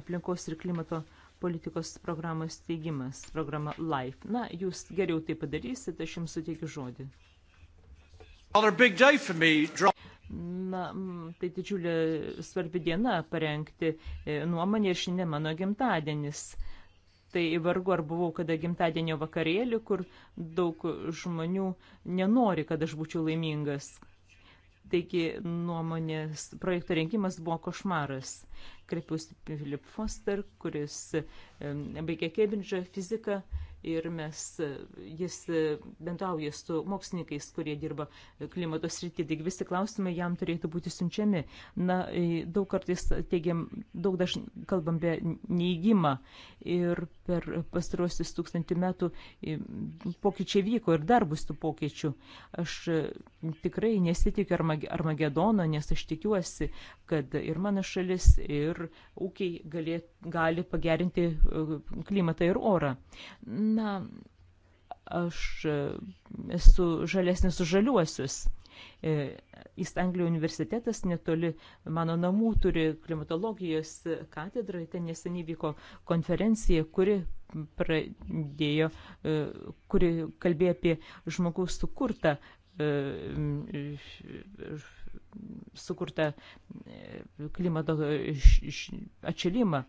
Speaker 1: aplinkos ir klimato politikos programos steigimas, programa LIFE. Na, jūs geriau tai padarysite, aš jums suteikiu žodį. Na, tai didžiulė svarbi diena parengti e, nuomonę ir šiandien mano gimtadienis. Uh, tai vargu ar buvau kada gimtadienio vakarėlį, kur daug žmonių nenori, kad aš būčiau laimingas. Taigi nuomonės projekto rengimas buvo košmaras. Kreipiausi Philip Foster, kuris baigė Kebindžą fiziką ir mes, e, jis e, bendrauja su mokslininkais, kurie dirba e, klimato srityje, taigi visi klausimai jam turėtų būti siunčiami. Na, daug kartais teigiam, daug dažnai kalbam apie neįgymą ir per pastaruosius tūkstantį metų pokyčiai vyko ir dar bus tų pokyčių. Aš tikrai nesitikiu Armagedono, nes aš tikiuosi, kad ir mano šalis, ir ūkiai galėtų gali pagerinti klimatą ir orą. Na, aš e, esu žalesnis už žaliuosius. E, East Anglijos universitetas netoli mano namų turi klimatologijos katedrą, ten neseniai vyko konferencija, kuri pradėjo, e, kuri kalbėjo apie žmogaus sukurtą sukurtą klimato atšilimą.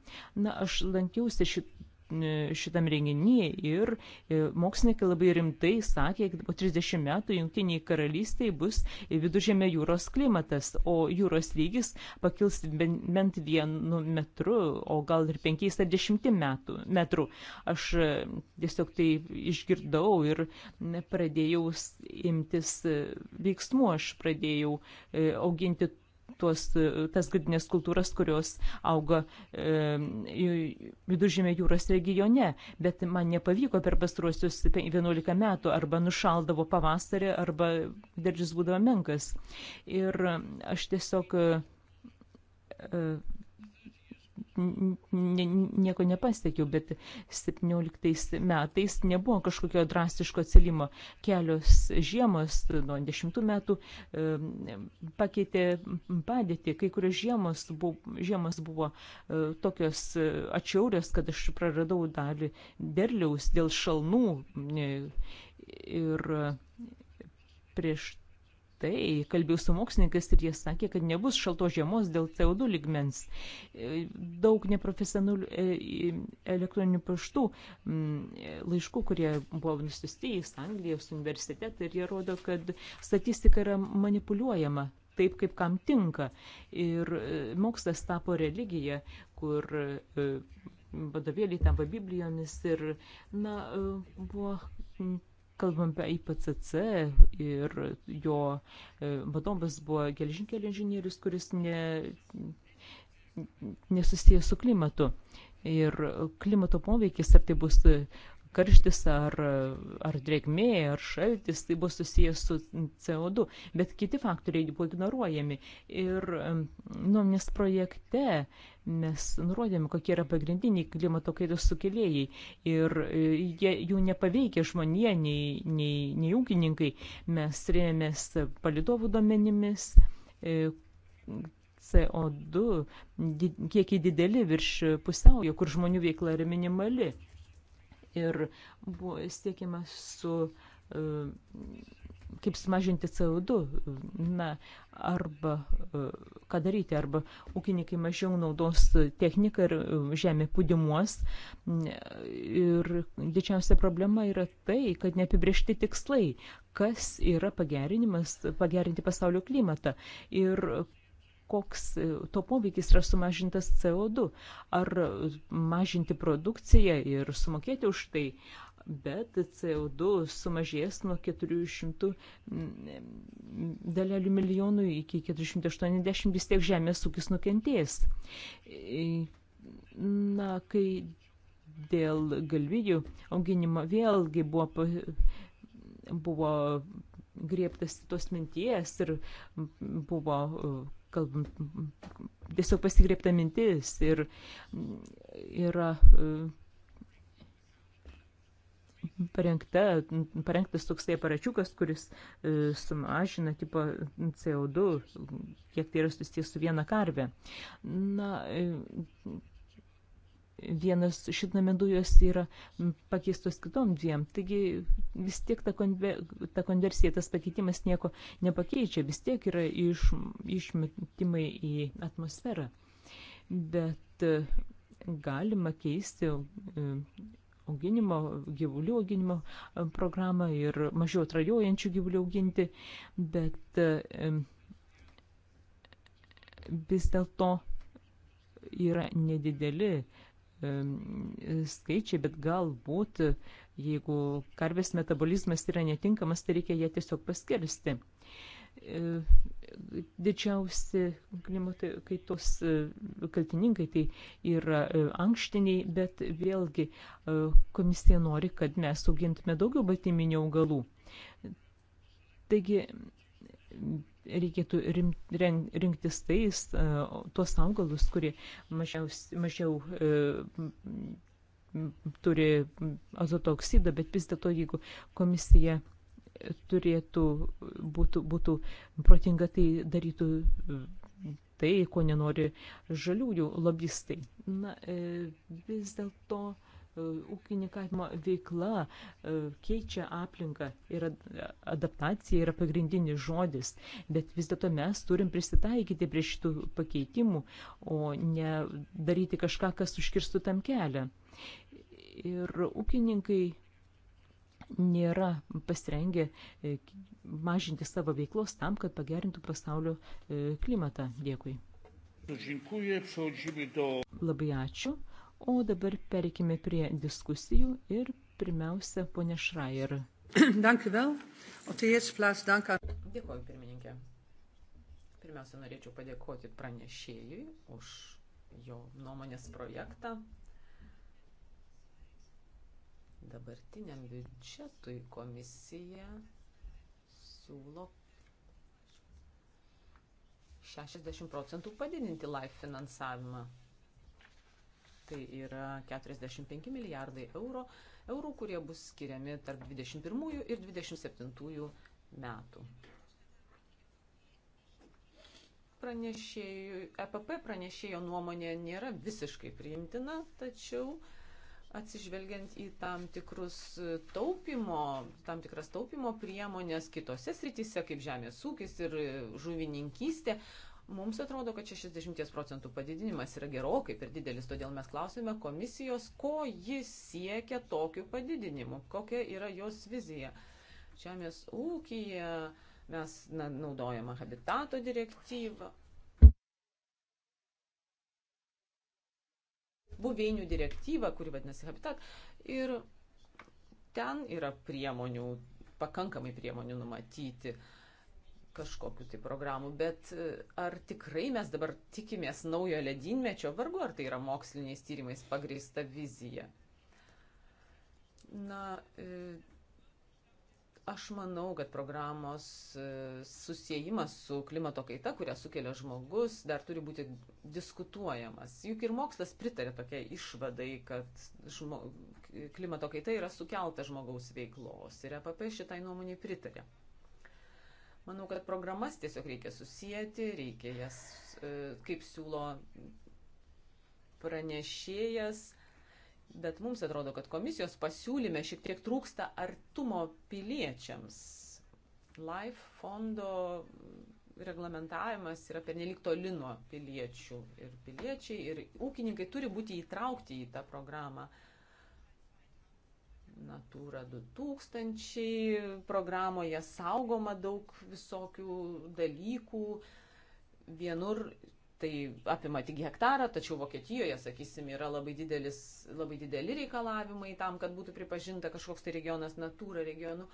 Speaker 1: Na, aš lankiausi šit, E, šitam renginyje ir e, mokslininkai labai rimtai sakė, kad po 30 metų jungtiniai karalystiai bus viduržėmė jūros klimatas, o jūros lygis pakils bent vienu metru, o gal ir penkiais ar dešimt metrų. Aš e, tiesiog tai išgirdau ir pradėjau imtis veiksmų, aš pradėjau auginti tuos, tas gadinės kultūras, kurios auga e, viduržėmė jūros regione, bet man nepavyko per pastruosius 11 metų arba nušaldavo pavasarį, arba deržius būdavo menkas. Ir aš tiesiog e, nieko nepasiekiau, bet 17 metais nebuvo kažkokio drastiško atsilimo. Kelios žiemos nuo 10 metų pakeitė padėtį. Kai kurios žiemos buvo, žiemos buvo e, tokios atšiaurios, kad aš praradau dalį derliaus dėl šalnų. E, ir e, prieš tai, kalbėjau su mokslininkais ir jie sakė, kad nebus šaltos žiemos dėl CO2 ligmens. E, daug neprofesionalių e, e, elektroninių paštų laiškų, kurie buvo nusisti į Anglijos universitetą ir jie rodo, kad statistika yra manipuliuojama taip, kaip kam tinka. Ir mokslas tapo religija, kur vadovėliai tampa Biblijomis ir, na, buvo kalbam apie IPCC ir jo e, vadovas buvo gelžinkelio inžinierius, kuris ne, nesusijęs su klimatu. Ir klimato poveikis, ar tai bus karštis ar, ar drėgmė ar šaltis, tai bus susijęs su CO2, bet kiti faktoriai buvo ignoruojami. Ir nuomonės projekte mes nurodėme, kokie yra pagrindiniai klimato kaitos sukėlėjai ir e, jie, jų nepaveikia žmonė, nei, nei, nei ūkininkai. Mes rėmės palidovų duomenimis, e, CO2 kiekį didelį virš pusiaujo, kur žmonių veikla yra minimali ir buvo siekiama su e, kaip sumažinti CO2, na, arba e, ką daryti, arba ūkininkai mažiau naudos techniką ir e, žemė pudimuos. Ir didžiausia problema yra tai, kad neapibriešti tikslai, kas yra pagerinimas, pagerinti pasaulio klimatą ir koks e, to poveikis yra sumažintas CO2, ar mažinti produkciją ir sumokėti už tai, bet CO2 sumažės nuo 400 mm, dalelių milijonų iki 480 vis tiek žemės ūkis nukentės. E, na, kai dėl galvijų auginimo vėlgi buvo, buvo griebtas tos minties ir buvo kalbam, tiesiog pasigrėpta mintis ir yra e, parengta, parengtas toksai aparačiukas, kuris e, sumažina tipo CO2, kiek tai yra susijęs su viena karve. Na, e, vienas šitname dujos yra pakeistos kitom dviem. Taigi vis tiek ta, konver, ta konversija, tas pakeitimas nieko nepakeičia, vis tiek yra iš, išmetimai į atmosferą. Bet e, galima keisti e, auginimo, gyvulių auginimo e, programą ir mažiau trajuojančių gyvulių auginti, bet vis dėlto yra nedideli uh, skaičiai, bet galbūt, jeigu karvės metabolizmas yra netinkamas, tai reikia ją tiesiog paskersti. E, didžiausi klimato kaitos e, kaltininkai tai yra e, ankštiniai, bet vėlgi komisija nori, kad mes augintume daugiau baltyminio augalų. Taigi reikėtų rim, ren, rinktis tais, e, tuos augalus, kurie mažiaus, mažiau e, turi azoto oksidą, bet vis dėlto, jeigu komisija turėtų, būtų, būtų protinga, tai darytų tai, ko nenori žaliųjų lobistai. Na, e, vis dėlto E, ūkininkavimo veikla e, keičia aplinką ir adaptacija yra pagrindinis žodis, bet vis dėlto mes turim prisitaikyti prie šitų pakeitimų, o ne daryti kažką, kas užkirstų tam kelią. Ir ūkininkai nėra pasirengę e, mažinti savo veiklos tam, kad pagerintų pasaulio klimatą. Dėkui. Labai ačiū. O dabar perikime prie diskusijų ir pirmiausia, ponė Šrajer. [clears throat]
Speaker 2: Dėkuoju, pirmininkė. Pirmiausia, norėčiau padėkoti pranešėjui už jo nuomonės projektą. Dabartiniam biudžetui komisija siūlo 60 procentų padidinti LIFE finansavimą. Tai yra 45 milijardai euro, eurų, kurie bus skiriami tarp 21 ir 27 metų. Pranešėjų, EPP pranešėjo nuomonė nėra visiškai priimtina, tačiau atsižvelgiant į tam tikrus taupimo, tam tikras taupimo priemonės kitose srityse, kaip žemės ūkis ir žuvininkystė, Mums atrodo, kad 60 procentų padidinimas yra gerokai per didelis, todėl mes klausime komisijos, ko jis siekia tokiu padidinimu, kokia yra jos vizija. Žemės ūkija mes na, naudojame habitato direktyvą, buveinių direktyvą, kuri vadinasi habitat, ir ten yra priemonių, pakankamai priemonių numatyti. Uh, kažkokiu tai programu, bet e, ar tikrai mes dabar tikimės naujo ledynmečio vargu, ar tai yra moksliniais tyrimais pagrįsta vizija? Na, e, aš manau, kad programos e, susijimas su klimato kaita, kurią sukelia žmogus, dar turi būti diskutuojamas. Juk ir mokslas pritarė tokiai išvadai, kad žmo, klimato kaita yra sukelta žmogaus veiklos ir APP šitai nuomonį pritarė. Manau, kad programas tiesiog reikia susijęti, reikia jas, e, kaip siūlo pranešėjas, bet mums atrodo, kad komisijos pasiūlyme šiek tiek trūksta artumo piliečiams. Life fondo reglamentavimas yra pernelik toli nuo piliečių ir piliečiai ir ūkininkai turi būti įtraukti į tą programą. Uh, Natūra 2000 programoje saugoma daug visokių dalykų. Vienur tai apima tik hektarą, tačiau Vokietijoje, sakysim, yra labai, didelis, labai dideli reikalavimai tam, kad būtų pripažinta kažkoks tai regionas Natūra regionu.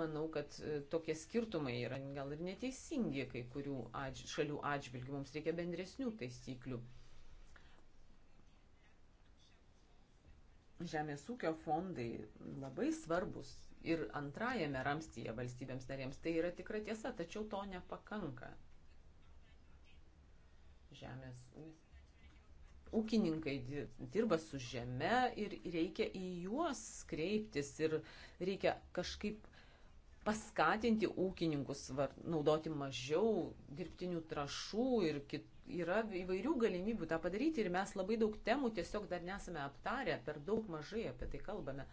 Speaker 2: Manau, kad e, tokie skirtumai yra gal ir neteisingi kai kurių atž šalių atžvilgių. Mums reikia bendresnių taisyklių. žemės ūkio fondai labai svarbus ir antrajame ramstyje valstybėms narėms. Tai yra tikra tiesa, tačiau to nepakanka. Žemės ūkininkai dirba su žeme ir reikia į juos kreiptis ir reikia kažkaip paskatinti ūkininkus naudoti mažiau dirbtinių trašų ir kitų yra įvairių galimybių tą padaryti ir mes labai daug temų tiesiog dar nesame aptarę, per daug mažai apie tai kalbame.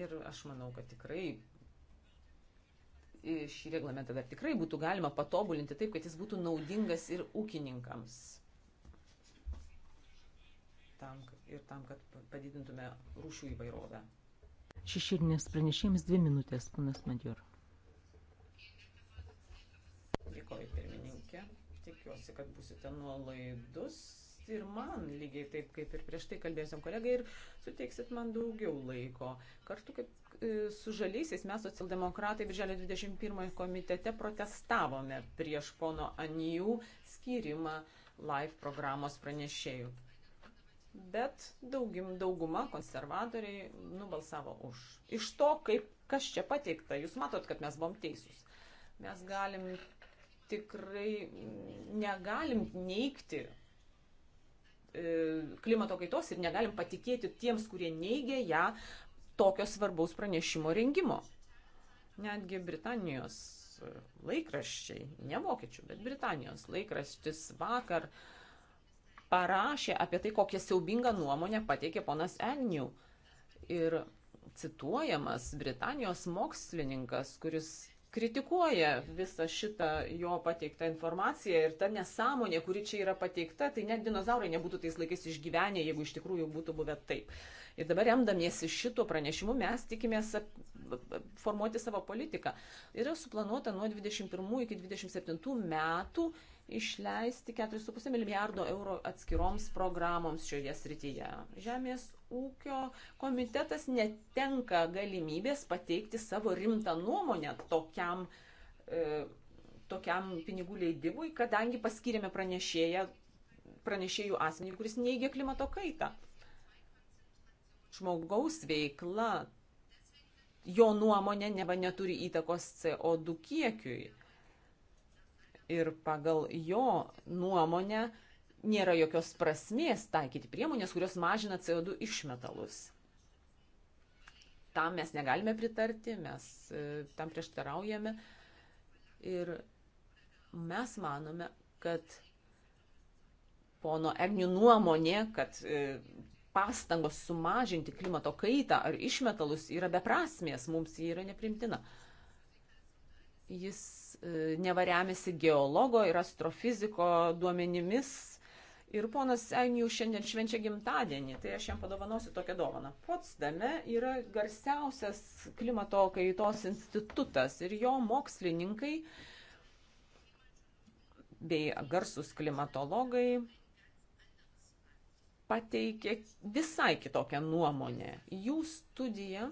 Speaker 2: Ir aš manau, kad tikrai šį reglamentą dar tikrai būtų galima patobulinti taip, kad jis būtų naudingas ir ūkininkams. Tam, ir tam, kad padidintume rūšių įvairovę.
Speaker 1: Šešėlinės pranešėjimas dvi minutės, panas Madjur.
Speaker 2: Dėkoju tikiuosi, kad būsite nuolaidus ir man lygiai taip, kaip ir prieš tai kalbėsim kolegai ir suteiksit man daugiau laiko. Kartu kaip e, su žalysiais mes socialdemokratai Birželio 21 komitete protestavome prieš pono Anijų skyrimą live programos pranešėjų. Bet daugim, dauguma konservatoriai nubalsavo už. Iš to, kaip, kas čia pateikta, jūs matot, kad mes buvom teisūs. Mes galim tikrai negalim neikti e, klimato kaitos ir negalim patikėti tiems, kurie neigia ją tokio svarbaus pranešimo rengimo. Netgi Britanijos laikraščiai, ne vokiečių, bet Britanijos laikraštis vakar parašė apie tai, kokią siaubingą nuomonę pateikė ponas Agnew. Ir cituojamas Britanijos mokslininkas, kuris kritikuoja visą šitą jo pateiktą informaciją ir ta nesąmonė, kuri čia yra pateikta, tai net dinozaurai nebūtų tais laikais išgyvenę, jeigu iš tikrųjų būtų buvę taip. Ir dabar remdamiesi šito pranešimu mes tikimės formuoti savo politiką. Yra suplanuota nuo 21 iki 27 metų išleisti 4,5 milijardo eurų atskiroms programoms šioje srityje. Žemės ūkio komitetas netenka galimybės pateikti savo rimtą nuomonę tokiam, e, tokiam pinigų leidimui, kadangi paskyrėme pranešėją, pranešėjų asmenį, kuris neigia klimato kaitą. Žmogaus veikla, jo nuomonė, neva neturi įtakos CO2 kiekiui ir pagal jo nuomonę nėra jokios prasmės taikyti priemonės, kurios mažina CO2 išmetalus. Tam mes negalime pritarti, mes e, tam prieštaraujame ir mes manome, kad pono Egnių nuomonė, kad e, pastangos sumažinti klimato kaitą ar išmetalus yra beprasmės, mums jį yra neprimtina. Jis E, nevariamėsi geologo ir astrofiziko duomenimis. Ir ponas Enijų šiandien švenčia gimtadienį, tai aš jam padovanosiu tokią dovaną. Potsdame yra garsiausias klimato kaitos institutas ir jo mokslininkai bei garsus klimatologai pateikė visai kitokią nuomonę. Jų studija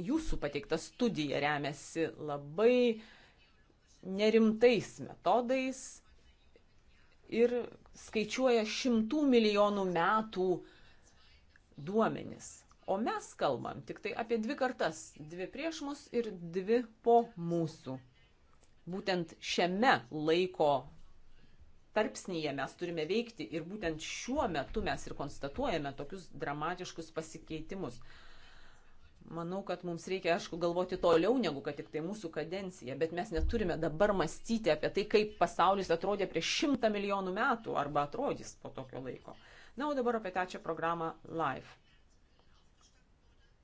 Speaker 2: jūsų pateikta studija remiasi labai nerimtais metodais ir skaičiuoja šimtų milijonų metų duomenis. O mes kalbam tik tai apie dvi kartas - dvi prieš mus ir dvi po mūsų. Būtent šiame laiko tarpsnyje mes turime veikti ir būtent šiuo metu mes ir konstatuojame tokius dramatiškus pasikeitimus. Manau, kad mums reikia, aišku, galvoti toliau negu kad tik tai mūsų kadencija, bet mes neturime dabar mąstyti apie tai, kaip pasaulis atrodė prieš šimtą milijonų metų arba atrodys po tokio laiko. Na, o dabar apie trečią programą Life.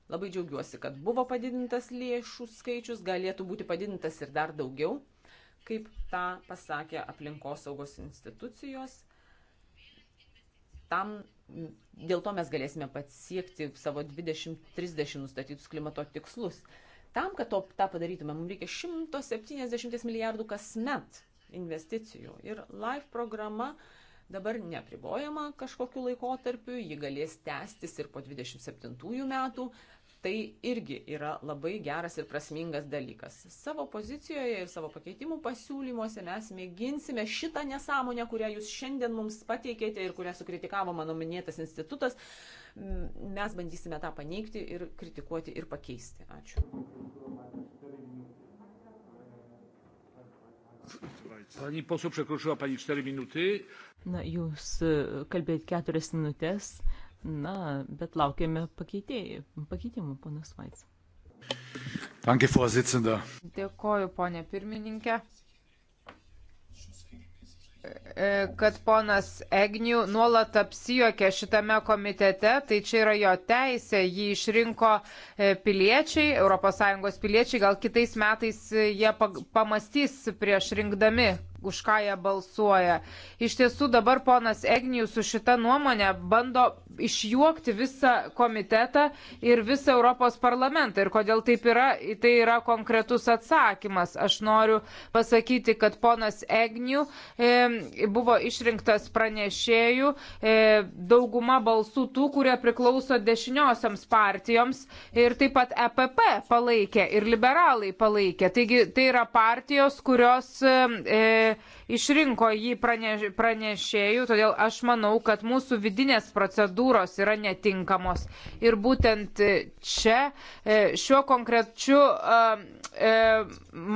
Speaker 2: Labai džiaugiuosi, kad buvo padidintas lėšų skaičius, galėtų būti padidintas ir dar daugiau, kaip tą pasakė aplinkosaugos institucijos. Tam Dėl to mes galėsime pasiekti savo 2030 nustatytus klimato tikslus. Tam, kad to, tą padarytume, mums reikia 170 milijardų kasmet investicijų. Ir LIFE programa dabar nepribojama kažkokiu laikotarpiu, ji galės tęstis ir po 27 metų. Tai irgi yra labai geras ir prasmingas dalykas. Savo pozicijoje ir savo pakeitimų pasiūlymuose mes mėginsime šitą nesąmonę, kurią jūs šiandien mums pateikėte ir kurią sukritikavo mano minėtas institutas, mes bandysime tą paneigti ir kritikuoti ir pakeisti. Ačiū.
Speaker 4: Pani posū, prekručiuo, pani 4 minutai.
Speaker 2: Na,
Speaker 1: jūs e, kalbėt keturias minutės. Na, bet laukiame
Speaker 3: pakeitimų,
Speaker 1: ponas Vaits.
Speaker 4: Danke, Vorsitzender.
Speaker 3: Dėkoju, ponė pirmininkė e, kad ponas Egnių nuolat apsijokia šitame komitete, tai čia yra jo teisė, jį išrinko e, piliečiai, ES piliečiai, gal kitais metais e, jie pamastys prieš rinkdami už ką jie balsuoja. Iš tiesų dabar ponas Egnijus su šita nuomonė bando išjuokti visą komitetą ir visą Europos parlamentą. Ir kodėl taip yra, tai yra konkretus atsakymas. Aš noriu pasakyti, kad ponas Egnijų e, buvo išrinktas pranešėjų e, dauguma balsų tų, kurie priklauso dešiniosioms partijoms ir taip pat EPP palaikė ir liberalai palaikė. Taigi tai yra partijos, kurios e, išrinko jį praneš, pranešėjų, todėl aš manau, kad mūsų vidinės procedūros yra netinkamos. Ir būtent čia, e, šiuo konkrečiu e,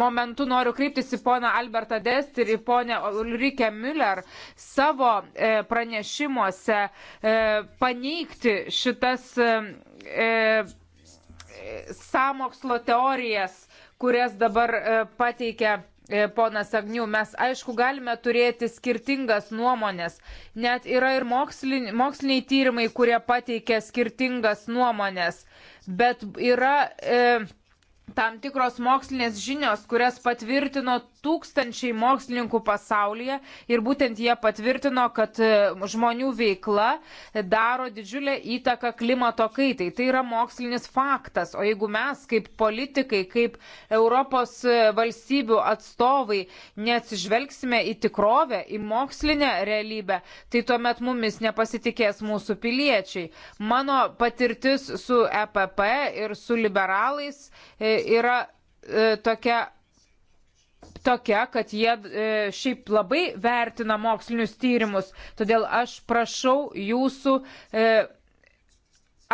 Speaker 3: momentu noriu kreiptis į poną Albertą Dest ir į ponę Ulrike Müller savo e, pranešimuose paneigti šitas sąmokslo teorijas kurias dabar pateikia E, ponas Agnių, mes aišku galime turėti skirtingas nuomonės. Net yra ir moksliniai, moksliniai tyrimai, kurie pateikia skirtingas nuomonės. Bet yra. E, tam tikros mokslinės žinios, kurias patvirtino tūkstančiai mokslininkų pasaulyje ir būtent jie patvirtino, kad e, žmonių veikla daro didžiulę įtaką klimato kaitai. Tai yra mokslinis faktas. O jeigu mes kaip politikai, kaip Europos e, valstybių atstovai neatsižvelgsime į tikrovę, į mokslinę realybę, tai tuomet mumis nepasitikės mūsų piliečiai. Mano patirtis su EPP ir su liberalais e, yra e, tokia tokia, kad jie e, šiaip labai vertina mokslinius tyrimus. Todėl aš prašau jūsų e,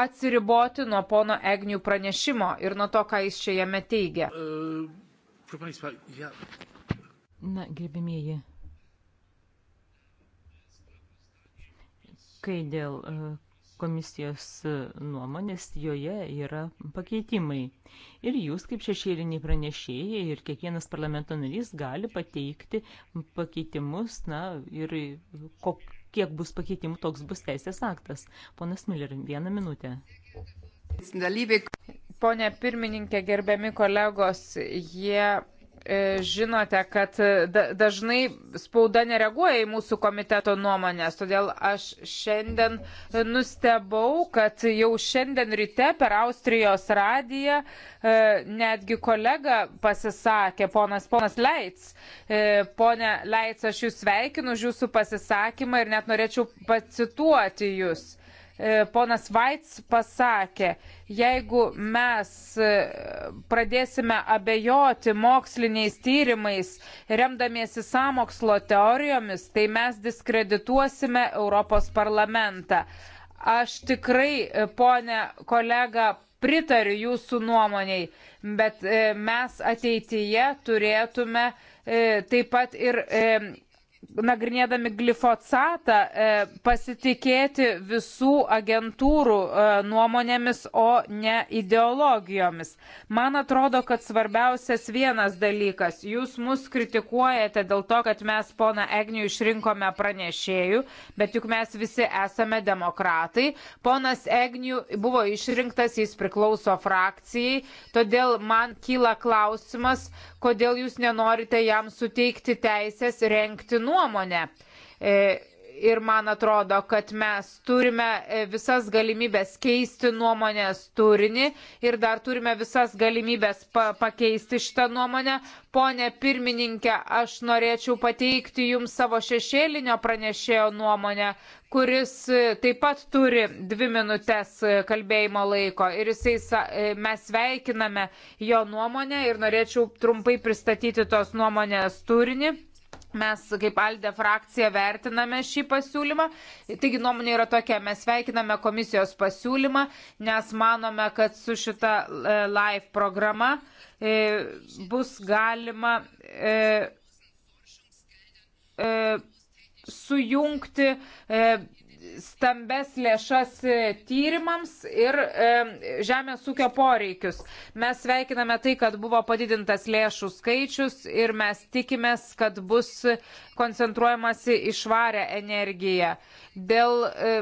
Speaker 3: atsiriboti nuo pono Egnių pranešimo ir nuo to, ką jis čia jame teigia. Na, gerbimieji.
Speaker 1: Kai dėl komisijos nuomonės, joje yra pakeitimai. Ir jūs, kaip šešėliniai pranešėjai, ir kiekvienas parlamento narys gali pateikti pakeitimus, na ir kok, kiek bus pakeitimų, toks bus teisės aktas. Ponas Miller, vieną minutę.
Speaker 3: Pone pirmininkė, gerbiami kolegos, jie E, žinote, kad e, dažnai spauda nereaguoja į mūsų komiteto nuomonės, todėl aš šiandien nustebau, kad jau šiandien ryte per Austrijos radiją e, netgi kolega pasisakė, ponas, ponas Leits. Pone Leits, aš jūs sveikinu už jūsų pasisakymą ir net norėčiau pacituoti jūs. E, ponas Vaits pasakė, jeigu mes e, pradėsime abejoti moksliniais tyrimais, remdamiesi sąmokslo teorijomis, tai mes diskredituosime Europos parlamentą. Aš tikrai, e, ponė kolega, pritariu jūsų nuomoniai, bet mes ateityje turėtume taip pat ir nagrinėdami glifosatą e, pasitikėti visų agentūrų e, nuomonėmis, o ne ideologijomis. Man atrodo, kad svarbiausias vienas dalykas. Jūs mus kritikuojate dėl to, kad mes pona Egnių išrinkome pranešėjų, bet juk mes visi esame demokratai. Ponas Egnių buvo išrinktas, jis priklauso frakcijai, todėl man kyla klausimas, kodėl jūs nenorite jam suteikti teisės renkti nuomonę nuomonę. E, ir man atrodo, kad mes turime e, visas galimybės keisti nuomonės turinį ir dar turime visas galimybės pa pakeisti šitą nuomonę. Pone pirmininkė, aš norėčiau pateikti Jums savo šešėlinio pranešėjo nuomonę, kuris e, taip pat turi dvi minutės kalbėjimo laiko ir jisai, mes sveikiname jo nuomonę ir norėčiau trumpai pristatyti tos nuomonės turinį. Mes kaip Aldė frakcija vertiname šį pasiūlymą. Taigi nuomonė yra tokia, mes sveikiname komisijos pasiūlymą, nes manome, kad su šita e, live programa e, bus galima e, sujungti stambes lėšas e, tyrimams ir e, žemės ūkio poreikius. Mes sveikiname tai, kad buvo padidintas lėšų skaičius ir mes tikimės, kad bus koncentruojamasi išvarę energiją. Dėl e,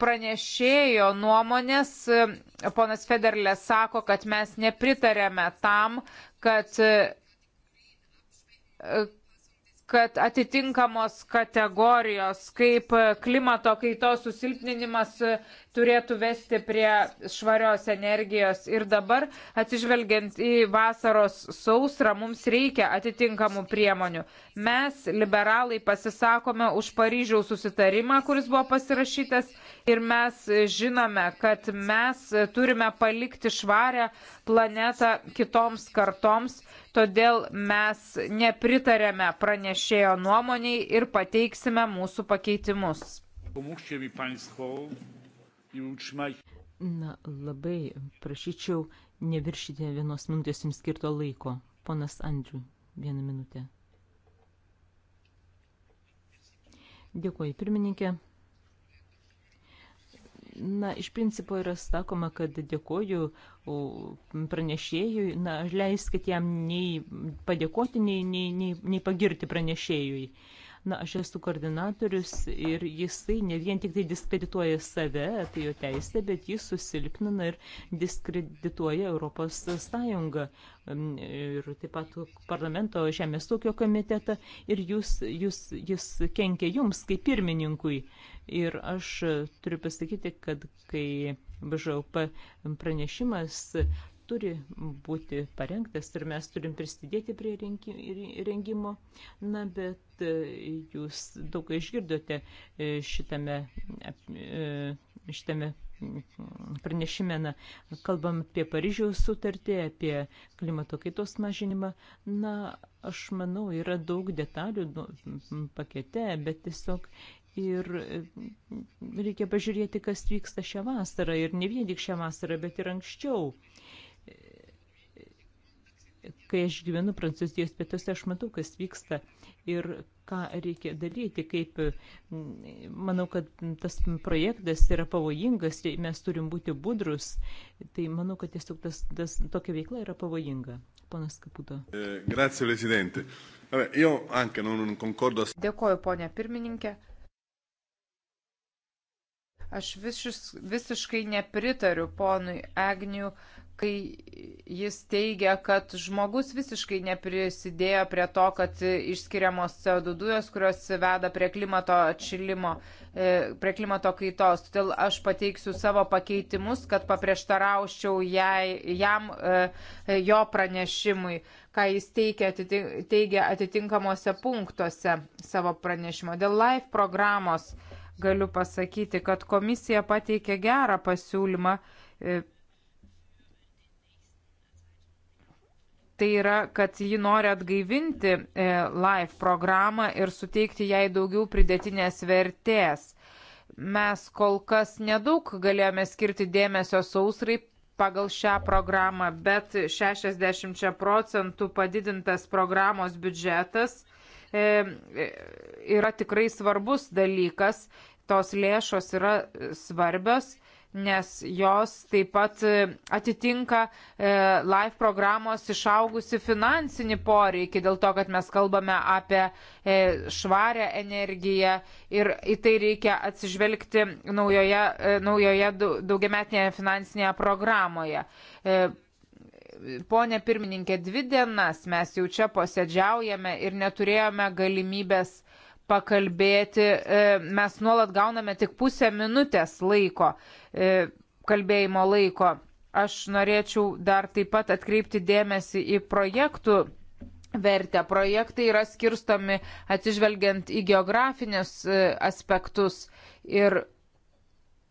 Speaker 3: pranešėjo nuomonės, e, ponas Federlė sako, kad mes nepritarėme tam, kad e, kad atitinkamos kategorijos, kaip klimato kaitos susilpninimas turėtų vesti prie švarios energijos. Ir dabar, atsižvelgiant į vasaros sausrą, mums reikia atitinkamų priemonių. Mes, liberalai, pasisakome už Paryžiaus susitarimą, kuris buvo pasirašytas ir mes žinome, kad mes turime palikti švarę planetą kitoms kartoms todėl mes nepritarėme pranešėjo nuomoniai ir pateiksime mūsų pakeitimus. Na, labai
Speaker 1: prašyčiau neviršyti vienos minutės jums skirto laiko. Ponas Andriu, vieną minutę. Dėkuoju, pirmininkė. Na, iš principo yra sakoma, kad dėkoju pranešėjui, na, leiskit jam nei padėkoti, nei, nei, nei, nei pagirti pranešėjui. Na, aš esu koordinatorius ir jisai ne vien tik tai diskredituoja save, tai jo teisė, bet jis susilpnina ir diskredituoja Europos Sąjungą ir taip pat parlamento žemės ūkio komitetą ir jūs, jūs, jis kenkia jums kaip pirmininkui Ir aš turiu pasakyti, kad kai BŽOP pranešimas turi būti parengtas ir mes turim prisidėti prie rengimo. Na, bet e, jūs daug ką išgirdote e, šitame, e, šitame pranešime. Na, kalbam apie Paryžiaus sutartį, apie klimato kaitos mažinimą. Na, aš manau, yra daug detalių nu, pakete, bet tiesiog Ir e, reikia pažiūrėti, kas vyksta šią vasarą. Ir ne vien tik šią vasarą, bet ir anksčiau. Kai aš gyvenu Prancūzijos pietuose, aš matau, kas vyksta ir ką reikia daryti, kaip manau, kad tas projektas yra pavojingas, tai mes turim būti budrus, tai manau, kad tiesiog tas, tas, tokia veikla yra pavojinga. Ponas Kaputo.
Speaker 4: E, grazie, prezidente. Dėkoju,
Speaker 3: ponė pirmininkė. Aš visiš, visiškai nepritariu ponui Agniu, kai jis teigia, kad žmogus visiškai neprisidėjo prie to, kad išskiriamos CO2 dujos, kurios veda prie klimato atšilimo, e, prie klimato kaitos. Todėl aš pateiksiu savo pakeitimus, kad paprieštarauščiau jai, jam, e, e, jo pranešimui, ką jis teigia, atitink, teigia atitinkamuose punktuose savo pranešimo. Dėl live programos galiu pasakyti, kad komisija pateikė gerą pasiūlymą. E, tai yra, kad ji nori atgaivinti e, live programą ir suteikti jai daugiau pridėtinės vertės. Mes kol kas nedaug galėjome skirti dėmesio sausrai pagal šią programą, bet 60 procentų padidintas programos biudžetas e, yra tikrai svarbus dalykas tos lėšos yra e, svarbios, nes jos taip pat e, atitinka e, live programos išaugusi finansinį poreikį dėl to, kad mes kalbame apie švarę energiją ir į tai reikia atsižvelgti naujoje, naujoje daugiametinėje finansinėje programoje ponė pirmininkė, dvi dienas mes jau čia posėdžiaujame ir neturėjome galimybės pakalbėti. E, mes nuolat gauname tik pusę minutės laiko, e, kalbėjimo laiko. Aš norėčiau dar taip pat atkreipti dėmesį į projektų vertę. Projektai yra skirstomi atsižvelgiant į geografinius e, aspektus ir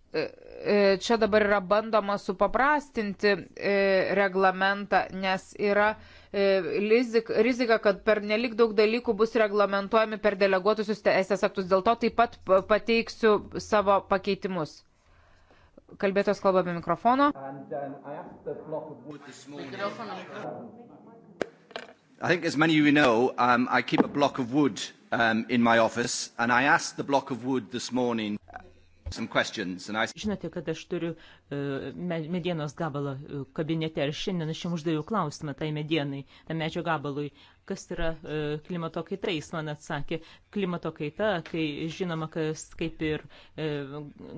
Speaker 3: čia dabar yra bandoma supaprastinti reglamentą, nes yra E, rizika, kad per nelik daug dalykų bus reglamentuojami per deleguotusius teisės aktus. Dėl to taip pat pateiksiu savo pakeitimus. Kalbėtos kalba be mikrofono.
Speaker 4: And, um, you know, um, I keep a block of wood um, in my office, and I asked the block of wood this morning
Speaker 1: Žinote, kad aš turiu e, medienos gabalą e, kabinete ir šiandien aš jums uždaviau klausimą tai medienai, tam medžio gabalui kas yra e, klimato kaita. Jis man atsakė, klimato kaita, kai žinoma, kas kaip ir e,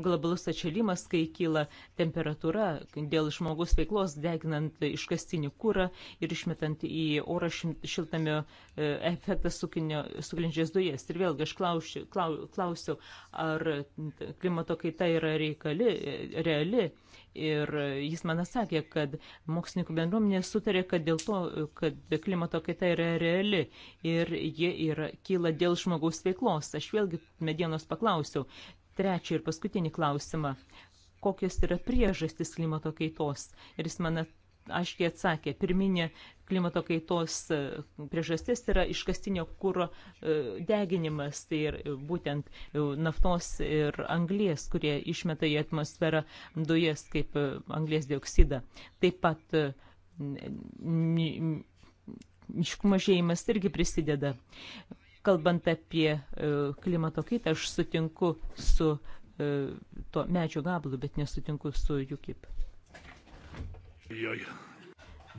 Speaker 1: globalus atšilimas, kai kyla temperatūra dėl žmogus veiklos, deginant iškastinį kūrą ir išmetant į orą šiltamio e, efektą sukeliančias dujas. Ir vėlgi aš klausiu, klausiu, ar klimato kaita yra reikali, reali Ir jis man sakė, kad mokslininkų bendruomenė sutarė, kad dėl to, kad klimato kaita yra reali ir ji yra, kyla dėl žmogaus veiklos. Aš vėlgi medienos paklausiau. Trečią ir paskutinį klausimą kokios yra priežastys klimato kaitos. Ir jis man aiškiai atsakė, pirminė klimato kaitos e, priežastis yra iškastinio kūro e, deginimas, tai ir būtent e, naftos ir anglies, kurie išmeta į atmosferą dujas kaip anglies dioksidą. Taip pat miškų mažėjimas irgi prisideda. Kalbant apie klimato kaitą, aš sutinku su tuo medžio gablu, bet nesutinku su jų kaip. Jojo.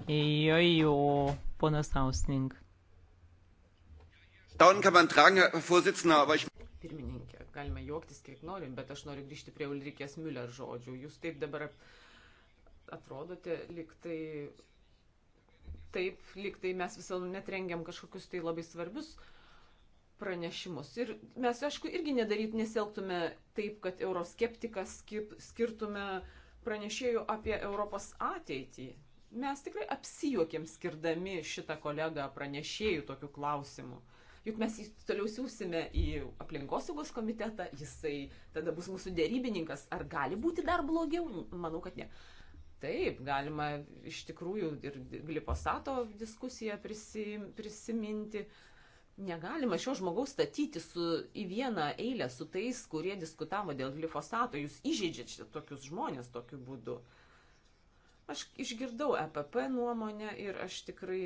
Speaker 1: Jojo, ponas Hausning.
Speaker 4: Pirmininkė,
Speaker 2: galime juoktis kiek norim, bet aš noriu grįžti prie Ulrikės Müller žodžių. Jūs taip dabar atrodote, liktai taip, liktai mes visą net rengiam kažkokius tai labai svarbius pranešimus. Ir mes, aišku, irgi nedaryt nesielgtume taip, kad euroskeptikas skirtume uh, pranešėjų apie Europos ateitį. Mes tikrai apsijuokėm skirdami šitą kolegą pranešėjų tokių klausimų. Juk mes jį toliau siūsime į aplinkosaugos komitetą, jisai tada bus mūsų dėrybininkas. Ar gali būti dar blogiau? Manau, kad ne. Taip, galima iš tikrųjų ir glifosato diskusiją prisi, prisiminti, Negalima šio žmogaus statyti su, į vieną eilę su tais, kurie diskutavo dėl glifosato. Jūs įžeidžiate tokius žmonės tokiu būdu. Aš išgirdau EPP nuomonę ir aš tikrai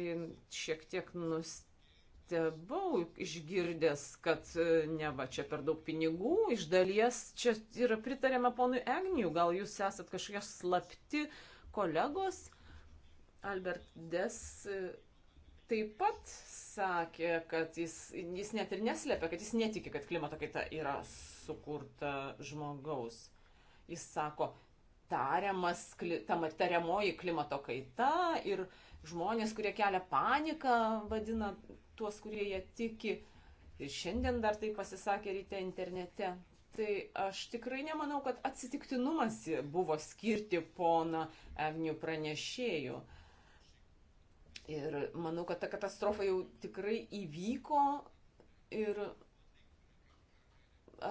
Speaker 2: šiek tiek nustebau išgirdęs, kad e, ne va čia per daug pinigų, iš dalies čia yra pritarėma ponui Egniu, gal jūs esat kažkokie slapti kolegos. Albert Des e, taip pat sakė, kad jis, jis net ir neslėpia, kad jis netiki, kad klimato kaita yra sukurta žmogaus. Jis sako, tariamas, tariamoji klimato kaita ir žmonės, kurie kelia paniką, vadina tuos, kurie jie tiki. Ir šiandien dar tai pasisakė ryte internete. Tai aš tikrai nemanau, kad atsitiktinumas buvo skirti poną Evnių pranešėjų. Uh, Ir manau, kad ta katastrofa jau tikrai įvyko ir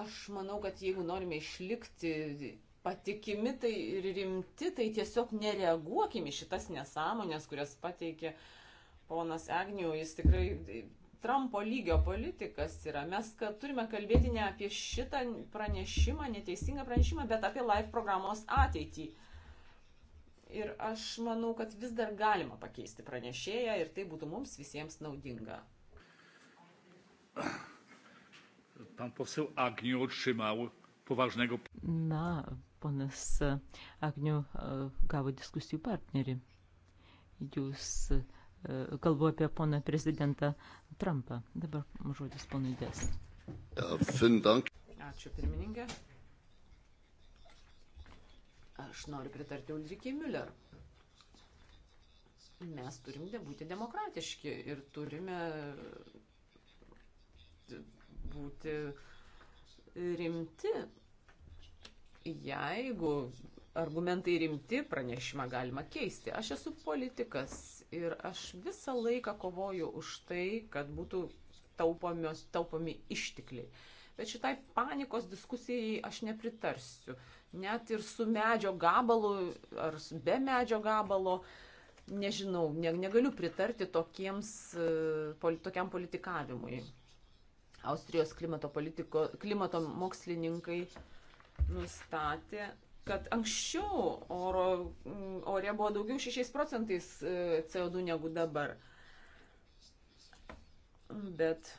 Speaker 2: aš manau, kad jeigu norime išlikti patikimi tai ir rimti, tai tiesiog nereaguokime šitas nesąmonės, kurias pateikė ponas Agnių, jis tikrai Trumpo lygio politikas yra. Mes turime kalbėti ne apie šitą pranešimą, neteisingą pranešimą, bet apie live programos ateitį ir aš manau, kad vis dar galima pakeisti pranešėją ir tai būtų mums visiems naudinga.
Speaker 4: Pan poseł Agniu otrzymał poważnego.
Speaker 1: Na, ponas Agniu e, gavo diskusijų partnerį. Jūs e, kalbu apie poną prezidentą Trumpą. Dabar žodis ponui Des.
Speaker 2: Ačiū pirmininkė. Aš noriu pritarti Ulrikiai Müller. Mes turim būti demokratiški ir turime būti rimti. Jeigu argumentai rimti, pranešimą galima keisti. Aš esu politikas ir aš visą laiką kovoju už tai, kad būtų taupomios, taupomi ištikliai. Bet šitai panikos diskusijai aš nepritarsiu. Uh, net ir su medžio gabalu ar be medžio gabalo, nežinau, ne, negaliu pritarti tokiems, e, pol, tokiam politikavimui. Austrijos klimato, politiko, klimato mokslininkai nustatė, kad anksčiau oro, mm, ore buvo daugiau 6 procentais e, CO2 negu dabar. Bet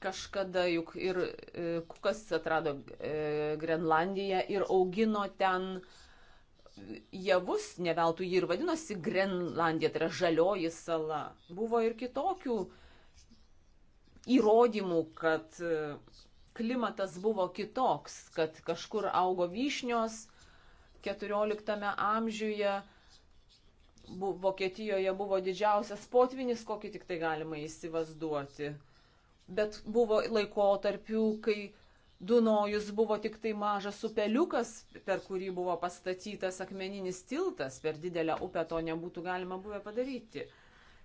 Speaker 2: Kažkada juk ir e, Kukas atrado e, Grenlandiją ir augino ten e, javus, ne veltui jį ir vadinosi Grenlandija, tai yra žalioji sala. Buvo ir kitokių įrodymų, kad klimatas buvo kitoks, kad kažkur augo vyšnios 14 amžiuje. Vokietijoje buvo didžiausias potvinis, kokį tik tai galima įsivaizduoti bet buvo laikotarpių, kai Dunojus buvo tik tai mažas upeliukas, per kurį buvo pastatytas akmeninis tiltas, per didelę upę to nebūtų galima buvę padaryti.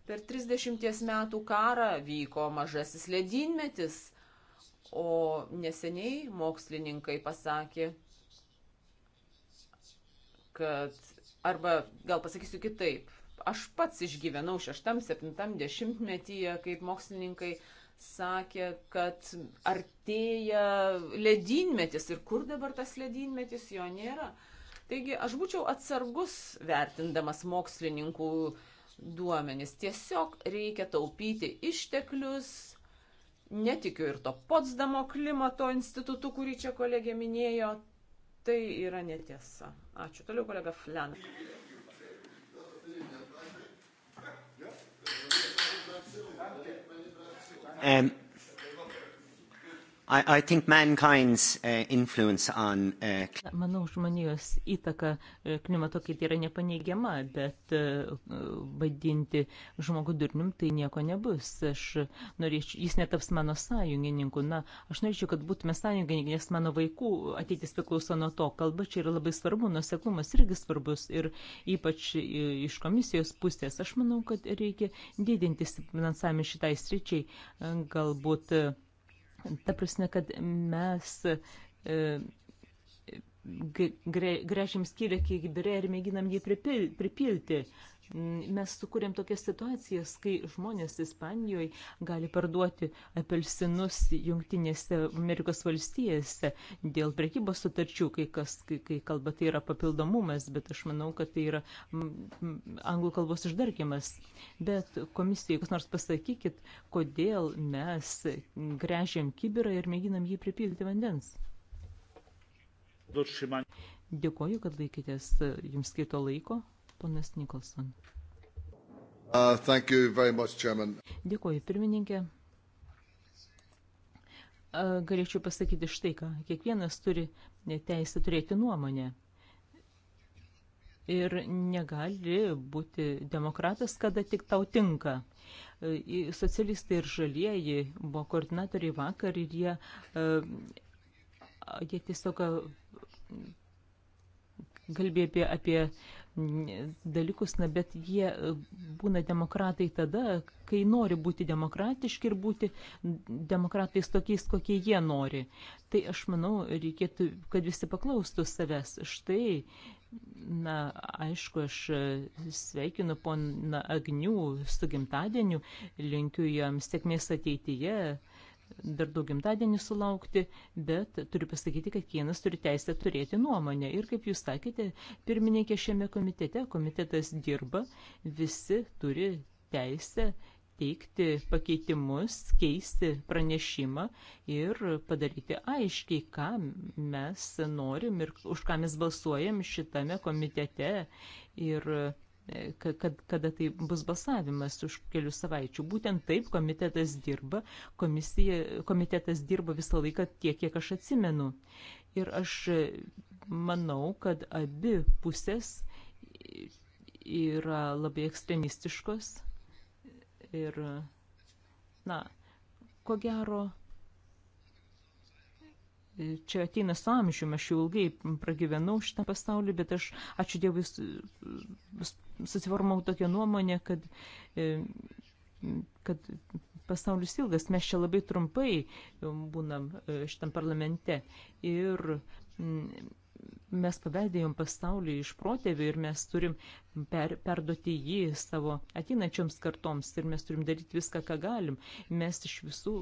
Speaker 2: Per 30 metų karą vyko mažasis ledynmetis, o neseniai mokslininkai pasakė, kad arba gal pasakysiu kitaip, aš pats išgyvenau 6-7 dešimtmetyje, kaip mokslininkai uh, sakė, kad artėja ledynmetis ir kur dabar tas ledynmetis jo nėra. Taigi aš būčiau atsargus vertindamas mokslininkų duomenis. Tiesiog reikia taupyti išteklius. Netikiu ir to Potsdamo klimato institutu, kurį čia kolegė minėjo. Tai yra netiesa. Ačiū. Toliau kolega Flen. Danke.
Speaker 4: Um, I, I think mankind's uh, influence on. Uh...
Speaker 1: Manau, žmonijos įtaka e, klimato kaitai yra nepaneigiama, bet uh, vadinti žmogų durnium tai nieko nebus. Aš norėčiau, jis netaps mano sąjungininku. Na, aš norėčiau, kad būtume sąjungininkai, nes mano vaikų ateitis priklauso nuo to. Kalba čia yra labai svarbu, nuseklumas irgi svarbus ir ypač iš komisijos pusės. Aš manau, kad reikia didinti finansavimą šitai sričiai. Galbūt. Uh, Ta prasme, kad mes e, grėžim skylę kibire ir mėginam jį pripilti. Mes sukūrėm tokias situacijas, kai žmonės Ispanijoje gali parduoti apelsinus Junktinėse Amerikos valstijose dėl prekybos sutarčių, kai, kas, kai, kai kalba tai yra papildomumas, bet aš manau, kad tai yra anglų kalbos išdarkimas. Bet komisija, jūs nors pasakykit, kodėl mes grežiam kibirą ir mėginam jį pripildyti vandens. Dėkuoju, kad laikytės e, jums skirto laiko. Ponas Nikolson.
Speaker 2: Uh, much, Chairman.
Speaker 1: Dėkuoju, pirmininkė. Uh, galėčiau pasakyti štai ką. Kiekvienas turi teisę turėti nuomonę. Ir negali būti demokratas, kada tik tau tinka. Socialistai ir žalieji buvo koordinatoriai vakar ir jie, uh, jie tiesiog kalbėjo apie, apie dalykus, na, bet jie e, būna demokratai tada, kai nori būti demokratiški ir būti demokratais tokiais, kokie jie nori. Tai aš manau, reikėtų, kad visi paklaustų savęs. Štai, na, aišku, aš e, sveikinu poną Agnių su gimtadieniu, linkiu jam sėkmės ateityje dar daug gimtadienį sulaukti, bet turiu pasakyti, kad kiekvienas turi teisę turėti nuomonę. Ir kaip jūs sakėte, pirmininkė šiame komitete, komitetas dirba, visi turi teisę teikti pakeitimus, keisti pranešimą ir padaryti aiškiai, ką mes norim ir už ką mes balsuojam šitame komitete. Ir kad, kada tai bus balsavimas už kelių savaičių. Būtent taip komitetas dirba, komisija, komitetas dirba visą laiką tiek, kiek aš atsimenu. Ir aš manau, kad abi pusės yra labai ekstremistiškos ir, na, ko gero, čia ateina su amžiumi, aš jau ilgai pragyvenau šitą pasaulį, bet aš, ačiū Dievui, susiformau tokią nuomonę, kad, e, kad pasaulis ilgas, mes čia labai trumpai e, būnam e, šitam parlamente. Ir mm, mes paveldėjom pasaulį iš protėvių ir mes turim per, perduoti jį savo ateinančioms kartoms ir mes turim daryti viską, ką galim. Mes iš visų,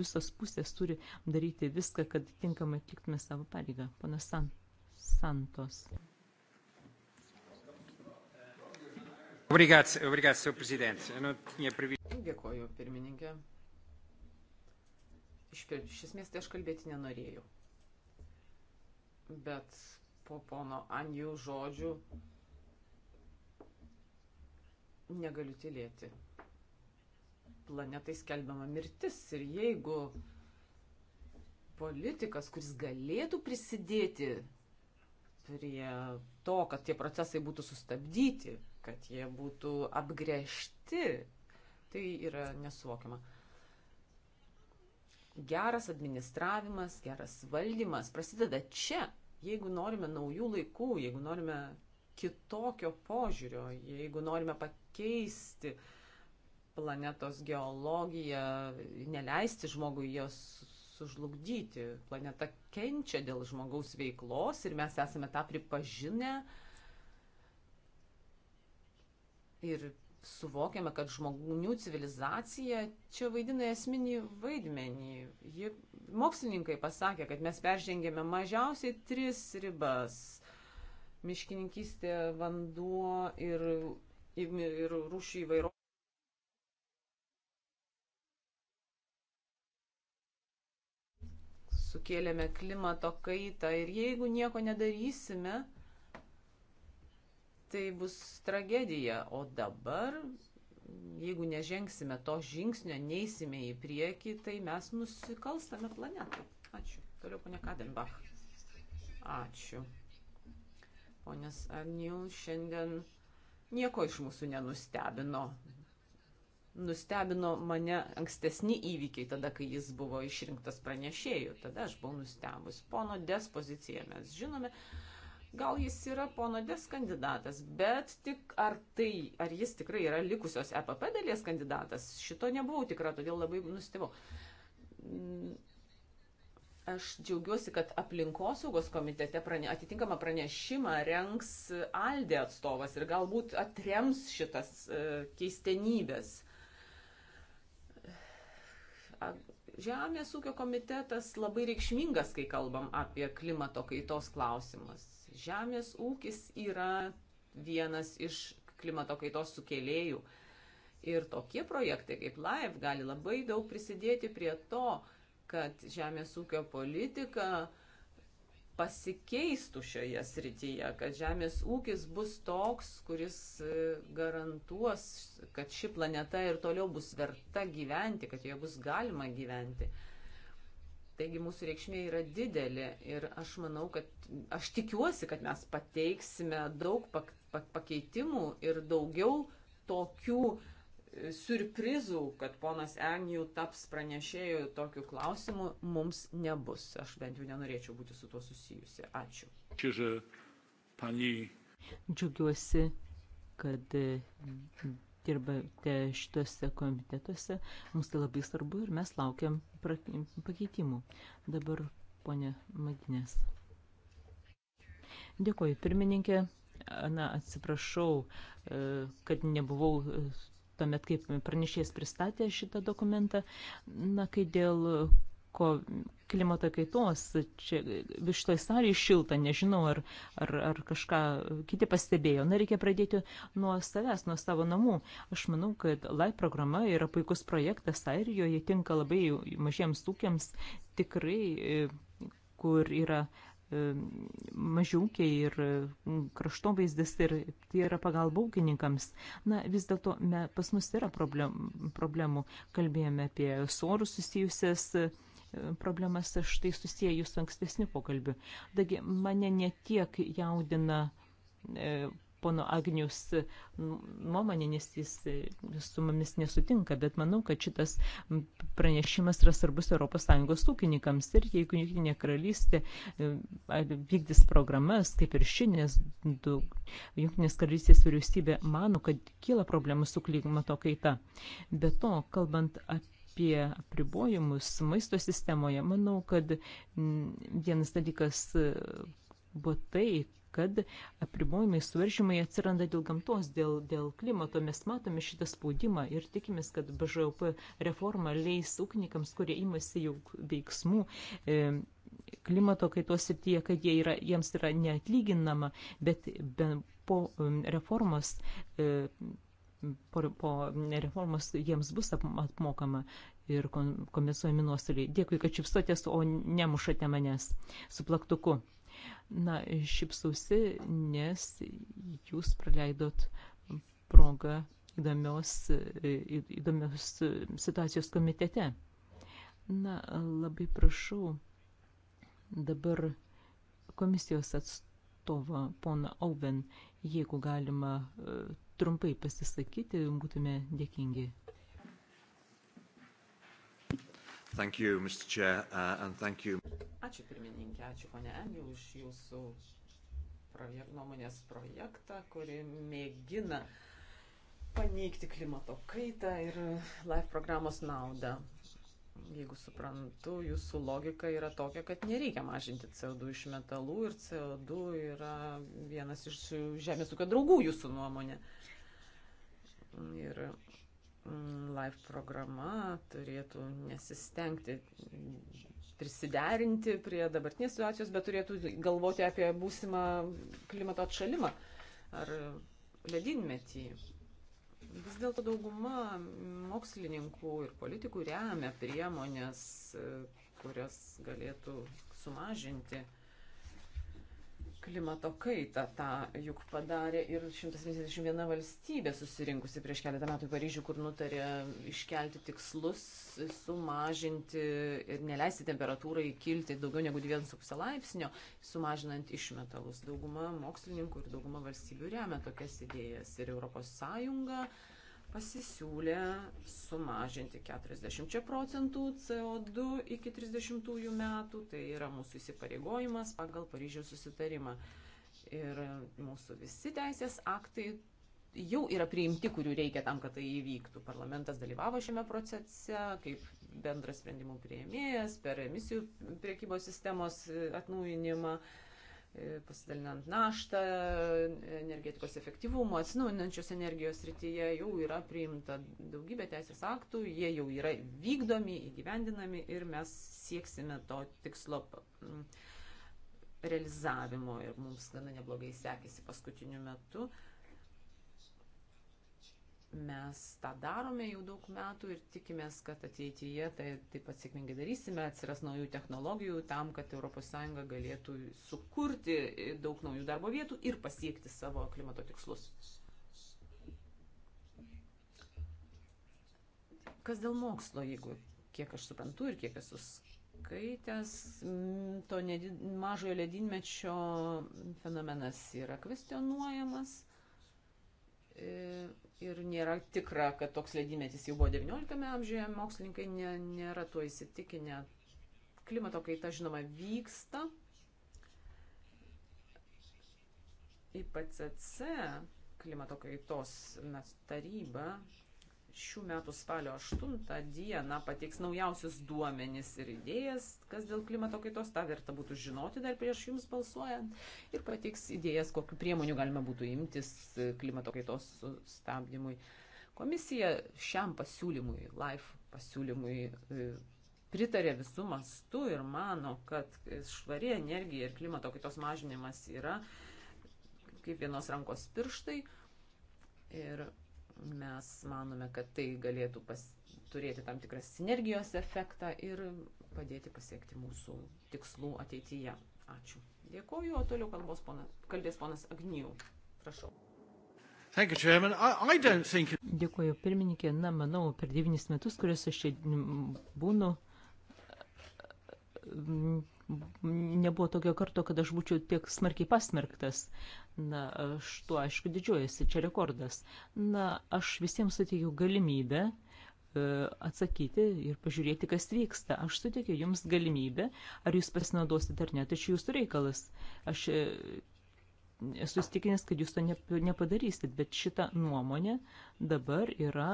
Speaker 1: visos pusės turi daryti viską, kad tinkamai atliktume savo pareigą. Pana San, Santos.
Speaker 3: Dėkoju,
Speaker 2: pirmininkė. Iš, iš esmės tai aš kalbėti nenorėjau. Bet po pono Anjų žodžių negaliu tylėti. Planetai skelbiama mirtis ir jeigu politikas, kuris galėtų prisidėti prie to, kad tie procesai būtų sustabdyti, kad jie būtų apgręžti. Tai yra nesuvokiama. Geras administravimas, geras valdymas prasideda čia. Jeigu norime naujų laikų, jeigu norime kitokio požiūrio, jeigu norime pakeisti planetos geologiją, neleisti žmogui jos sužlugdyti. Planeta kenčia dėl žmogaus veiklos ir mes esame tą pripažinę, uh, Ir suvokiame, kad žmonių civilizacija čia vaidina esminį vaidmenį. Ji, mokslininkai pasakė, kad mes peržengėme mažiausiai tris ribas - miškininkystė, vanduo ir, ir, ir rūšių įvairovė. Sukėlėme klimato kaitą ir jeigu nieko nedarysime, tai bus tragedija. O dabar, jeigu nežengsime to žingsnio, neįsime į priekį, tai mes nusikalstame planetą. Ačiū. Toliau, ponia Kadenbach. Ačiū. Ponės Arniul šiandien nieko iš mūsų nenustebino. Nustebino mane ankstesni įvykiai, tada, kai jis buvo išrinktas pranešėjų. Tada aš buvau nustebus. Pono despoziciją mes žinome. Uh, Gal jis yra pono Des kandidatas, bet tik ar tai, ar jis tikrai yra likusios EPP dalies kandidatas, šito nebuvau tikra, todėl labai nustebau. Mm, aš džiaugiuosi, kad aplinkosaugos komitete prane, atitinkamą pranešimą renks Aldė atstovas ir galbūt atrems šitas e, keistenybės. Žemės ūkio komitetas labai reikšmingas, kai kalbam apie klimato kaitos klausimus žemės ūkis yra vienas iš klimato kaitos sukėlėjų. Ir tokie projektai kaip LIFE gali labai daug prisidėti prie to, kad žemės ūkio politika pasikeistų šioje srityje, kad žemės ūkis bus toks, kuris e, garantuos, kad ši planeta ir toliau bus verta gyventi, kad joje bus galima gyventi. Taigi mūsų reikšmė yra didelė ir aš manau, kad aš tikiuosi, kad mes pateiksime daug pak, pak, pakeitimų ir daugiau tokių e, surprizų, kad ponas Agnių taps pranešėjų tokių klausimų, mums nebus. Aš bent jau nenorėčiau būti su tuo susijusi. Ačiū.
Speaker 1: Džiugiuosi, kad e, dirbate šituose komitetuose. Mums tai labai svarbu ir mes laukiam pakeitimų. Dabar ponė Maginės. Dėkuoju, pirmininkė. Na, atsiprašau, e, kad nebuvau e, tuomet, kaip pranešėjas pristatė šitą dokumentą. Na, kai dėl ko klimato kaitos. Čia šitoje salėje šilta, nežinau, ar, ar, ar kažką kiti pastebėjo. Na, reikia pradėti nuo savęs, nuo savo namų. Aš manau, kad LAI programa yra puikus projektas Airijoje, tinka labai mažiems ūkiams, tikrai, e, kur yra e, mažiukiai ir kraštovaizdis ir tai yra pagalba ūkininkams. Na, vis dėlto pas mus yra problem, problemų. Kalbėjome apie sorų susijusias problemas aš tai susijęju su ankstesniu pokalbiu. Taigi mane netiek jaudina e, pono Agnius nuomonė, nes jis e, su mumis nesutinka, bet manau, kad šitas pranešimas yra svarbus ES ūkininkams ir jeigu Junktinė karalystė e, vykdys programas, kaip ir ši, nes Junktinės karalystės vyriausybė mano, kad kyla problemų su klimato kaita. Be to, kalbant apie apie apribojimus maisto sistemoje, manau, kad vienas dalykas e, buvo tai, kad apribojimai, suvaržymai atsiranda dėl gamtos, dėl, dėl klimato. Mes matome šitą spaudimą ir tikimės, kad BŽOP reforma leis ūkininkams, kurie imasi jau veiksmų. E, klimato kaitos srityje, kad jie yra, jiems yra neatlyginama, bet be, po e, reformos e, po, po reformos jiems bus apmokama ir kompensuojami nuostoliai. Dėkui, kad šipsotės, o nemušate manęs su plaktuku. Na, šipsausi, nes jūs praleidot progą įdomios, įdomios situacijos komitete. Na, labai prašau dabar komisijos atstovą, poną Auven, jeigu galima trumpai pasisakyti, būtume dėkingi.
Speaker 2: Thank you, Mr. Chair, uh, and thank you. Ačiū pirmininkė, ačiū ponė Angi už jūsų projek nuomonės projektą, kuri mėgina paneigti klimato kaitą ir LIFE programos naudą jeigu suprantu, jūsų logika yra tokia, kad nereikia mažinti CO2 iš metalų ir CO2 yra vienas iš žemės ūkio draugų jūsų nuomonė. Ir mm, live programa turėtų nesistengti prisiderinti prie dabartinės situacijos, bet turėtų galvoti apie būsimą klimato atšalimą ar ledinmetį. Vis dėlto dauguma mokslininkų ir politikų remia priemonės, e, kurias galėtų sumažinti uh, klimato kaitą. Ta juk padarė ir 171 valstybė susirinkusi prieš keletą metų į Paryžių, kur nutarė iškelti tikslus, sumažinti ir neleisti temperatūrai kilti daugiau negu 2,5 laipsnio, sumažinant išmetalus. Dauguma mokslininkų ir dauguma valstybių remia tokias idėjas ir Europos Sąjunga. Uh, pasisiūlė sumažinti 40 procentų CO2 iki 30 metų, tai yra mūsų įsipareigojimas pagal Paryžiaus susitarimą. Ir mūsų visi teisės aktai jau yra priimti, kurių reikia tam, kad tai įvyktų. Parlamentas dalyvavo šiame procese kaip bendras sprendimų prieimėjas per emisijų priekybos sistemos atnaujinimą. Uh, pasidalinant naštą, energetikos efektyvumo, atsinaujinančios energijos rytyje jau yra priimta daugybė teisės aktų, jie jau yra vykdomi, įgyvendinami ir mes sieksime to tikslo realizavimo ir mums gana neblogai sekėsi paskutiniu metu. Uh, Mes tą darome jau daug metų ir tikimės, kad ateityje tai taip pat sėkmingai darysime, atsiras naujų technologijų tam, kad ES galėtų sukurti daug naujų darbo vietų ir pasiekti savo klimato tikslus. Kas dėl mokslo, jeigu kiek aš suprantu ir kiek esu skaitęs, to nedid, mažojo ledinmečio fenomenas yra kvestionuojamas. E, ir nėra tikra, kad toks ledymetis jau buvo XIX amžiuje, mokslininkai nė, nėra tuo įsitikinę. Klimato kaita, žinoma, vyksta. IPCC, klimato kaitos taryba, šių metų spalio 8 dieną pateiks naujausius duomenis ir idėjas, kas dėl klimato kaitos, tą verta būtų žinoti dar prieš jums balsuojant, ir pateiks idėjas, kokiu priemonių galima būtų imtis klimato kaitos stabdymui. Komisija šiam pasiūlymui, LIFE pasiūlymui, e, pritarė visų mastų ir mano, kad švari energija ir klimato kaitos mažinimas yra kaip vienos rankos pirštai. Ir Mes manome, kad tai galėtų pas, turėti tam tikrą sinergijos efektą ir padėti pasiekti mūsų tikslų ateityje. Ačiū. Dėkuoju, o toliau kalbos ponas, kalbės ponas Agnių. Prašau.
Speaker 1: Dėkuoju, pirmininkė. Na, manau, per devynis metus, kuriuos aš čia būnu, nebuvo tokio karto, kad aš būčiau tiek smarkiai pasmerktas. Na, aš tuo aišku didžiuojasi, čia rekordas. Na, aš visiems suteikiau galimybę e, atsakyti ir pažiūrėti, kas vyksta. Aš suteikiu jums galimybę, ar jūs pasinaudosite ar ne, tai čia jūsų reikalas. Aš e, esu įstikinęs, kad jūs to nepadarysit, bet šita nuomonė dabar yra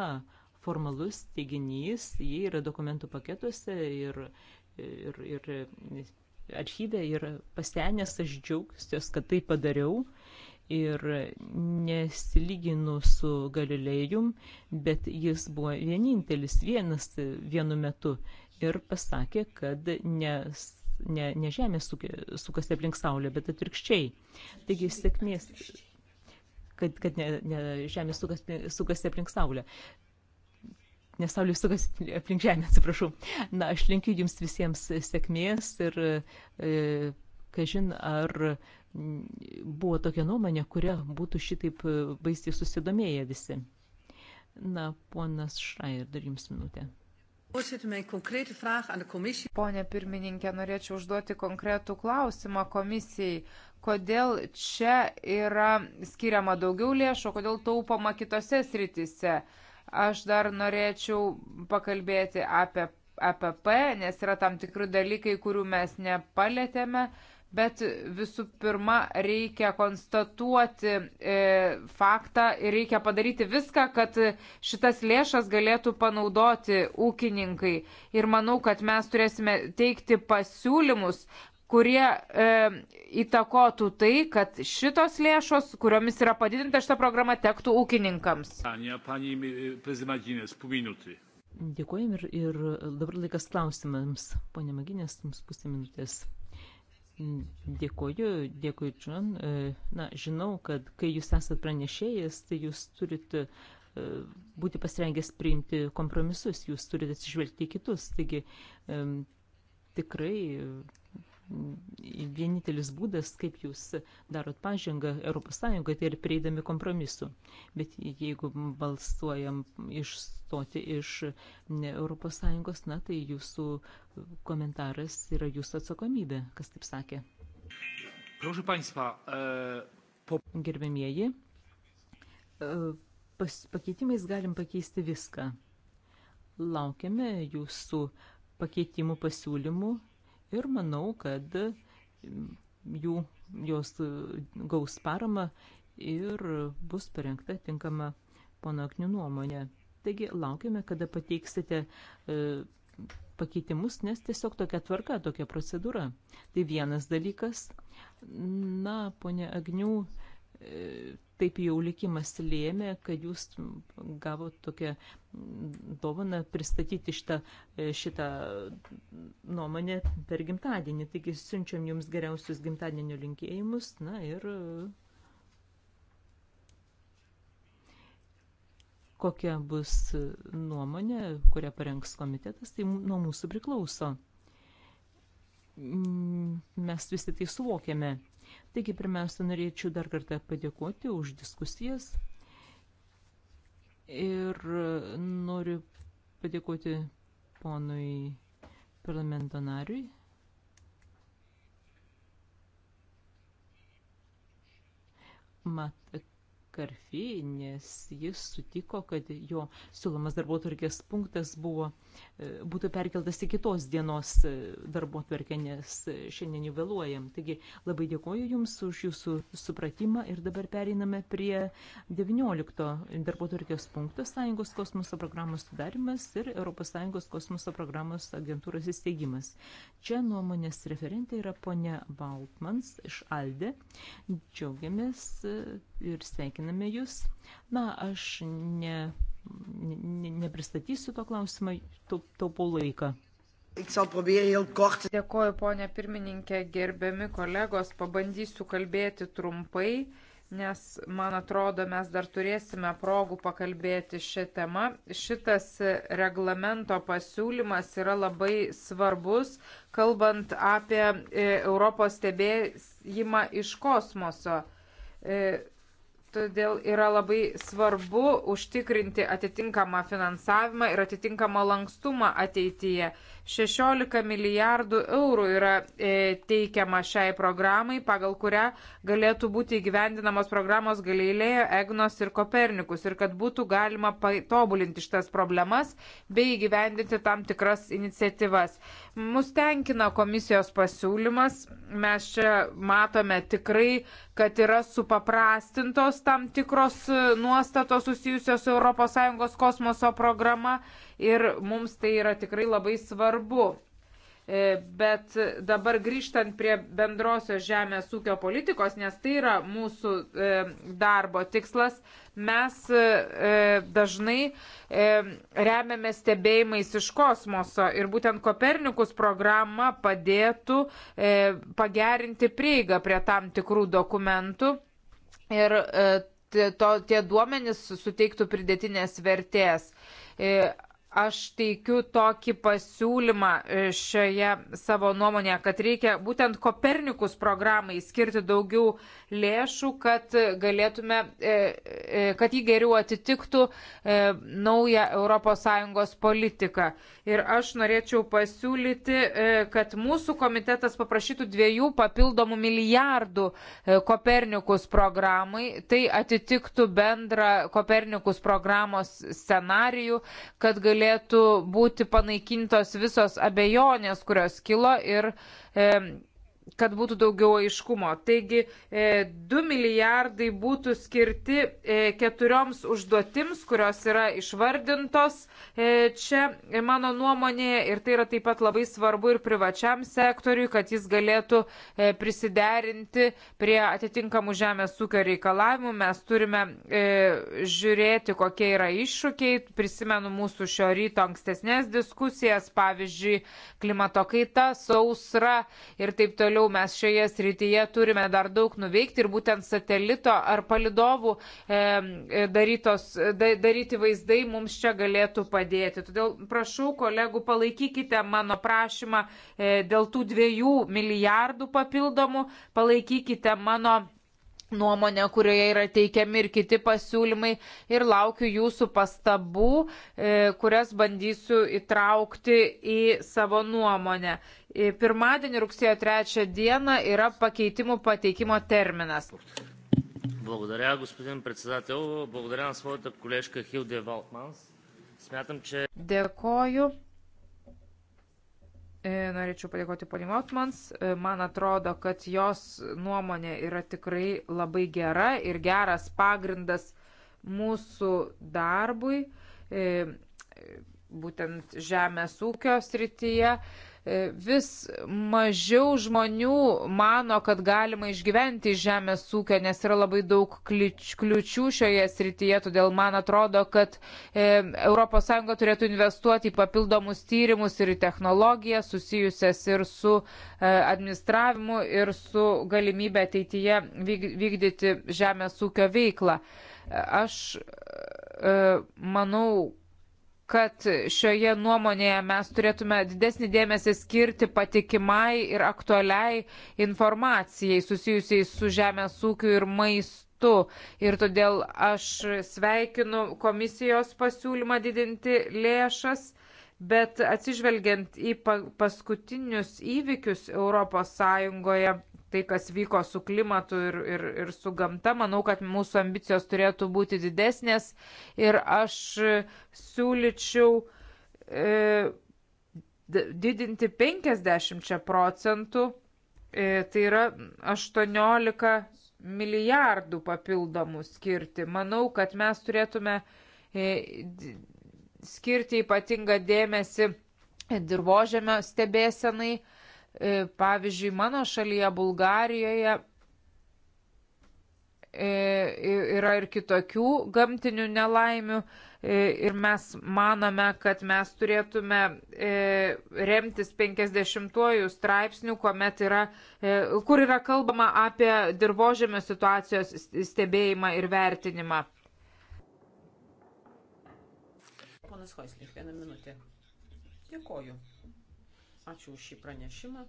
Speaker 1: formalus teiginys, jie yra dokumentų paketuose ir ir, ir archyvę ir pasenęs aš džiaugsiuos, kad tai padariau ir nesilyginu su Galilėjum, bet jis buvo vienintelis vienas vienu metu ir pasakė, kad nes ne, ne Žemė sukasi aplink Saulę, bet atvirkščiai. Taigi sėkmės, kad, kad ne, ne Žemė sukasi, sukasi aplink Saulę nes Saulė sukasi aplink Žemę, atsiprašau. Na, aš linkiu jums visiems sėkmės ir, e, kažin, ar buvo tokia nuomonė, kuria būtų šitaip e, baisiai susidomėję visi. Na, ponas Šrair, dar jums minutė.
Speaker 3: Pone pirmininkė, norėčiau užduoti konkretų klausimą komisijai. Kodėl čia yra skiriama daugiau lėšų, kodėl taupoma kitose sritise? Aš dar norėčiau pakalbėti apie APP, nes yra tam tikri dalykai, kurių mes nepalėtėme, bet visų pirma reikia konstatuoti e, faktą ir reikia padaryti viską, kad šitas lėšas galėtų panaudoti ūkininkai. Ir manau, kad mes turėsime teikti pasiūlymus, kurie e, įtakotų tai, kad šitos lėšos, kuriomis yra padidinta šita programa, tektų ūkininkams.
Speaker 4: E,
Speaker 1: Dėkuojam ir, ir dabar laikas klausimams. Pone Maginės, jums pusė minutės. Dėkuoju, dėkuoju, John. E, na, žinau, kad kai jūs esat pranešėjas, tai jūs turite būti pasirengęs priimti kompromisus, jūs turite atsižvelgti į kitus. Taigi, e, tikrai vienintelis būdas, kaip jūs darot pažangą ES, tai ir prieidami kompromisu. Bet jeigu balsuojam išstoti iš ES, na tai jūsų komentaras yra jūsų atsakomybė, kas taip sakė.
Speaker 4: Proszę Państwa, e, po...
Speaker 1: Gerbėmieji, e, pas, pakeitimais galim pakeisti viską. Laukiame jūsų pakeitimų pasiūlymų ir manau, kad jų, jos gaus paramą ir bus parengta tinkama pono Aknių nuomonė. Taigi laukime, kada pateiksite e, pakeitimus, nes tiesiog tokia tvarka, tokia procedūra. Tai vienas dalykas. Na, ponė Agnių, e, taip jau likimas lėmė, kad jūs gavot tokią dovaną pristatyti šitą, e, šitą nuomonę per gimtadienį. Taigi siunčiam jums geriausius gimtadienio linkėjimus. Na ir e, kokia bus nuomonė, kurią parengs komitetas, tai nuo mūsų priklauso. Mes visi tai suvokiame Taigi, pirmiausia, norėčiau dar kartą padėkoti už diskusijas ir noriu padėkoti ponui parlamento nariui. Mat Karfi, nes jis sutiko, kad jo siūlomas darbo turkės punktas buvo E, būtų perkeltas į kitos dienos e, darbo tvarkę, nes e, šiandien jau vėluojam. Taigi labai dėkoju Jums už Jūsų supratimą ir dabar pereiname prie 19 darbo tvarkės punkto Sąjungos kosmoso programos sudarimas ir ES kosmoso programos agentūros įsteigimas. Čia nuomonės referentė yra ponia Baltmans iš Alde. Džiaugiamės ir sveikiname Jūs. Na, aš ne nepristatysiu to klausimą, taupau laiką.
Speaker 3: Dėkoju, ponė pirmininkė, gerbiami kolegos, pabandysiu kalbėti trumpai, nes, man atrodo, mes dar turėsime progų pakalbėti šią temą. Šitas reglamento pasiūlymas yra labai svarbus, kalbant apie e, Europos stebėjimą iš kosmoso. E, Todėl yra labai svarbu užtikrinti atitinkamą finansavimą ir atitinkamą lankstumą ateityje. 16 milijardų eurų yra e, teikiama šiai programai, pagal kurią galėtų būti įgyvendinamos programos Galilėjo, Egnos ir Kopernikus ir kad būtų galima patobulinti šitas problemas bei įgyvendinti tam tikras iniciatyvas. Mus tenkina komisijos pasiūlymas, mes čia matome tikrai, kad yra supaprastintos tam tikros nuostatos susijusios su ES kosmoso programa ir mums tai yra tikrai labai svarbu. E, bet dabar grįžtant prie bendrosios žemės ūkio politikos, nes tai yra mūsų e, darbo tikslas, mes e, dažnai remiame stebėjimais iš kosmoso ir būtent Kopernikus programa padėtų pagerinti prieigą prie tam tikrų dokumentų. Ir to, tie duomenys suteiktų pridėtinės vertės aš teikiu tokį pasiūlymą e, šioje savo nuomonėje, kad reikia būtent Kopernikus programai skirti daugiau lėšų, kad galėtume, e, e, kad jį geriau atitiktų naują ES politiką. Ir aš norėčiau pasiūlyti, kad mūsų komitetas paprašytų dviejų papildomų milijardų Kopernikus programai. Tai atitiktų bendrą Kopernikus programos scenarijų, kad galėtume galėtų būti panaikintos visos abejonės, kurios kilo ir e, kad būtų daugiau aiškumo. Taigi 2 e, milijardai būtų skirti e, keturioms užduotims, kurios yra išvardintos e, čia mano nuomonėje ir tai yra taip pat labai svarbu ir privačiam sektoriui, kad jis galėtų prisiderinti prie atitinkamų žemės ūkio reikalavimų. Mes turime žiūrėti, kokie yra iššūkiai. Prisimenu mūsų šio ryto ankstesnės diskusijas, pavyzdžiui, klimato kaita, sausra ir taip toliau toliau mes šioje srityje turime dar daug nuveikti ir būtent satelito ar palidovų e, e, darytos, da, daryti vaizdai mums čia galėtų padėti. Todėl prašau kolegų palaikykite mano prašymą e, dėl tų dviejų milijardų papildomų, palaikykite mano nuomonę, kurioje yra teikiami ir kiti pasiūlymai ir laukiu jūsų pastabų, e, kurias bandysiu įtraukti į savo nuomonę. E, pirmadienį rugsėjo 3 dieną yra pakeitimų pateikimo terminas.
Speaker 4: Благодаря, господин председател. Благодаря на своята колежка Хилде Валтманс. Смятам, че...
Speaker 3: Дякую. E, norėčiau padėkoti poniai Motmans. E, man atrodo, kad jos nuomonė yra tikrai labai gera ir geras pagrindas mūsų darbui, e, būtent žemės ūkio srityje. E, vis mažiau žmonių mano, kad galima išgyventi iš žemės ūkio, nes yra labai daug kliučių šioje srityje, todėl man atrodo, kad ES turėtų investuoti į papildomus tyrimus ir į technologiją susijusias ir su e, administravimu, ir su galimybė ateityje vykdyti žemės ūkio veiklą. E, aš manau, kad šioje nuomonėje mes turėtume didesnį dėmesį skirti patikimai ir aktualiai informacijai susijusiai su žemės ūkiu ir maistu. Ir todėl aš sveikinu komisijos pasiūlymą didinti lėšas, bet atsižvelgiant į paskutinius įvykius ES, tai, kas vyko su klimatu ir, ir, ir su gamta. Manau, kad mūsų ambicijos turėtų būti didesnės ir aš e, siūlyčiau e, didinti 50 procentų, e, tai yra 18 milijardų papildomų skirti. Manau, kad mes turėtume e, skirti ypatingą dėmesį dirbožėmio stebėsenai E, pavyzdžiui, mano šalyje, Bulgarijoje, e, yra ir kitokių gamtinių nelaimių e, ir mes manome, kad mes turėtume remtis 50-ojų straipsnių, kuomet yra, kur yra kalbama apie dirbožėmio situacijos stebėjimą ir vertinimą.
Speaker 2: Ponas Hoislik, vieną minutę. Dėkoju. Ačiū už šį pranešimą.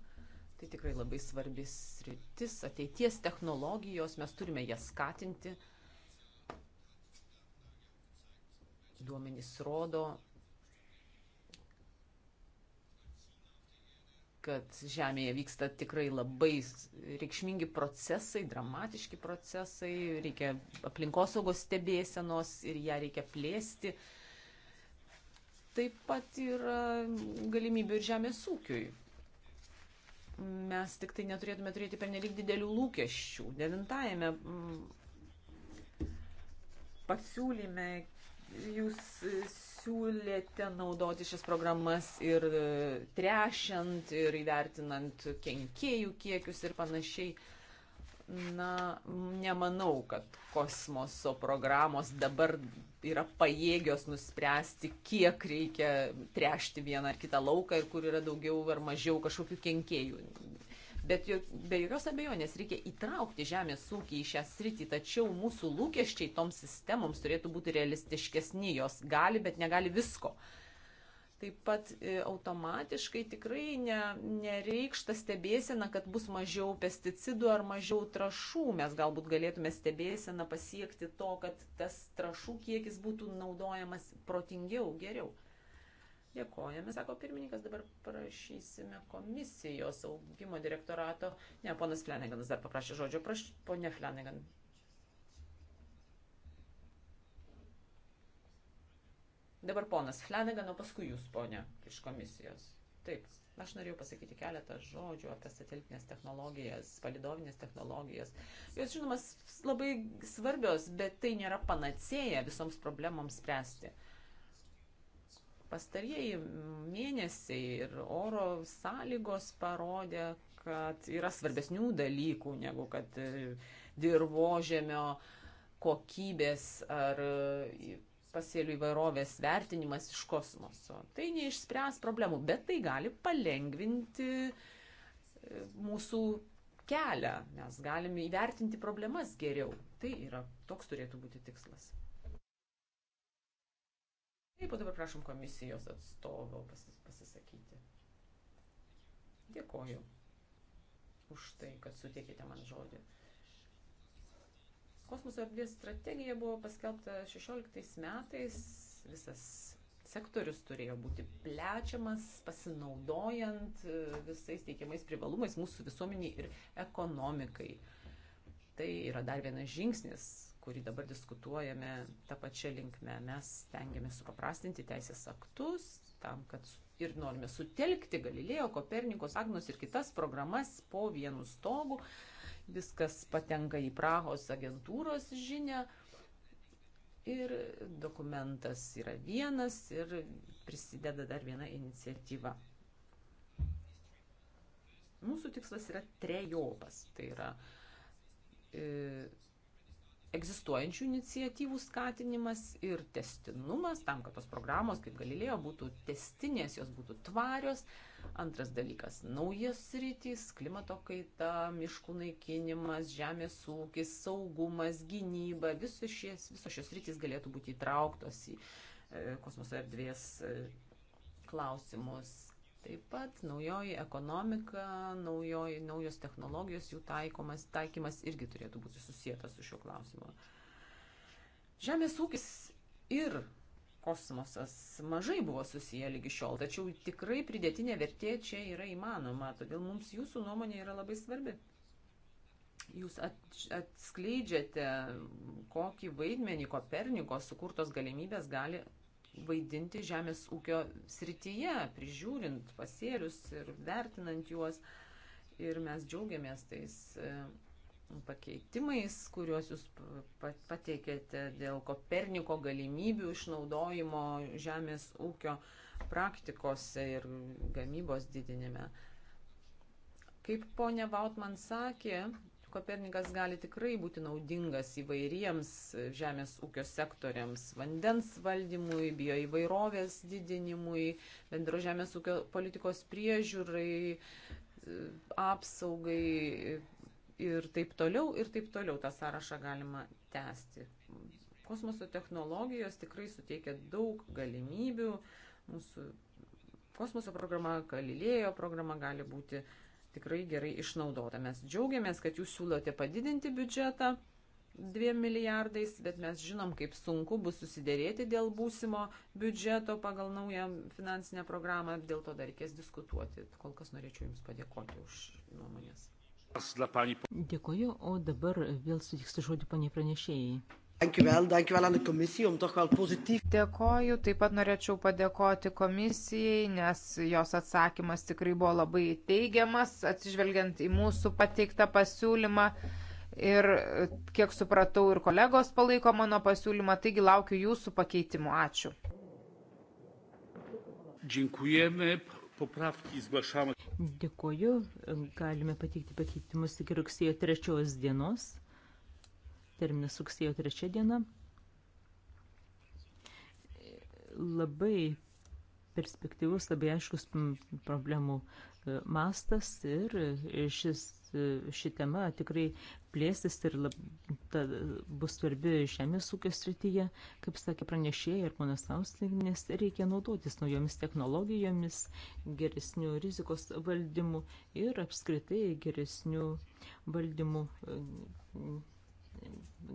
Speaker 2: Tai tikrai labai svarbis rytis, ateities technologijos, mes turime jas skatinti. Duomenys rodo, kad Žemėje vyksta tikrai labai reikšmingi procesai, dramatiški procesai, reikia aplinkosaugos stebėsenos ir ją reikia plėsti. Uh, Taip pat yra galimybių ir žemės ūkiui. Mes tik tai neturėtume turėti pernelik didelių lūkesčių. Devintajame mm, pasiūlyme jūs siūlėte naudoti šias programas ir trešiant, ir įvertinant kenkėjų kiekius ir panašiai na, nemanau, kad kosmoso programos dabar yra pajėgios nuspręsti, kiek reikia trešti vieną ar kitą lauką ir kur yra daugiau ar mažiau kažkokių kenkėjų. Bet jo, be jokios abejonės reikia įtraukti žemės ūkį į šią sritį, tačiau mūsų lūkesčiai toms sistemoms turėtų būti realistiškesni, jos gali, bet negali visko. Uh, Taip pat e, automatiškai tikrai ne, nereikšta stebėsena, kad bus mažiau pesticidų ar mažiau trašų. Mes galbūt galėtume stebėsena pasiekti to, kad tas trašų kiekis būtų naudojamas protingiau, geriau. Dėkojame, sako pirmininkas, dabar prašysime komisijos augimo direktorato. Ne, ponas Fleneganas dar paprašė žodžio, prašy, ponė Flenegan. Dabar ponas Flanagan, o paskui jūs, ponė, iš komisijos. Taip, aš norėjau pasakyti keletą žodžių apie satelitinės technologijas, palidovinės technologijas. Jos, žinoma, labai svarbios, bet tai nėra panacėja visoms problemoms spręsti. Pastarieji mėnesiai ir oro sąlygos parodė, kad yra svarbesnių dalykų negu kad e, dirbožėmio kokybės ar e, pasėlių įvairovės vertinimas iš kosmoso. Tai neišspręs problemų, bet tai gali palengvinti e, mūsų kelią. Mes galime įvertinti problemas geriau. Tai yra, toks turėtų būti tikslas. Taip, o dabar prašom komisijos atstovo pasis, pasisakyti. Dėkoju už tai, kad suteikėte man žodį kosmoso erdvės strategija buvo paskelbta 16 metais, visas sektorius turėjo būti plečiamas, pasinaudojant e, visais teikiamais privalumais mūsų visuomeniai ir ekonomikai. Tai yra dar vienas žingsnis, kurį dabar diskutuojame tą pačią linkmę. Mes tengiamės supaprastinti teisės aktus tam, kad ir norime sutelkti Galilėjo, Kopernikos, Agnos ir kitas programas po vienu stogu, viskas patenka į Prahos agentūros žinę ir dokumentas yra vienas ir prisideda dar viena iniciatyva. Mūsų tikslas yra trejopas. Tai yra e, egzistuojančių iniciatyvų skatinimas ir testinumas, tam, kad tos programos, kaip galilėjo, būtų testinės, jos būtų tvarios. Antras dalykas - naujos rytys - klimato kaita, miškų naikinimas, žemės ūkis, saugumas, gynyba - visos šios, visos šios rytys galėtų būti įtrauktos į e, kosmoso erdvės e, klausimus Taip pat naujoji ekonomika, naujoji, naujos technologijos, jų taikomas, taikymas irgi turėtų būti susijęs su šiuo klausimu. Žemės ūkis ir kosmosas mažai buvo susiję lygi šiol, tačiau tikrai pridėtinė vertė čia yra įmanoma, todėl mums jūsų nuomonė yra labai svarbi. Jūs atskleidžiate, kokį vaidmenį Koperniko sukurtos galimybės gali vaidinti žemės ūkio srityje, prižiūrint pasėlius ir vertinant juos. Ir mes džiaugiamės tais e, pakeitimais, kuriuos jūs pateikėte dėl Koperniko galimybių išnaudojimo žemės ūkio praktikose ir gamybos didinime. Kaip ponia Vautman sakė, Kopernikas gali tikrai būti naudingas įvairiems žemės ūkio sektoriams - vandens valdymui, bioįvairovės didinimui, bendro žemės ūkio politikos priežiūrai, apsaugai ir taip toliau, ir taip toliau tą sąrašą galima tęsti. Kosmoso technologijos tikrai suteikia daug galimybių. Mūsų kosmoso programa, Galilėjo programa gali būti uh, tikrai gerai išnaudota. Mes džiaugiamės, kad jūs siūlote padidinti biudžetą 2 milijardais, bet mes žinom, kaip sunku bus susidėrėti dėl būsimo biudžeto pagal naują finansinę programą, dėl to dar reikės diskutuoti. Kol kas norėčiau Jums padėkoti už nuomonės.
Speaker 3: Dėkoju, o dabar vėl sutiksiu žodį panie pranešėjai.
Speaker 4: Dėkoju,
Speaker 3: taip pat norėčiau padėkoti komisijai, nes jos atsakymas tikrai buvo labai teigiamas, atsižvelgiant į mūsų pateiktą pasiūlymą. Ir kiek supratau, ir kolegos palaiko mano pasiūlymą, taigi laukiu jūsų pakeitimų. Ačiū.
Speaker 4: Dziękujemy. Poprawki zgłaszamy.
Speaker 3: Dėkoju. Galime pateikti pakeitimus
Speaker 1: iki rugsėjo 3 dienos terminas rugsėjo 3 diena. Labai perspektyvus, labai aiškus problemų e, mastas ir šis, e, ši tema tikrai plėsis ir lab, ta, bus svarbi žemės ūkio srityje, kaip sakė pranešėjai ir ponas Ausling, nes reikia naudotis naujomis technologijomis, geresnių rizikos valdymų ir apskritai geresnių valdymų e,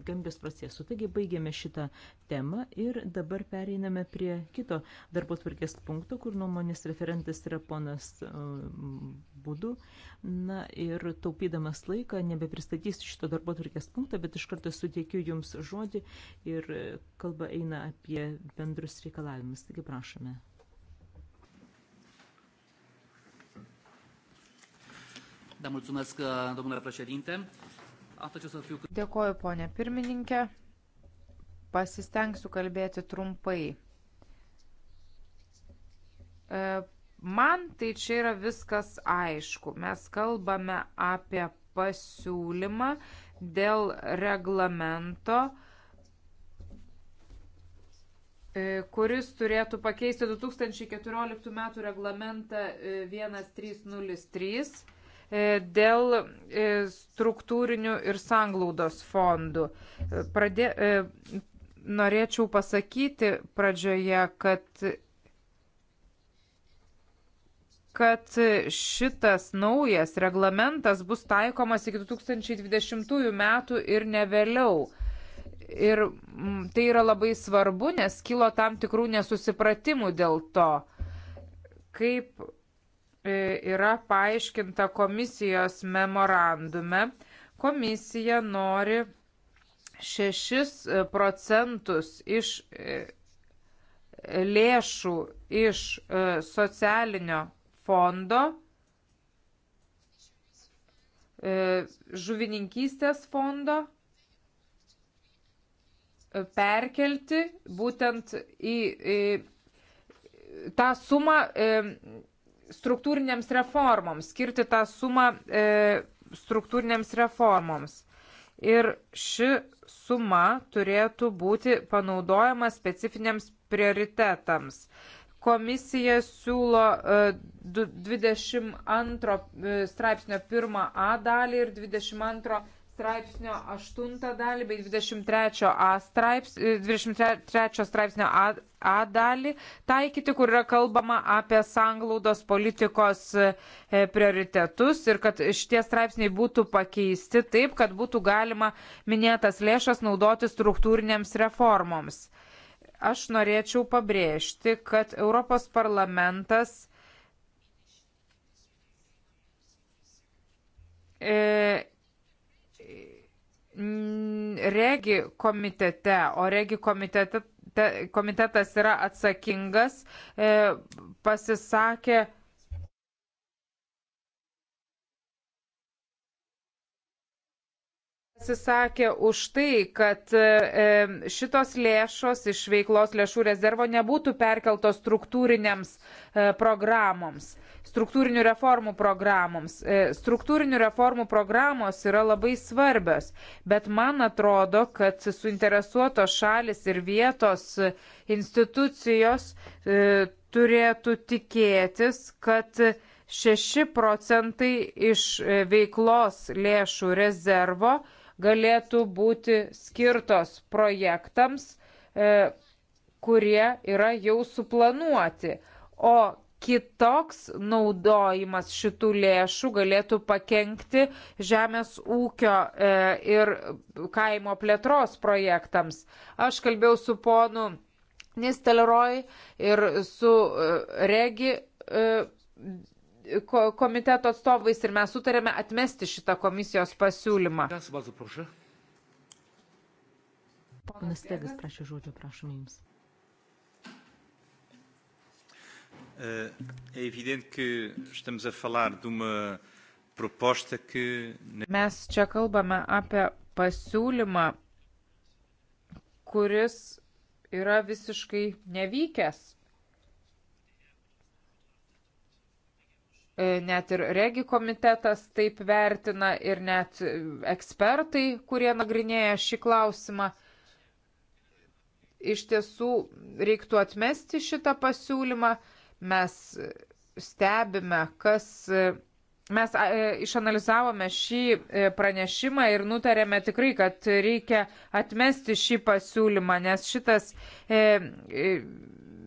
Speaker 1: gambės procesų. Taigi baigėme šitą temą ir dabar pereiname prie kito darbo tvarkės punkto, kur nuomonės referentas yra ponas e, Būdu. Na ir taupydamas laiką, nebepristatysiu šito darbo tvarkės punkto, bet iš karto suteikiu Jums žodį ir kalba eina apie bendrus reikalavimus. Taigi prašome.
Speaker 4: Da, mulțumesc, domnule
Speaker 1: președinte. Dėkoju,
Speaker 3: ponė pirmininkė. Pasistengsiu kalbėti trumpai. E, man tai čia yra viskas aišku. Mes kalbame apie pasiūlymą dėl reglamento, e, kuris turėtų pakeisti 2014 m. reglamentą 1303 e, E, dėl e, struktūrinių ir sanglaudos fondų. E, pradė, norėčiau pasakyti pradžioje, kad, kad šitas naujas reglamentas bus taikomas iki 2020 metų ir ne vėliau. Ir mm, tai yra labai svarbu, nes kilo tam tikrų nesusipratimų dėl to, kaip E, yra paaiškinta komisijos memorandume. Komisija nori 6 e, procentus iš e, lėšų iš socialinio fondo, žuvininkystės fondo perkelti būtent į, į tą sumą struktūrinėms reformoms, skirti tą sumą e, struktūrinėms reformoms. Ir ši suma turėtų būti panaudojama specifiniams prioritetams. Komisija siūlo e, 22 e, straipsnio 1a dalį ir 22 straipsnio 8 dalį bei 23 A, straips, 23 e, straipsnio A, A dalį taikyti, kur yra kalbama apie sanglaudos politikos e, prioritetus ir kad šitie straipsniai būtų pakeisti taip, kad būtų galima minėtas lėšas naudoti struktūrinėms reformoms. Aš norėčiau pabrėžti, kad Europos parlamentas e, Mm, regi komitete, o regi komitete, komitetas yra atsakingas, e, pasisakė pasisakė už tai, kad e, e, šitos lėšos iš veiklos lėšų rezervo nebūtų perkeltos struktūriniams e, programoms, struktūrinių reformų programoms. Struktūrinių reformų programos yra labai svarbios, bet man atrodo, kad suinteresuotos šalis ir vietos institucijos turėtų tikėtis, kad 6 procentai iš veiklos lėšų rezervo galėtų būti skirtos projektams, e, kurie yra jau suplanuoti. O kitoks naudojimas šitų lėšų galėtų pakenkti žemės ūkio e, ir kaimo plėtros projektams. Aš kalbėjau su ponu Nistelroj ir su e, Regi e, komiteto atstovais ir mes sutarėme atmesti šitą komisijos pasiūlymą.
Speaker 1: Ponas Tegas prašė žodžio, prašom jums.
Speaker 4: Eh, é evidente que estamos a falar de uma proposta que.
Speaker 3: Mes čia kalbame apie pasiūlymą, kuris yra visiškai nevykęs. E, net ir regi komitetas taip vertina ir net ekspertai, kurie nagrinėja šį klausimą. Iš tiesų reiktų atmesti šitą pasiūlymą. Mes stebime, kas. E, mes e, išanalizavome šį pranešimą ir nutarėme tikrai, kad reikia atmesti šį pasiūlymą, nes šitas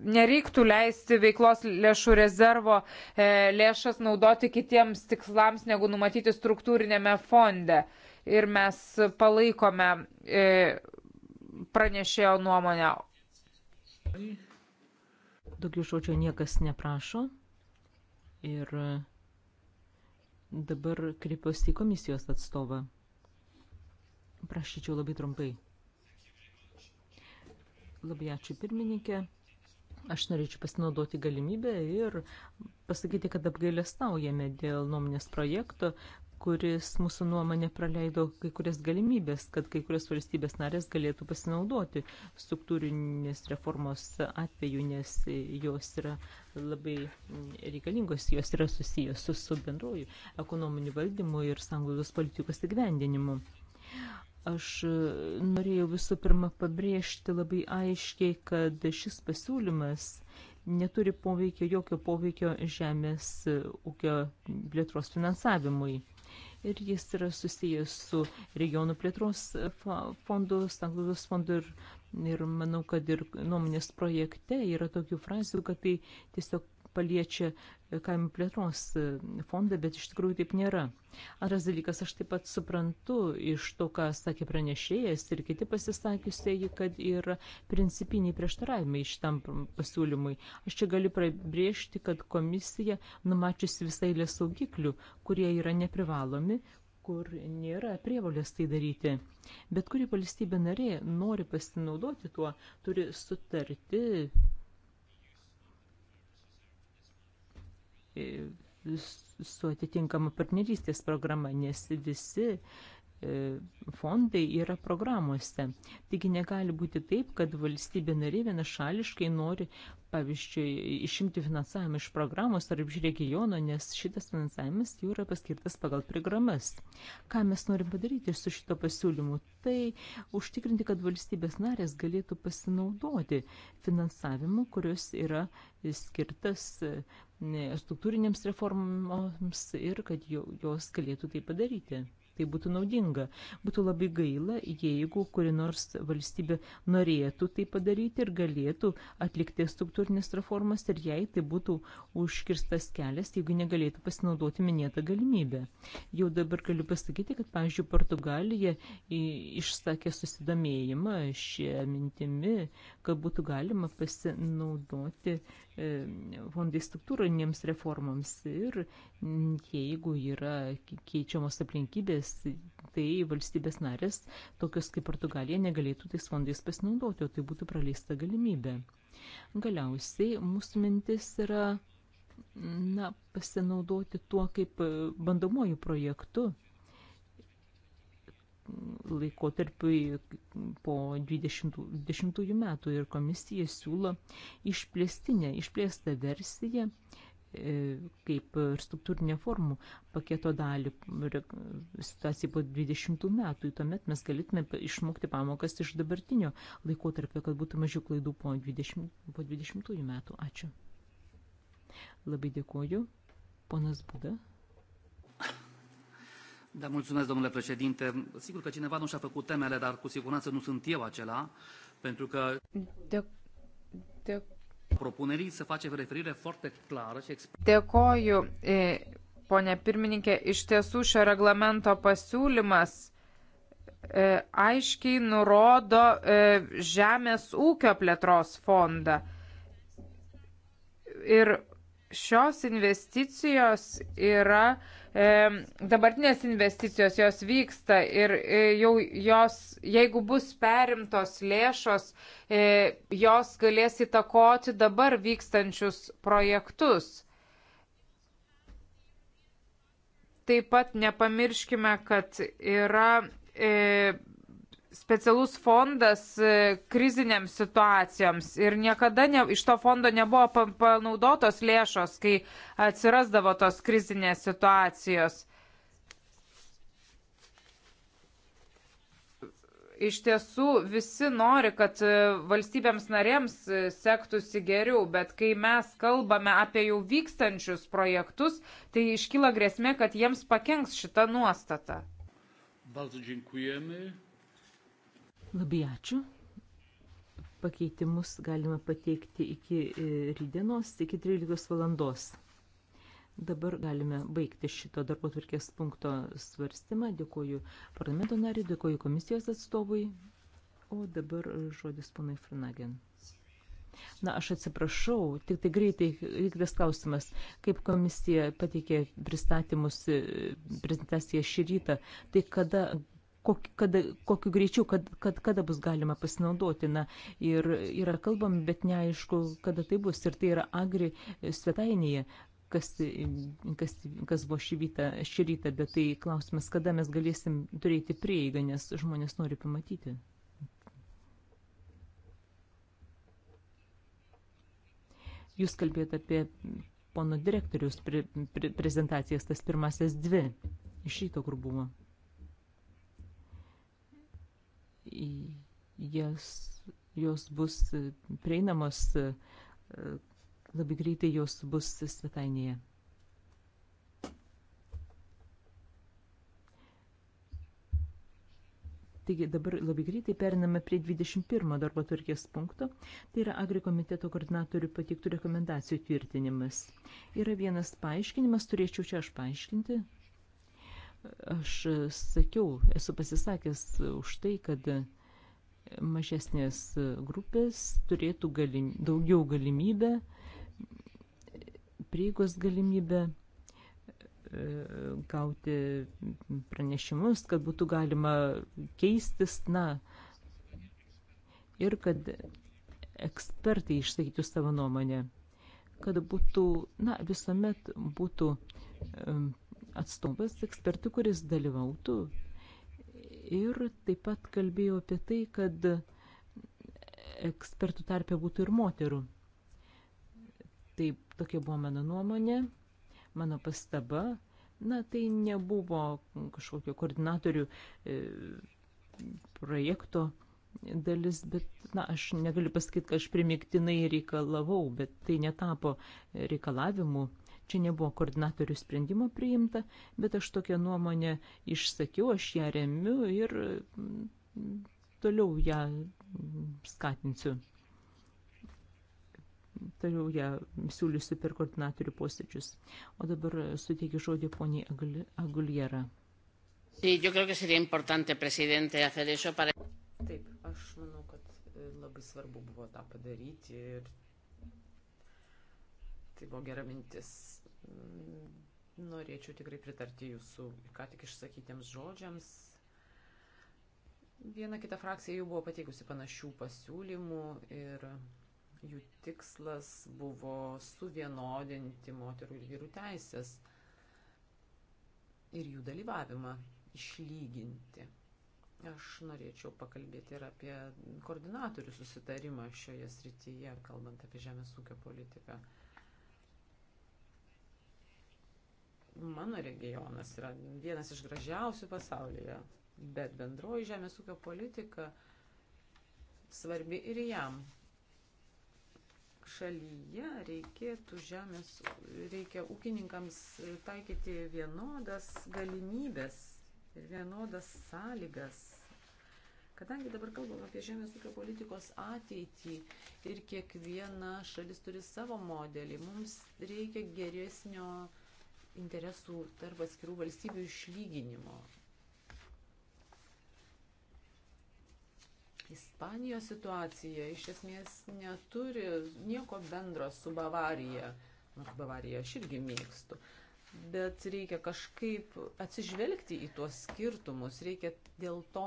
Speaker 3: nereiktų leisti veiklos lėšų rezervo e, lėšas naudoti kitiems tikslams, negu numatyti struktūrinėme fonde. Ir mes palaikome e, pranešėjo nuomonę.
Speaker 1: Daugiau šaučio niekas neprašo. Ir dabar kreipiuosi į komisijos atstovą. Prašyčiau labai trumpai. Labai ačiū pirmininkė. Aš norėčiau pasinaudoti galimybę ir pasakyti, kad apgailestaujame dėl nuomonės projekto, kuris mūsų nuomonė praleido kai kurias galimybės, kad kai kurios valstybės narės galėtų pasinaudoti struktūrinės reformos atveju, nes jos yra labai reikalingos, jos yra susijęs su, su bendruoju ekonominiu valdymu ir sanglaudos politikos įgyvendinimu. Aš e, norėjau visų pirma pabrėžti labai aiškiai, kad šis pasiūlymas neturi poveikio, jokio poveikio žemės e, ūkio plėtros finansavimui. Ir jis yra susijęs su regionų plėtros e, fondu, sanglaudos fondu ir, ir manau, kad ir nuomonės projekte yra tokių frazių, kad tai tiesiog paliečia kaimo plėtros fondą, bet iš tikrųjų taip nėra. Antras dalykas, aš taip pat suprantu iš to, ką sakė pranešėjas ir kiti pasisakiusieji, kad yra principiniai prieštaravimai šitam pasiūlymui. Aš čia galiu prabrėžti, kad komisija numačiusi visai lės saugiklių, kurie yra neprivalomi, kur nėra prievalės tai daryti. Bet kuri valstybė narė nori pasinaudoti tuo, turi sutarti su atitinkama partnerystės programa, nes visi E, fondai yra programuose. Taigi negali būti taip, kad valstybė nariai vienašališkai nori, pavyzdžiui, išimti finansavimą iš programos ar iš regiono, nes šitas finansavimas jau yra paskirtas pagal programas. Ką mes norim padaryti su šito pasiūlymu? Tai užtikrinti, kad valstybės narės galėtų pasinaudoti finansavimu, kurios yra skirtas e, struktūrinėms reformoms ir kad jos galėtų tai padaryti tai būtų naudinga. Būtų labai gaila, jeigu kuri nors valstybė norėtų tai padaryti ir galėtų atlikti struktūrinės reformas ir jei tai būtų užkirstas kelias, jeigu negalėtų pasinaudoti minėtą galimybę. Jau dabar galiu pasakyti, kad, pavyzdžiui, Portugalija išsakė susidomėjimą šią mintimi, kad būtų galima pasinaudoti E, fondai struktūrinėms reformams ir jeigu yra keičiamos aplinkybės, tai valstybės narės, tokios kaip Portugalija, negalėtų tais fondais pasinaudoti, o tai būtų praleista galimybė. Galiausiai mūsų mintis yra na, pasinaudoti tuo kaip bandomuoju projektu laikotarpiui po 20, 20 metų ir komisija siūlo išplėstinę, išplėstą versiją e, kaip struktūrinė formų paketo dalį situaciją po 20 metų. Tuomet mes galėtume išmokti pamokas iš dabartinio laikotarpio, kad būtų mažiau klaidų po 20, po 20 metų. Ačiū. Labai dėkoju. Ponas Buda.
Speaker 4: Da, mulțumesc, domnule președinte. Sigur că cineva nu și-a făcut temele, dar cu siguranță nu sunt eu acela, pentru că... De... De... Propunerii se face referire foarte clară și explicită.
Speaker 3: Dėkoju, e, ponė pirmininkė, iš tiesų šio reglamento pasiūlymas e, aiškiai nurodo e, Žemės ūkio plėtros fondą. Ir šios investicijos yra e, dabartinės investicijos jos vyksta ir e, jau jos, jeigu bus perimtos lėšos, e, jos galės įtakoti dabar vykstančius projektus. Taip pat nepamirškime, kad yra e, specialus fondas e, kriziniams situacijoms ir niekada ne, iš to fondo nebuvo panaudotos lėšos, kai atsirasdavo tos krizinės situacijos. Iš tiesų visi nori, kad e, valstybėms narėms e, sektųsi geriau, bet kai mes kalbame apie jau vykstančius projektus, tai iškyla grėsmė, kad jiems pakenks šita nuostata.
Speaker 4: Bardzo dziękujemy.
Speaker 3: Labai ačiū.
Speaker 1: Pakeitimus galima pateikti iki e, rydienos, iki 13 valandos. Dabar galime baigti šito darbo tvarkės punkto svarstymą. Dėkuoju parlamento nariui, dėkuoju komisijos atstovui. O dabar žodis ponai Franagen. Na, aš atsiprašau, tik tai greitai vykdas klausimas, kaip komisija pateikė pristatymus, e, prezentaciją šį rytą, tai kada kokiu, kada, kokiu greičiu, kad, kad, kada bus galima pasinaudoti. Na, ir yra kalbam, bet neaišku, kada tai bus. Ir tai yra agri svetainėje. Kas, kas, kas buvo šį, vytą, šį rytą, bet tai klausimas, kada mes galėsim turėti prieigą, nes žmonės nori pamatyti. Jūs kalbėjote apie pono direktorius pre, pre, prezentacijas, tas pirmasis dvi iš ryto, kur buvo jas, jos bus e, prieinamos, e, labai greitai jos bus svetainėje. Taigi dabar labai greitai periname prie 21 darbo turkės punkto, tai yra agrikomiteto koordinatorių pateiktų rekomendacijų tvirtinimas. Yra vienas paaiškinimas, turėčiau čia aš paaiškinti, Aš sakiau, esu pasisakęs už tai, kad mažesnės grupės turėtų galim, daugiau galimybę, prieigos galimybę e, gauti pranešimus, kad būtų galima keistis, na, ir kad ekspertai išsakytų savo nuomonę, kad būtų, na, visuomet būtų atstovas, ekspertų, kuris dalyvautų. Ir taip pat kalbėjau apie tai, kad ekspertų tarpė būtų ir moterų. Taip, tokia buvo mano nuomonė, mano pastaba. Na, tai nebuvo kažkokio koordinatorių e, projekto dalis, bet, na, aš negaliu pasakyti, kad aš primiktinai reikalavau, bet tai netapo reikalavimu Čia nebuvo koordinatorių sprendimo priimta, bet aš tokią nuomonę išsakiau, aš ją remiu ir mm, toliau ją skatinsiu. Toliau ją siūlysiu per koordinatorių posėdžius. O dabar suteikiu žodį poniai Aguliera.
Speaker 3: Sí, yo creo que sería importante, presidente, hacer eso para.
Speaker 2: Taip, aš manau, kad e, labai svarbu buvo tą padaryti ir tai buvo gera mintis. Mm, norėčiau tikrai pritarti jūsų ką tik išsakytiems žodžiams. Viena kita frakcija jau buvo pateikusi panašių pasiūlymų ir jų tikslas buvo suvienodinti moterų ir vyrų teisės ir jų dalyvavimą išlyginti. Aš norėčiau pakalbėti ir apie koordinatorių susitarimą šioje srityje, kalbant apie žemės ūkio politiką. Mano regionas yra vienas iš gražiausių pasaulyje, bet bendroji žemės ūkio politika svarbi ir jam. Šalyje reikėtų žemės, reikia ūkininkams taikyti vienodas galimybės ir vienodas sąlygas Kadangi dabar kalbam apie žemės ūkio politikos ateitį ir kiekviena šalis turi savo modelį, mums reikia geresnio interesų tarp atskirų valstybių išlyginimo. Ispanijos situacija iš esmės neturi nieko bendro su Bavarija. Nors Bavariją aš irgi mėgstu. Bet reikia kažkaip atsižvelgti į tuos skirtumus, reikia dėl to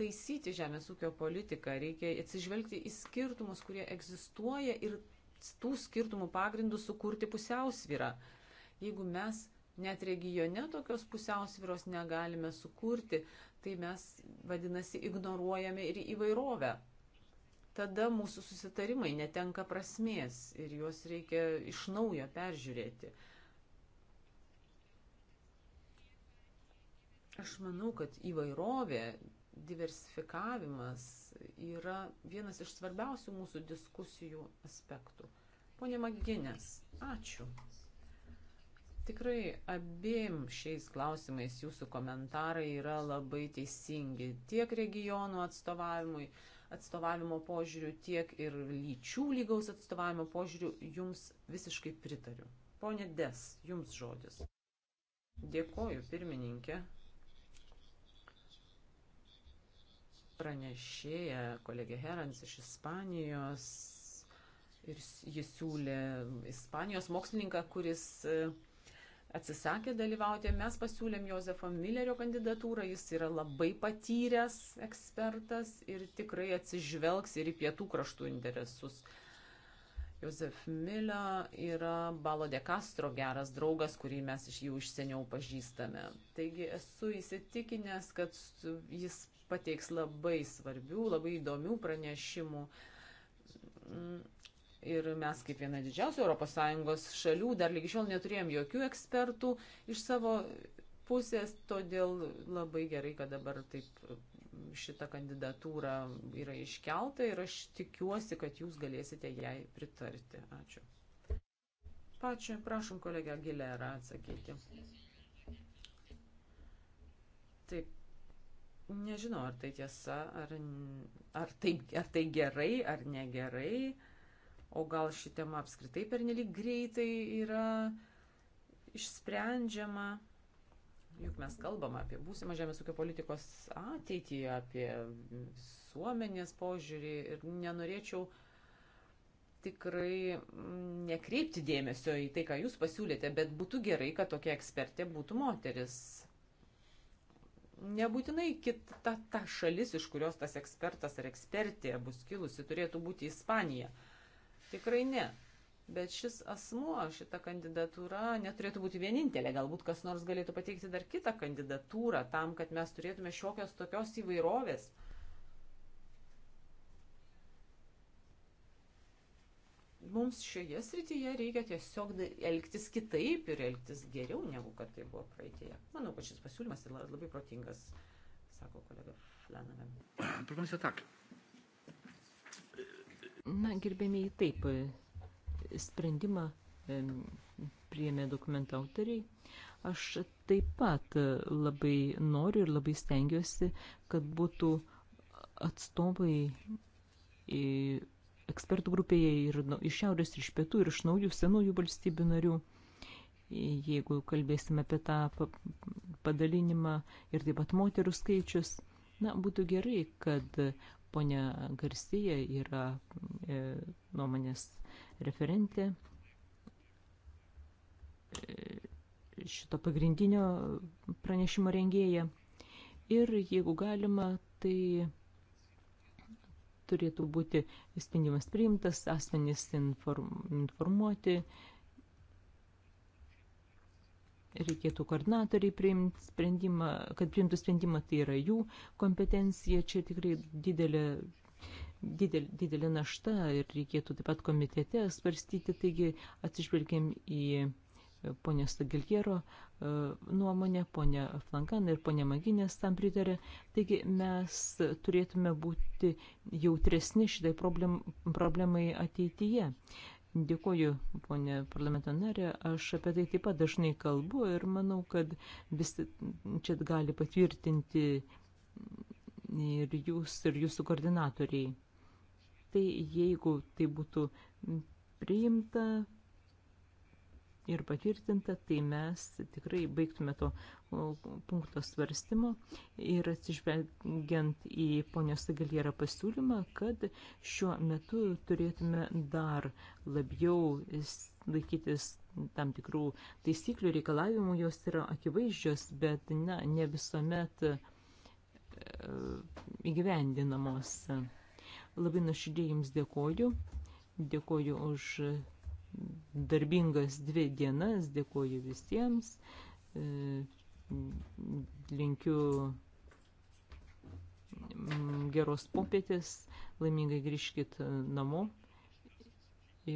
Speaker 2: taisyti žemės ūkio politiką, reikia atsižvelgti į skirtumus, kurie egzistuoja ir tų skirtumų pagrindų sukurti pusiausvyrą. Uh, Jeigu mes net regione tokios pusiausvyros negalime sukurti, tai mes, vadinasi, ignoruojame ir įvairovę. Tada mūsų susitarimai netenka prasmės ir juos reikia iš naujo peržiūrėti. Aš manau, kad įvairovė, diversifikavimas yra vienas iš svarbiausių mūsų diskusijų aspektų. Pone Maginės, ačiū. Tikrai abiem šiais klausimais jūsų komentarai yra labai teisingi tiek regionų atstovavimui, atstovavimo požiūrių, tiek ir lyčių lygaus atstovavimo požiūrių jums visiškai pritariu. Pone Des, jums žodis. Dėkoju, pirmininkė. Pranešėja kolegė Herans iš Ispanijos ir jis siūlė Ispanijos mokslininką, kuris atsisakė dalyvauti. Mes pasiūlėm Jozefo Millerio kandidatūrą, jis yra labai patyręs ekspertas ir tikrai atsižvelgs ir į pietų kraštų interesus. Jozef Milio yra Balo de Castro geras draugas, kurį mes iš jų išseniau pažįstame. Taigi esu įsitikinęs, kad jis pateiks labai svarbių, labai įdomių pranešimų Ir mes, kaip viena didžiausių ES šalių, dar lygi šiol neturėjom jokių ekspertų iš savo pusės, todėl labai gerai, kad dabar taip šita kandidatūra yra iškelta ir aš tikiuosi, kad jūs galėsite jai pritarti. Ačiū. Pačiu, prašom kolegę Gilerą atsakyti. Taip, nežinau, ar tai tiesa, ar, ar, tai, ar tai gerai, ar negerai o gal ši tema apskritai pernelyg greitai yra išsprendžiama. Juk mes kalbam apie būsimą žemės ūkio politikos ateitį, apie visuomenės požiūrį ir nenorėčiau tikrai mm, nekreipti dėmesio į tai, ką jūs pasiūlėte, bet būtų gerai, kad tokia ekspertė būtų moteris. Nebūtinai kita ta šalis, iš kurios tas ekspertas ar ekspertė bus kilusi, turėtų būti Ispanija. Tikrai ne. Bet šis asmuo, šita kandidatūra neturėtų būti vienintelė. Galbūt kas nors galėtų pateikti dar kitą kandidatūrą tam, kad mes turėtume šiokios tokios įvairovės. Mums šioje srityje reikia tiesiog elgtis kitaip ir elgtis geriau, negu kad tai buvo praeitėje. Manau, kad šis pasiūlymas yra labai protingas, sako kolega Flanagan. Pirmiausia, tak.
Speaker 1: Na, gerbėmiai, taip, sprendimą priėmė dokumento autoriai. Aš taip pat labai noriu ir labai stengiuosi, kad būtų atstovai ekspertų grupėje ir nu, iš šiaurės, ir iš pietų, ir iš naujų senųjų valstybių narių. Jeigu kalbėsime apie tą padalinimą ir taip pat moterų skaičius, na, būtų gerai, kad Pone Garcija yra e, nuomonės referentė e, šito pagrindinio pranešimo rengėja. Ir jeigu galima, tai turėtų būti sprendimas priimtas, asmenys informuoti reikėtų koordinatoriai priimti sprendimą, kad priimtų sprendimą, tai yra jų kompetencija, čia tikrai didelė, didelė, didelė našta ir reikėtų taip pat komitete svarstyti, taigi atsižvelgiam į ponė Stagilgero e, nuomonė, ponė Flankan ir ponė Maginės tam pritarė. Taigi mes turėtume būti jautresni šitai problem, problemai ateityje. Dėkuoju, ponė parlamentarė, aš apie tai taip pat dažnai kalbu ir manau, kad visi čia gali patvirtinti ir jūs, ir jūsų koordinatoriai. Tai jeigu tai būtų priimta, ir patvirtinta, tai mes tikrai baigtume to punkto svarstymo ir atsižvelgiant į ponios Agalierą pasiūlymą, kad šiuo metu turėtume dar labiau laikytis tam tikrų taisyklių, reikalavimų, jos yra akivaizdžios, bet na, ne visuomet e, įgyvendinamos. Labai nuoširdžiai Jums dėkoju. Dėkoju už darbingas dvi dienas, dėkuoju visiems, e, linkiu geros popietės, laimingai grįžkit namo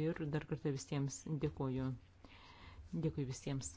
Speaker 1: ir dar kartą visiems dėkuoju. Dėkui visiems.